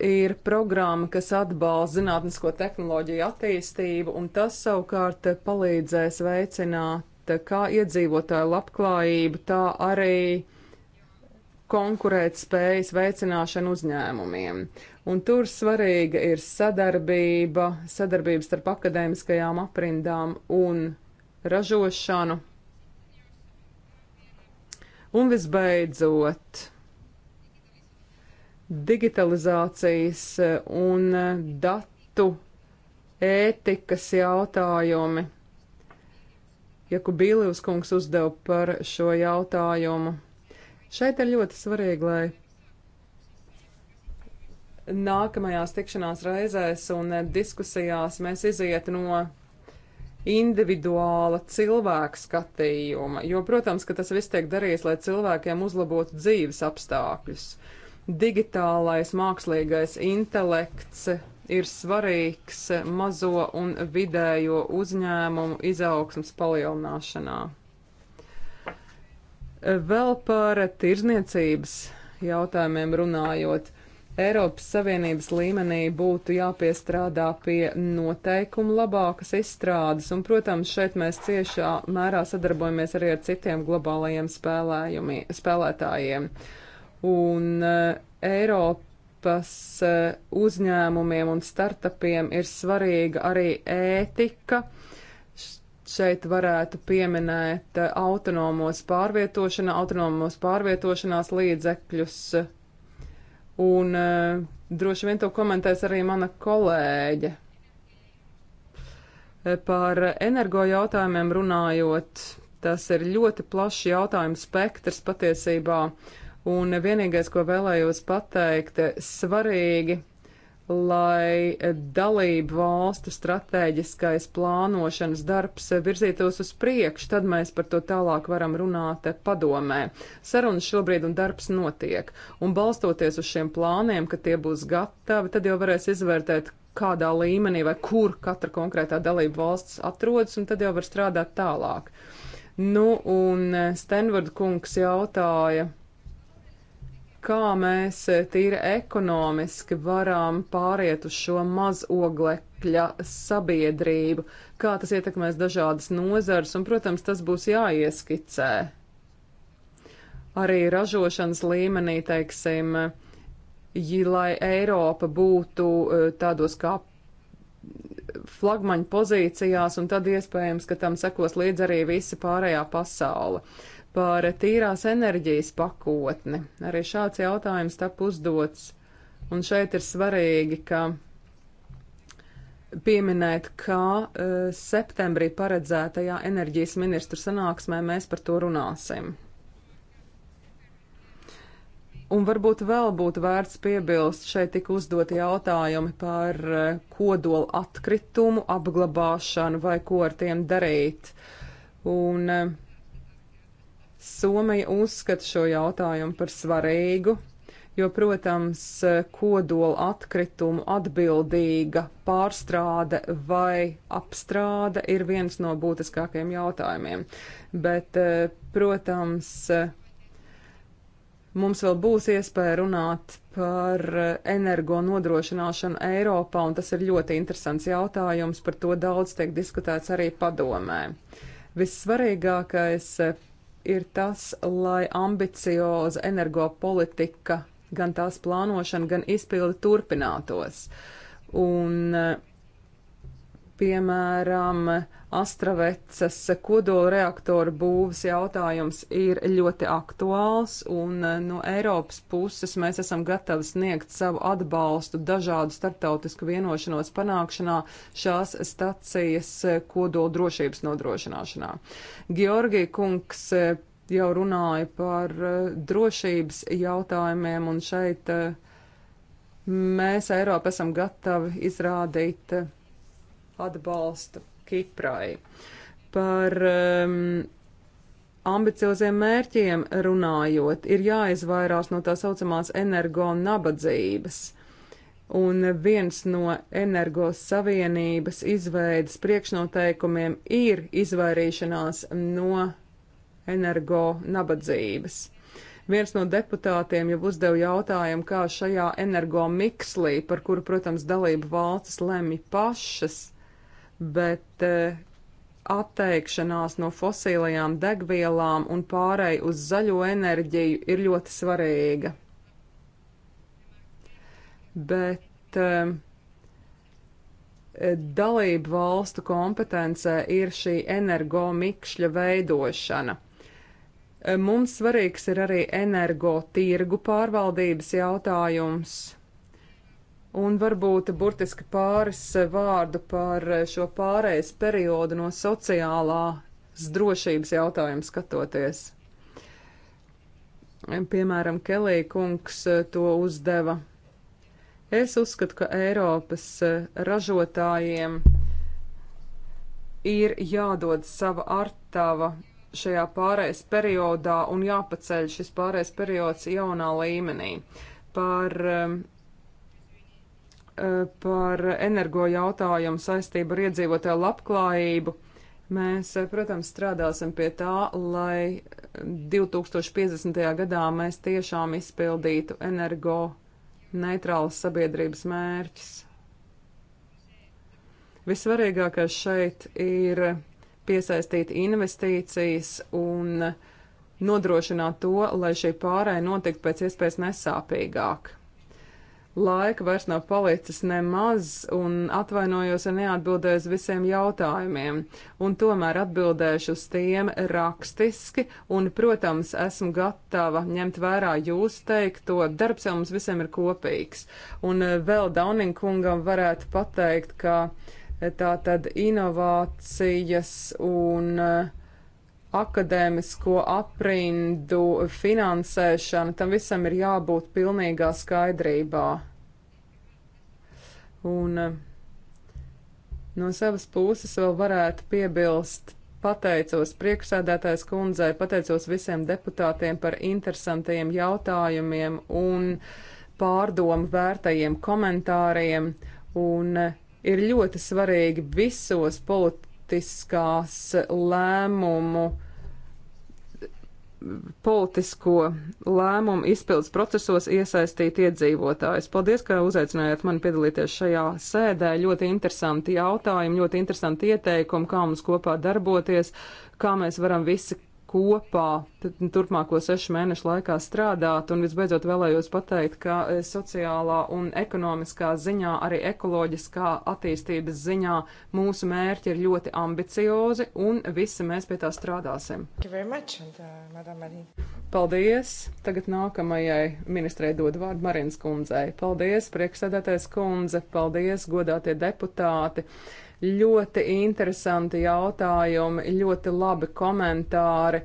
S3: ir programma, kas atbalsta zinātnisko tehnoloģiju attīstību, un tas savukārt palīdzēs veicināt kā iedzīvotāju labklājību, tā arī konkurēt spējas veicināšanu uzņēmumiem. Un tur svarīga ir sadarbība, sadarbības starp akadēmiskajām aprindām un ražošanu, Un visbeidzot, digitalizācijas e, un e, datu ētikas jautājumi. Jakubīlijus kungs uzdeva par šo jautājumu. Šeit ir ļoti svarīgi, lai nākamajās tikšanās reizēs un e, diskusijās mēs iziet no individuāla cilvēka skatījuma, jo, protams, ka tas viss tiek darīts, lai cilvēkiem uzlabotu dzīves apstākļus. Digitālais mākslīgais intelekts ir svarīgs mazo un vidējo uzņēmumu izaugsmas palielināšanā. Vēl par tirzniecības jautājumiem runājot. Eiropas Savienības līmenī būtu jāpiestrādā pie noteikumu labākas izstrādes, un, protams, šeit mēs ciešā mērā sadarbojamies arī ar citiem globālajiem spēlētājiem. Un eh, Eiropas eh, uzņēmumiem un startupiem ir svarīga arī ētika. Šeit varētu pieminēt eh, autonomos pārvietošana, autonomos pārvietošanās līdzekļus, Un uh, droši vien to komentēs arī mana kolēģe. E, par energo jautājumiem runājot, tas ir ļoti plašs jautājumu spektrs patiesībā. Un vienīgais, ko vēlējos pateikt, e, svarīgi lai dalību valstu stratēģiskais plānošanas darbs virzītos uz priekšu, tad mēs par to tālāk varam runāt padomē. Sarunas šobrīd un darbs notiek, un balstoties uz šiem plāniem, ka tie būs gatavi, tad jau varēs izvērtēt, kādā līmenī vai kur katra konkrētā dalību valsts atrodas, un tad jau var strādāt tālāk. Nu, un Stenvarda kungs jautāja, kā mēs e, tīri ekonomiski varam pāriet uz šo mazoglekļa sabiedrību, kā tas ietekmēs dažādas nozares, un, protams, tas būs jāieskicē. Arī ražošanas līmenī, teiksim, ja, lai Eiropa būtu e, tādos kā flagmaņu pozīcijās, un tad iespējams, ka tam sekos līdz arī visa pārējā pasaule par tīrās enerģijas pakotni. Arī šāds jautājums tap uzdots, un šeit ir svarīgi, ka pieminēt, ka uh, septembrī paredzētajā enerģijas ministru sanāksmē mēs par to runāsim. Un varbūt vēl būtu vērts piebilst šeit tik uzdoti jautājumi par uh, kodola atkritumu apglabāšanu vai ko ar tiem darīt. Un uh, Somija uzskata šo jautājumu par svarīgu, jo, protams, kodola atkritumu atbildīga pārstrāde vai apstrāde ir viens no būtiskākajiem jautājumiem. Bet, protams, mums vēl būs iespēja runāt par energo nodrošināšanu Eiropā, un tas ir ļoti interesants jautājums. Par to daudz tiek diskutēts arī padomē. Vissvarīgākais ir tas, lai ambicioza energopolitika, gan tās plānošana, gan izpilde turpinātos. Un uh, Piemēram, Astravecas kodolreaktoru būvs jautājums ir ļoti aktuāls, un no Eiropas puses mēs esam gatavi sniegt savu atbalstu dažādu starptautisku vienošanos panākšanā šās stacijas kodoldrošības nodrošināšanā. Georgija kungs jau runāja par eh, drošības jautājumiem, un šeit eh, mēs Eiropa esam gatavi izrādīt eh, atbalstu Kiprai. Par um, ambicioziem mērķiem runājot, ir jāizvairās no tā saucamās energo nabadzības. Un viens no energos savienības izveidas priekšnoteikumiem ir izvairīšanās no energo nabadzības. Viens no deputātiem jau uzdeva jautājumu, kā šajā energo mikslī, par kuru, protams, dalību valstis lemj pašas, bet eh, atteikšanās no fosīlajām degvielām un pārēj uz zaļo enerģiju ir ļoti svarīga. Bet eh, dalību valstu kompetencē ir šī energomikšļa veidošana. Eh, mums svarīgs ir arī energotirgu pārvaldības jautājums Un varbūt burtiski pāris vārdu par šo pārējais periodu no sociālās drošības jautājuma skatoties. Piemēram, Kelija kungs to uzdeva. Es uzskatu, ka Eiropas ražotājiem ir jādod sava artava šajā pārējais periodā un jāpaceļ šis pārējais periods jaunā līmenī. Par um, E, par energo jautājumu saistību ar iedzīvotāju labklājību. Mēs, e, protams, strādāsim pie tā, lai 2050. gadā mēs tiešām izpildītu energo neitrālas sabiedrības mērķis. Vissvarīgākais šeit ir piesaistīt investīcijas un nodrošināt to, lai šī pārēja notiktu pēc iespējas nesāpīgāk. Laika vairs nav palicis nemaz, un atvainojos, ja neatbildēju uz visiem jautājumiem, un tomēr atbildēšu uz tiem rakstiski, un, protams, esmu gatava ņemt vērā jūs teikto. Darbs jau mums visiem ir kopīgs, un eh, vēl Dauninkungam varētu pateikt, ka eh, tā tad inovācijas un uh, akadēmisko aprindu finansēšana, tam visam ir jābūt pilnīgā skaidrībā. Un eh, no savas puses vēl varētu piebilst, pateicos priekšsēdētājs kundzei, pateicos visiem deputātiem par interesantiem jautājumiem un pārdomu vērtajiem komentāriem. Un eh, ir ļoti svarīgi visos politiskos politiskās lēmumu, politisko lēmumu izpildus procesos iesaistīt iedzīvotājus. Paldies, ka uzaicinājāt mani piedalīties šajā sēdē. Ļoti interesanti jautājumi, ļoti interesanti ieteikumi, kā mums kopā darboties, kā mēs varam visi kopā turpmāko sešu mēnešu laikā strādāt. Un visbeidzot vēlējos pateikt, ka e, sociālā un ekonomiskā ziņā, arī ekoloģiskā attīstības ziņā mūsu mērķi ir ļoti ambiciozi un visi mēs pie tā strādāsim. Much, and, uh, Paldies! Tagad nākamajai ministrei dod vārdu Marinas kundzei. Paldies, priekšsēdētais kundze! Paldies, godātie deputāti! Ļoti interesanti jautājumi, ļoti labi komentāri,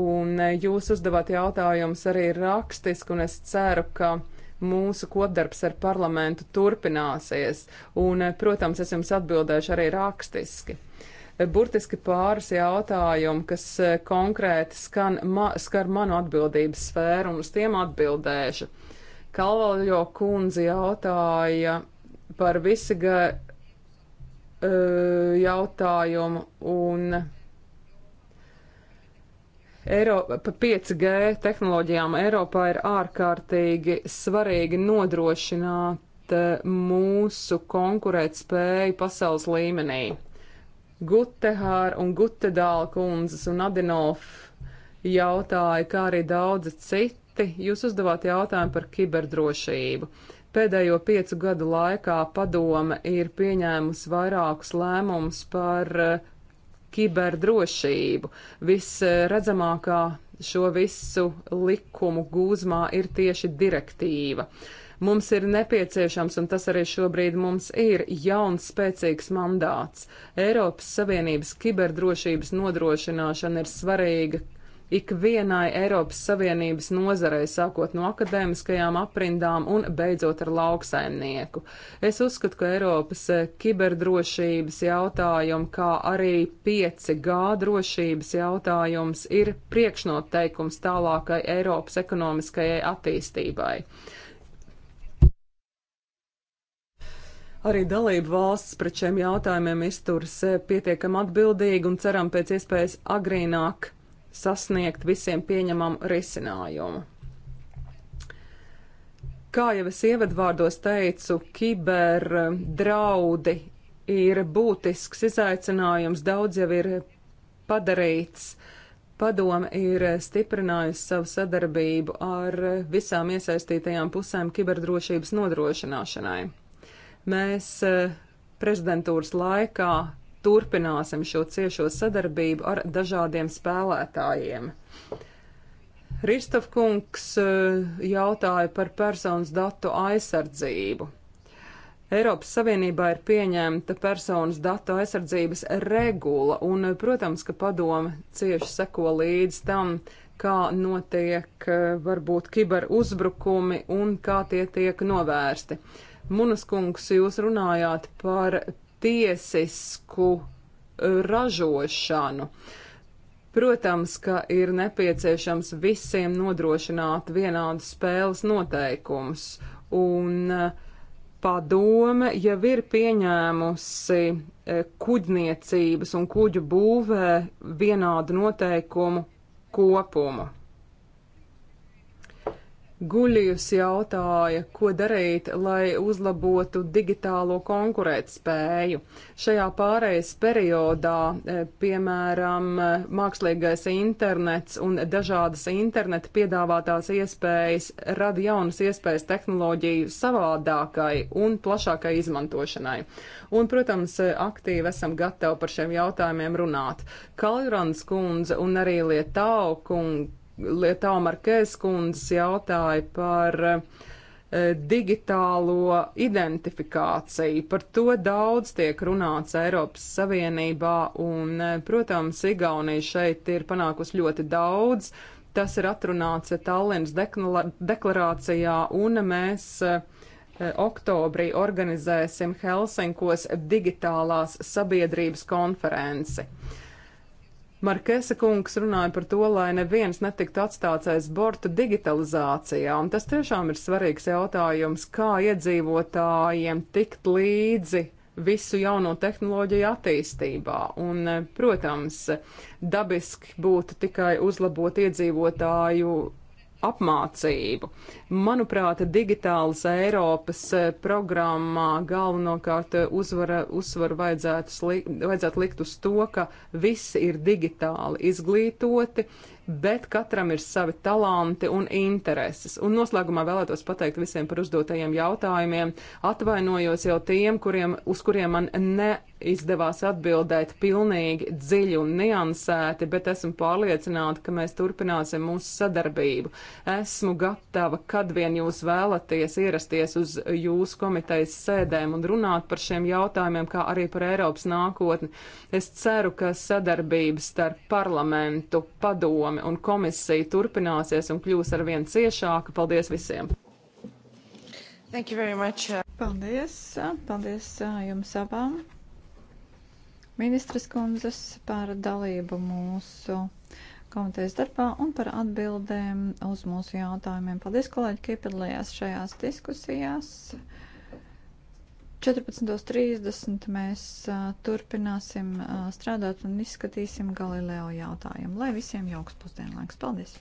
S3: un e, jūs uzdevāt jautājumus arī rakstiski, un es ceru, ka mūsu kopdarbs ar parlamentu turpināsies, un, e, protams, es jums atbildēšu arī rakstiski. E, burtiski pāris jautājumu, kas konkrēti skan, ma, skar manu atbildības sfēru, un uz tiem atbildēšu. Kalvaļo kundze jautāja par visu E, jautājumu un Eiropa 5G tehnoloģijām Eiropā ir ārkārtīgi svarīgi nodrošināt e, mūsu konkurētspēju pasaules līmenī. Gutehāra un Gutedāla kundzes un Adinov jautāja, kā arī daudzi citi, jūs uzdevāt jautājumu par kiberdrošību. Uh, Pēdējo piecu gadu laikā padome ir pieņēmusi vairākus lēmumus par eh, kiberdrošību. Visredzamākā šo visu likumu gūzmā ir tieši direktīva. Mums ir nepieciešams, un tas arī šobrīd mums ir, jauns spēcīgs mandāts. Eiropas Savienības kiberdrošības nodrošināšana ir svarīga ikvienai Eiropas Savienības nozarei, sākot no akadēmiskajām aprindām un beidzot ar lauksaimnieku. Es uzskatu, ka Eiropas eh, kiberdrošības jautājumi, kā arī 5G drošības jautājums ir priekšnoteikums tālākai Eiropas ekonomiskajai attīstībai. Arī dalību valsts pret šiem jautājumiem izturas eh, pietiekami atbildīgi un ceram pēc iespējas agrīnāk sasniegt visiem pieņemamu risinājumu. Kā jau es ievadvārdos teicu, kiberdraudi ir būtisks izaicinājums, daudz jau ir padarīts. Padoma ir stiprinājusi savu sadarbību ar visām iesaistītajām pusēm kiberdrošības nodrošināšanai. Mēs eh, prezidentūras laikā turpināsim šo ciešo sadarbību ar dažādiem spēlētājiem. Ristofkungs eh, jautāja par personas datu aizsardzību. Eiropas Savienībā ir pieņemta personas datu aizsardzības regula, un, eh, protams, ka padome cieši seko līdz tam, kā notiek eh, varbūt kiberuzbrukumi un kā tie tiek novērsti. Munaskungs, jūs runājāt par tiesisku ražošanu. Protams, ka ir nepieciešams visiem nodrošināt vienādas spēles noteikumus, un eh, padome jau ir pieņēmusi eh, kuģniecības un kuģu būvē vienādu noteikumu kopumu. Guļjus jautāja, ko darīt, lai uzlabotu digitālo konkurētspēju. Šajā pārējais periodā, e, piemēram, mākslīgais internets un dažādas interneta piedāvātās iespējas rada jaunas iespējas tehnoloģiju savādākai un plašākai izmantošanai. Un, protams, e, aktīvi esam gatavi par šiem jautājumiem runāt. Kaljurans kundze un arī Lietāo kundze Lietā Markēs kundzes jautāja par uh, digitālo identifikāciju. Par to daudz tiek runāts Eiropas Savienībā, un, eh, protams, Igaunija šeit ir panākusi ļoti daudz. Tas ir atrunāts Tallinas deklarācijā, un mēs eh, oktobrī organizēsim Helsinkos digitālās sabiedrības konferenci. Markesa kungs runāja par to, lai neviens netiktu atstāts aiz borta digitalizācijā, un tas tiešām ir svarīgs jautājums, kā iedzīvotājiem tikt līdzi visu jauno tehnoloģiju attīstībā. Un, eh, protams, dabiski būtu tikai uzlabot iedzīvotāju apmācību. Manuprāt, digitālas Eiropas e, programmā galvenokārt e, uzvara, uzsvaru vajadzētu, sli, vajadzētu likt uz to, ka visi ir digitāli izglītoti, uh, bet katram ir savi talanti un intereses. Un noslēgumā vēlētos pateikt visiem par uzdotajiem jautājumiem. Atvainojos jau tiem, kuriem, uz kuriem man ne izdevās atbildēt pilnīgi dziļi un niansēti, bet esmu pārliecināta, ka mēs turpināsim mūsu sadarbību. Esmu gatava, kad vien jūs vēlaties ierasties uz jūsu komitejas sēdēm un runāt par šiem jautājumiem, kā arī par Eiropas nākotni. Es ceru, ka sadarbības starp parlamentu, padomu, padomi un komisija turpināsies un kļūs ar vien ciešāka. Paldies visiem!
S2: Thank you very much. Paldies! Paldies jums abām! Ministras kundzes par dalību mūsu komitejas darbā un par atbildēm uz mūsu jautājumiem. Paldies, kolēģi, ka iepildījās šajās diskusijās! 14.30 mēs a, turpināsim a, strādāt un izskatīsim Galileo jautājumu. Lai visiem jauks pusdienlaiks. Paldies!